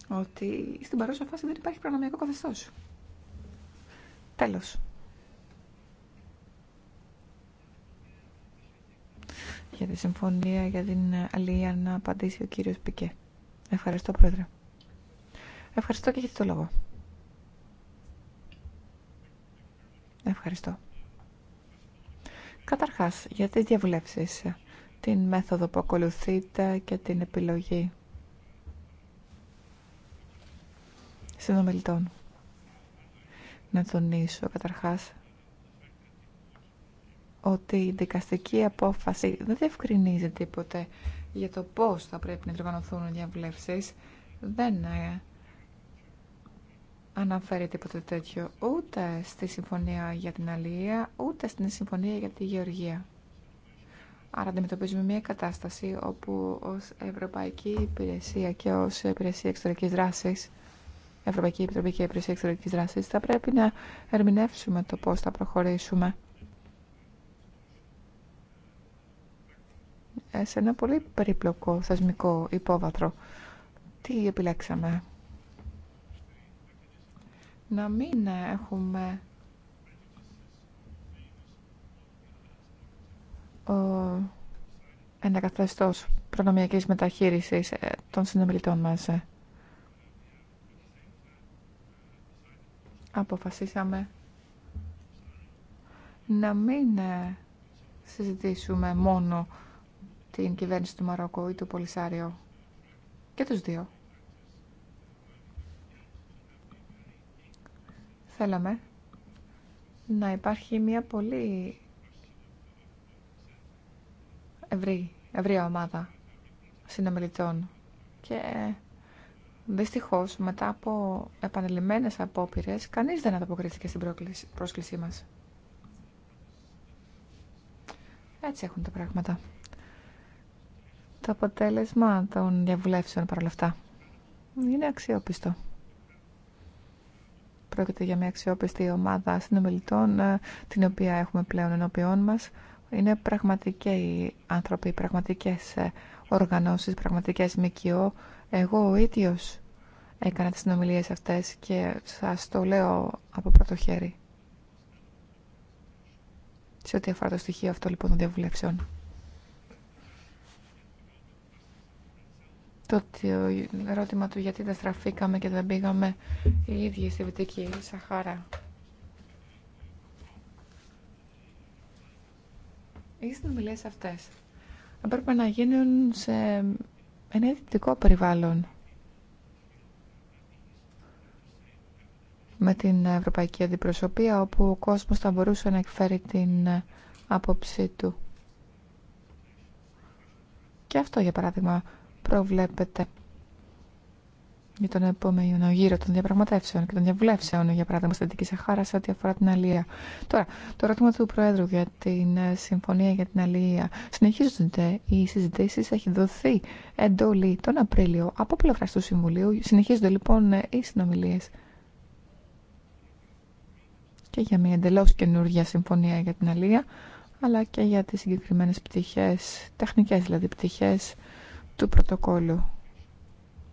ότι στην παρούσα φάση δεν υπάρχει προνομιακό καθεστώ. Τέλος. για τη συμφωνία για την αλληλεία να απαντήσει ο κύριος Πικέ. Ευχαριστώ, Πρόεδρε. Ευχαριστώ και έχετε το λόγο. Ευχαριστώ. Καταρχάς, για τις διαβουλεύσεις, την μέθοδο που ακολουθείτε και την επιλογή συνομιλητών. Να τονίσω καταρχάς ότι η δικαστική απόφαση δεν διευκρινίζει τίποτε για το πώς θα πρέπει να διοργανωθούν οι διαβλέψεις. Δεν ε, αναφέρει τίποτε τέτοιο ούτε στη Συμφωνία για την Αλία, ούτε στην Συμφωνία για τη Γεωργία. Άρα αντιμετωπίζουμε μια κατάσταση όπου ως Ευρωπαϊκή Υπηρεσία και ως Υπηρεσία Εξωτερικής Δράσης Ευρωπαϊκή Επιτροπή και Υπηρεσία Εξωτερικής Δράσης θα πρέπει να ερμηνεύσουμε το πώς θα προχωρήσουμε σε ένα πολύ περίπλοκο θεσμικό υπόβαθρο. Τι επιλέξαμε. Να μην έχουμε ένα καθεστώς προνομιακής μεταχείρισης ε, των συνομιλητών μας. Αποφασίσαμε να μην ε, συζητήσουμε μόνο την κυβέρνηση του Μαρόκου ή του Πολυσάριο. Και τους δύο. Θέλαμε να υπάρχει μια πολύ ευρύ, ομάδα συνομιλητών και ε, δυστυχώς μετά από επανελειμμένες απόπειρες κανείς δεν ανταποκρίθηκε στην πρόσκλησή μας. Έτσι έχουν τα πράγματα το αποτέλεσμα των διαβουλεύσεων παρόλα αυτά. Είναι αξιόπιστο. Πρόκειται για μια αξιόπιστη ομάδα συνομιλητών, ε, την οποία έχουμε πλέον ενώπιόν μας. Είναι πραγματικοί άνθρωποι, πραγματικές ε, οργανώσεις, πραγματικές ΜΚΟ. Εγώ ο ίδιος έκανα τις συνομιλίες αυτές και σας το λέω από πρώτο χέρι. Σε ό,τι αφορά το στοιχείο αυτό λοιπόν των διαβουλεύσεων. το ερώτημα του γιατί δεν στραφήκαμε και δεν πήγαμε οι ίδιοι στη Βυτική Σαχάρα. Οι συνομιλίες αυτές θα να γίνουν σε ένα περιβάλλον με την Ευρωπαϊκή Αντιπροσωπεία όπου ο κόσμος θα μπορούσε να εκφέρει την άποψή του. Και αυτό για παράδειγμα προβλέπετε για τον επόμενο γύρο των διαπραγματεύσεων και των διαβουλεύσεων, για παράδειγμα, στην Δυτική Σαχάρα σε ό,τι αφορά την Αλία. Τώρα, το ερώτημα του Προέδρου για την ε, Συμφωνία για την Αλία. Συνεχίζονται οι συζητήσει, έχει δοθεί εντολή τον Απρίλιο από πλευρά του Συμβουλίου. Συνεχίζονται λοιπόν ε, οι συνομιλίε και για μια εντελώ καινούργια συμφωνία για την Αλία, αλλά και για τι συγκεκριμένε πτυχέ, τεχνικέ δηλαδή πτυχέ του πρωτοκόλου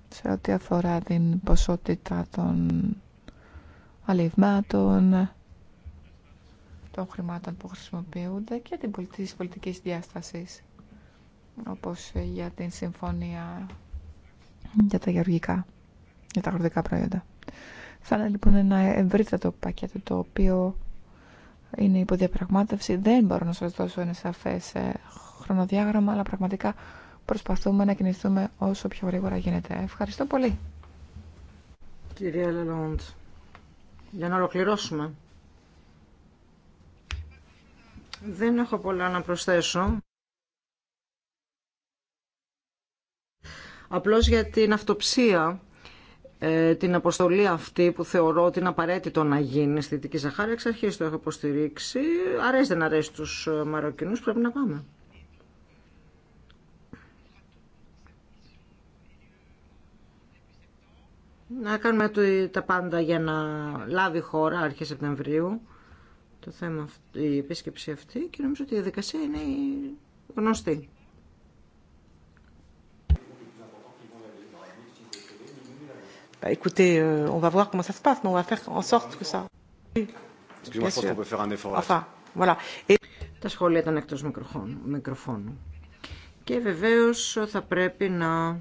σε ό,τι αφορά την ποσότητα των αλευμάτων, των χρημάτων που χρησιμοποιούνται και την πολιτική πολιτικής διάστασης, όπως για την συμφωνία για τα γεωργικά, για τα αγροτικά προϊόντα. Θα είναι λοιπόν ένα ευρύτατο πακέτο το οποίο είναι υποδιαπραγμάτευση. Δεν μπορώ να σας δώσω ένα σαφές ε, χρονοδιάγραμμα, αλλά πραγματικά προσπαθούμε να κινηθούμε όσο πιο γρήγορα γίνεται. Ευχαριστώ πολύ. Κυρία Λελόντ, για να ολοκληρώσουμε. Δεν έχω πολλά να προσθέσω. Απλώς για την αυτοψία, ε, την αποστολή αυτή που θεωρώ ότι είναι απαραίτητο να γίνει στη Δυτική Ζαχάρη, εξ αρχής το έχω υποστηρίξει. Αρέσει δεν αρέσει τους ε, Μαροκινούς, πρέπει να πάμε. να κάνουμε το, τα πάντα για να λάβει χώρα αρχές Σεπτεμβρίου το θέμα, η επίσκεψη αυτή και νομίζω ότι η διαδικασία είναι γνωστή. Bah, écoutez, euh, on va voir comment ça se passe, mais on va faire en sorte que ça. Excusez-moi, je pense qu'on peut faire un effort. Enfin, voilà. Et... Τα σχόλια ήταν εκτός μικροφώνου. Και βεβαίως θα πρέπει να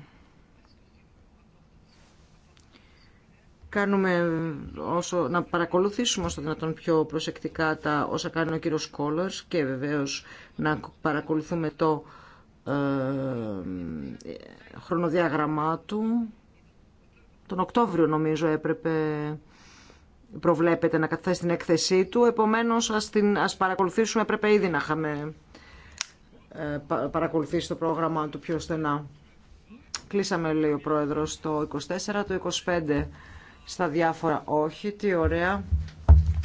κάνουμε όσο, να παρακολουθήσουμε όσο δυνατόν πιο προσεκτικά τα όσα κάνει ο κύριο Κόλλος και βεβαίως να παρακολουθούμε το ε, χρονοδιάγραμμά του. Τον Οκτώβριο νομίζω έπρεπε προβλέπεται να καταθέσει την έκθεσή του, επομένως ας, την, ας παρακολουθήσουμε, έπρεπε ήδη να είχαμε ε, παρακολουθήσει το πρόγραμμα του πιο στενά. Κλείσαμε, λέει ο Πρόεδρος, το 24, το 25 στα διάφορα όχι. Τι ωραία.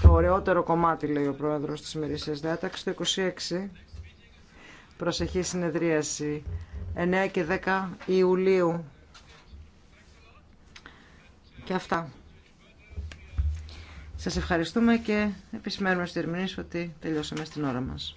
Το ωραιότερο κομμάτι, λέει ο πρόεδρος τη ημερησία διάταξη, το 26. Προσεχή συνεδρίαση 9 και 10 Ιουλίου. Και αυτά. Σας ευχαριστούμε και επισημαίνουμε στις ερμηνείς ότι τελειώσαμε στην ώρα μας.